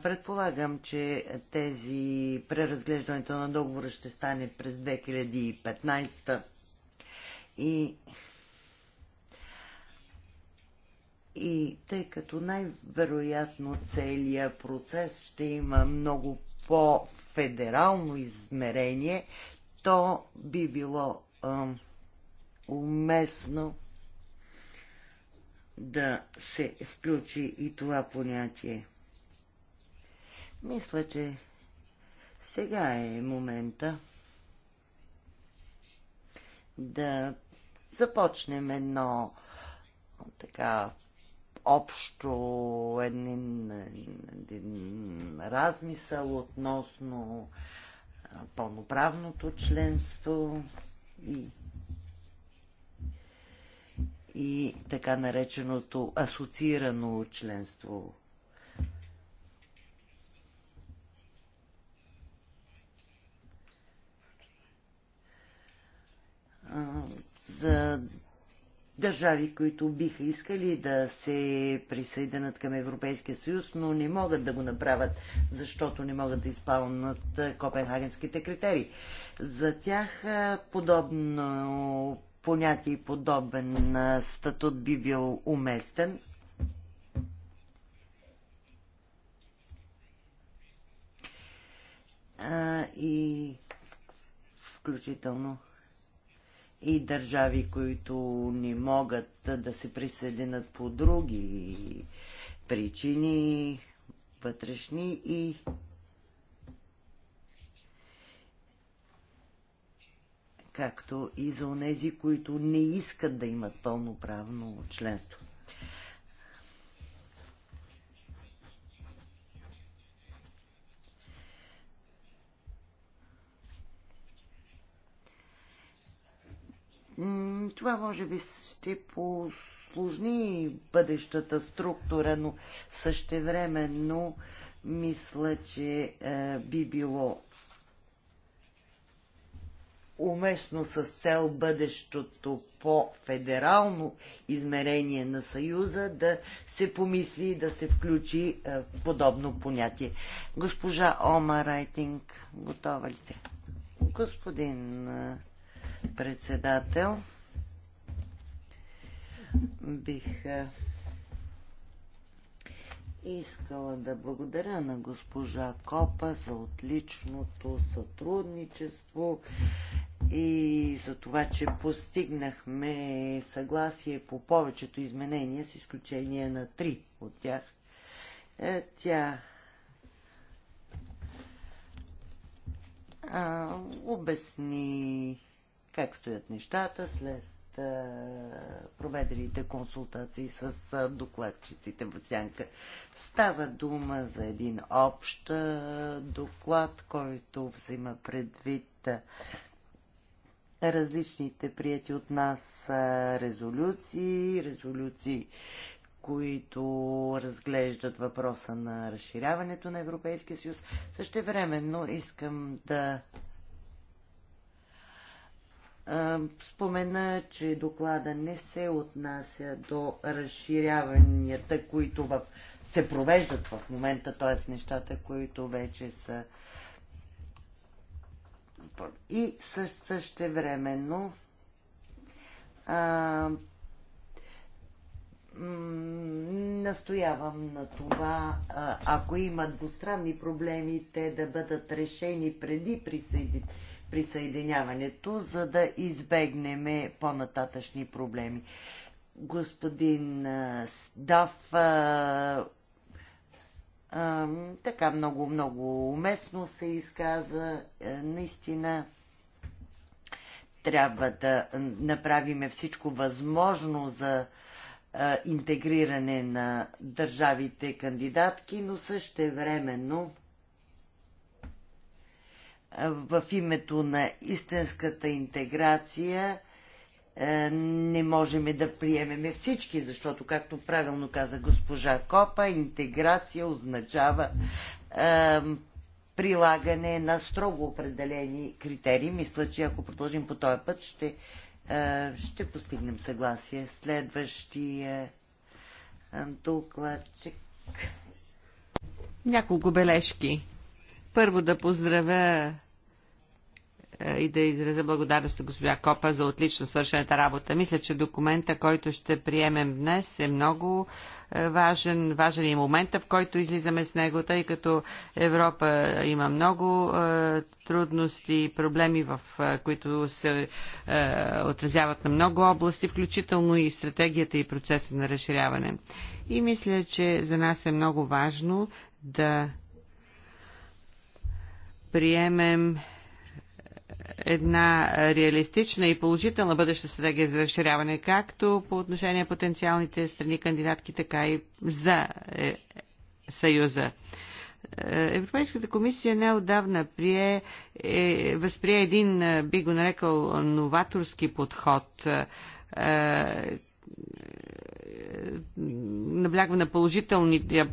Предполагам, че тези преразглеждането на договора ще стане през 2015 и и тъй като най-вероятно целият процес ще има много по-федерално измерение, то би било а, уместно да се включи и това понятие. Мисля, че сега е момента да започнем едно така общо един, един размисъл относно пълноправното членство и, и така нареченото асоциирано членство. За държави, които биха искали да се присъединят към Европейския съюз, но не могат да го направят, защото не могат да изпълнят копенхагенските критерии. За тях подобно понятие и подобен статут би бил уместен. и включително и държави, които не могат да се присъединят по други причини, вътрешни и както и за онези, които не искат да имат пълноправно членство. Това може би ще послужни бъдещата структура, но същевременно мисля, че е, би било уместно с цел бъдещото по-федерално измерение на Съюза да се помисли и да се включи е, подобно понятие. Госпожа Ома Райтинг, готова ли сте? Господин е, председател, Бих искала да благодаря на госпожа Копа за отличното сътрудничество и за това, че постигнахме съгласие по повечето изменения, с изключение на три от тях. Е, тя а, обясни как стоят нещата след е, проведените консултации с е, докладчиците в Сянка. Става дума за един общ е, доклад, който взима предвид различните прияти от нас резолюции, резолюции, които разглеждат въпроса на разширяването на Европейския съюз. времено искам да спомена, че доклада не се отнася до разширяванията, които в... се провеждат в момента, т.е. нещата, които вече са и също същевременно а, настоявам на това, ако имат двустранни проблеми, те да бъдат решени преди присъединяването присъединяването, за да избегнем по-нататъчни проблеми. Господин Дав така много, много уместно се изказа. Е, наистина трябва да направиме всичко възможно за интегриране на държавите кандидатки, но също времено в името на истинската интеграция е, не можем да приемеме всички, защото, както правилно каза госпожа Копа, интеграция означава е, прилагане на строго определени критерии. Мисля, че ако продължим по този път, ще, е, ще постигнем съгласие. Следващия докладчик. Няколко бележки. Първо да поздравя е, и да изразя благодарност на госпожа Копа за отлично свършената работа. Мисля, че документа, който ще приемем днес е много е, важен. Важен е момента, в който излизаме с него, тъй като Европа има много е, трудности и проблеми, в които се отразяват на много области, включително и стратегията и процеса на разширяване. И мисля, че за нас е много важно да приемем една реалистична и положителна бъдеща стратегия за разширяване, както по отношение на потенциалните страни кандидатки, така и за е, Съюза. Е, Европейската комисия неодавна прие, е, възприе един, е, би го нарекал, новаторски подход, е, наблягам на положителния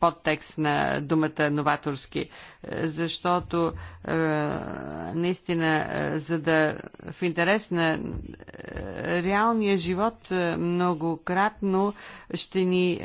подтекст на думата новаторски, е, защото е, наистина, е, за да в интерес на реалния живот многократно ще ни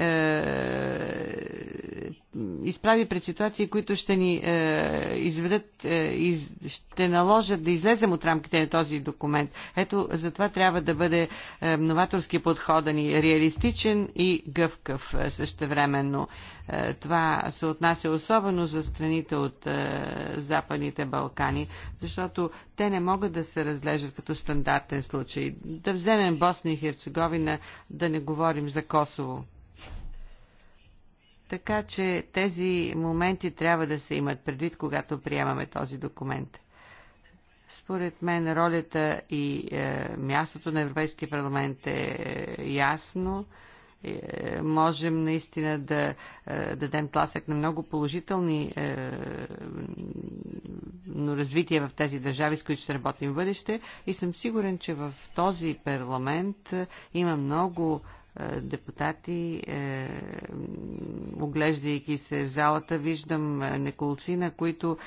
изправи пред ситуации, които ще ни е, изведат, е, из, ще наложат да излезем от рамките на този документ. Ето, затова трябва да бъде е, новаторски подхода ни реалистичен и гъвкав е, същевременно. Е, това се отнася особено за страните от е, Западните Балкани, защото те не могат да се разглеждат като стандартен случай. Да вземем Босния и Херцеговина, да не говорим за Косово. Така че тези моменти трябва да се имат предвид, когато приемаме този документ. Според мен ролята и е, мястото на Европейския парламент е, е ясно. Е, можем наистина да е, дадем тласък на много положителни е, но в тези държави, с които ще работим в бъдеще. И съм сигурен, че в този парламент е, има много е, депутати. Е, оглеждайки се в залата, виждам е, неколцина, които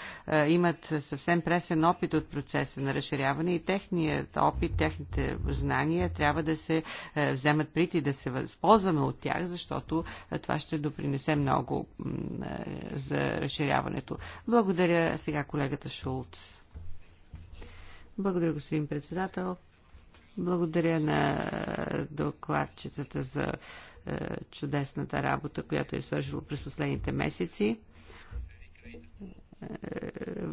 имат съвсем пресен опит от процеса на разширяване и техният опит, техните знания трябва да се вземат прит и да се възползваме от тях, защото това ще допринесе много за разширяването. Благодаря сега колегата Шулц. Благодаря, господин председател. Благодаря на е, докладчицата за е, чудесната работа, която е свършила през последните месеци. Е,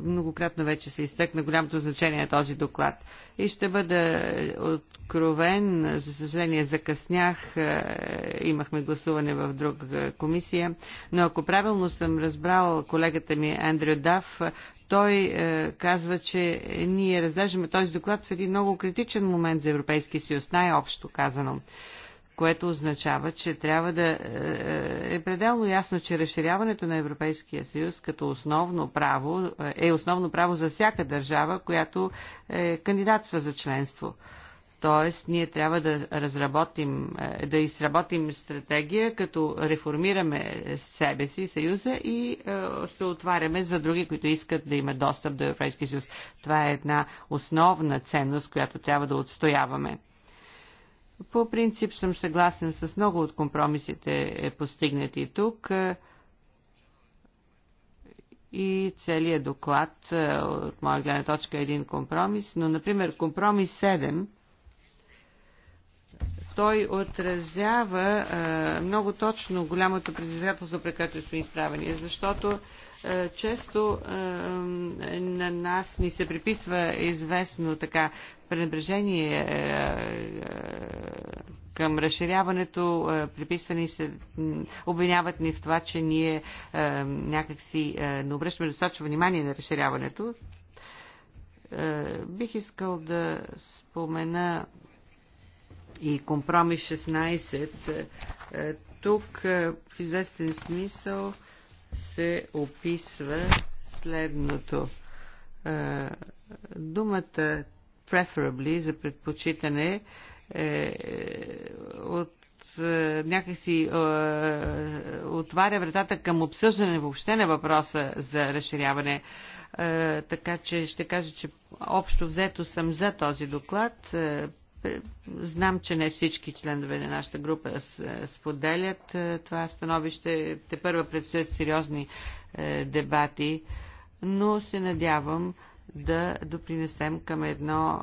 многократно вече се изтъкна голямото значение на този доклад. И ще бъда откровен, за съжаление закъснях, имахме гласуване в друга комисия, но ако правилно съм разбрал колегата ми Андрю Дав, той е, казва, че ние разглеждаме този доклад в един много критичен момент за Европейския съюз, най-общо казано което означава, че трябва да е, е, е пределно ясно, че разширяването на Европейския съюз като основно право е, е основно право за всяка държава, която е, кандидатства за членство. Тоест, ние трябва да разработим, е, да изработим стратегия, като реформираме себе си, Съюза и е, се отваряме за други, които искат да имат достъп до Европейския съюз. Това е една основна ценност, която трябва да отстояваме. По принцип съм съгласен с много от компромисите е, постигнати тук и целият доклад от моя гледна точка е един компромис, но например компромис 7 той отразява много точно голямото предизвикателство, при което сме изправени, защото често на нас ни се приписва известно така пренебрежение към разширяването, приписвани се, обвиняват ни в това, че ние някакси не обръщаме достатъчно внимание на разширяването. Бих искал да спомена и компромис 16, е, е, тук е, в известен смисъл се описва следното. Думата preferably за предпочитане е, от някакси е, отваря вратата към обсъждане въобще на въпроса за разширяване. Е, така че ще кажа, че общо взето съм за този доклад. Е, Знам, че не всички членове на нашата група споделят е, това становище. Те първа предстоят сериозни е, дебати, но се надявам да допринесем към едно,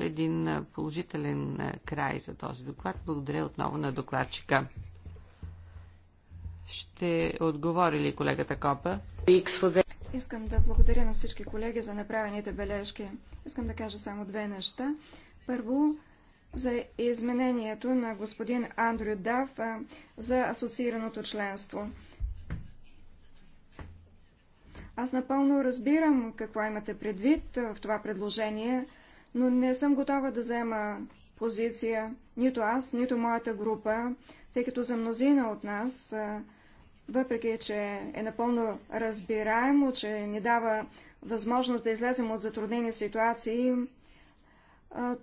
един положителен е, край за този доклад. Благодаря отново на докладчика. Ще отговори ли колегата Копа? Искам да благодаря на всички колеги за направените бележки. Искам да кажа само две неща. Първо, за изменението на господин Андрю Дав за асоциираното членство. Аз напълно разбирам какво имате предвид в това предложение, но не съм готова да взема позиция нито аз, нито моята група, тъй като за мнозина от нас, въпреки че е напълно разбираемо, че ни дава възможност да излезем от затруднени ситуации,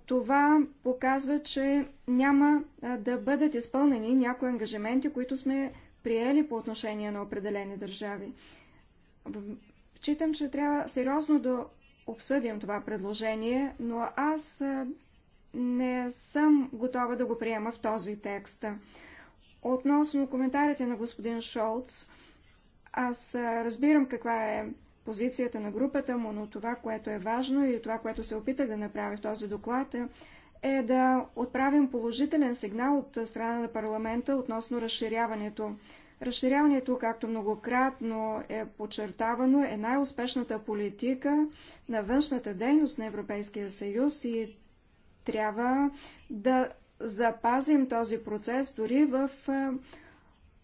това показва, че няма да бъдат изпълнени някои ангажименти, които сме приели по отношение на определени държави. Читам, че трябва сериозно да обсъдим това предложение, но аз не съм готова да го приема в този текст. Относно коментарите на господин Шолц, аз разбирам каква е позицията на групата му, но това, което е важно и това, което се опитах да направя в този доклад, е да отправим положителен сигнал от страна на парламента относно разширяването. Разширяването, както многократно е подчертавано, е най-успешната политика на външната дейност на Европейския съюз и трябва да запазим този процес дори в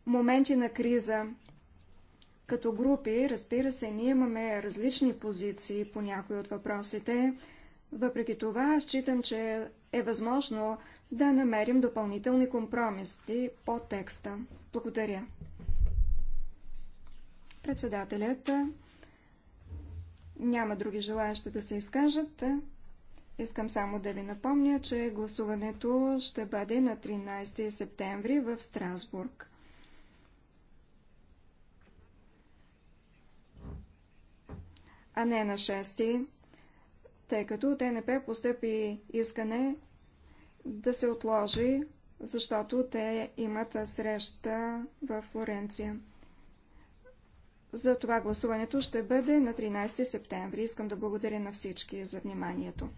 моменти на криза. Като групи, разбира се, ние имаме различни позиции по някои от въпросите. Въпреки това, считам, че е възможно да намерим допълнителни компромиси по текста. Благодаря. Председателят няма други желаящи да се изкажат. Искам само да ви напомня, че гласуването ще бъде на 13 септември в Страсбург. а не на 6, тъй като от поступи постъпи искане да се отложи, защото те имат среща в Флоренция. За това гласуването ще бъде на 13 септември. Искам да благодаря на всички за вниманието.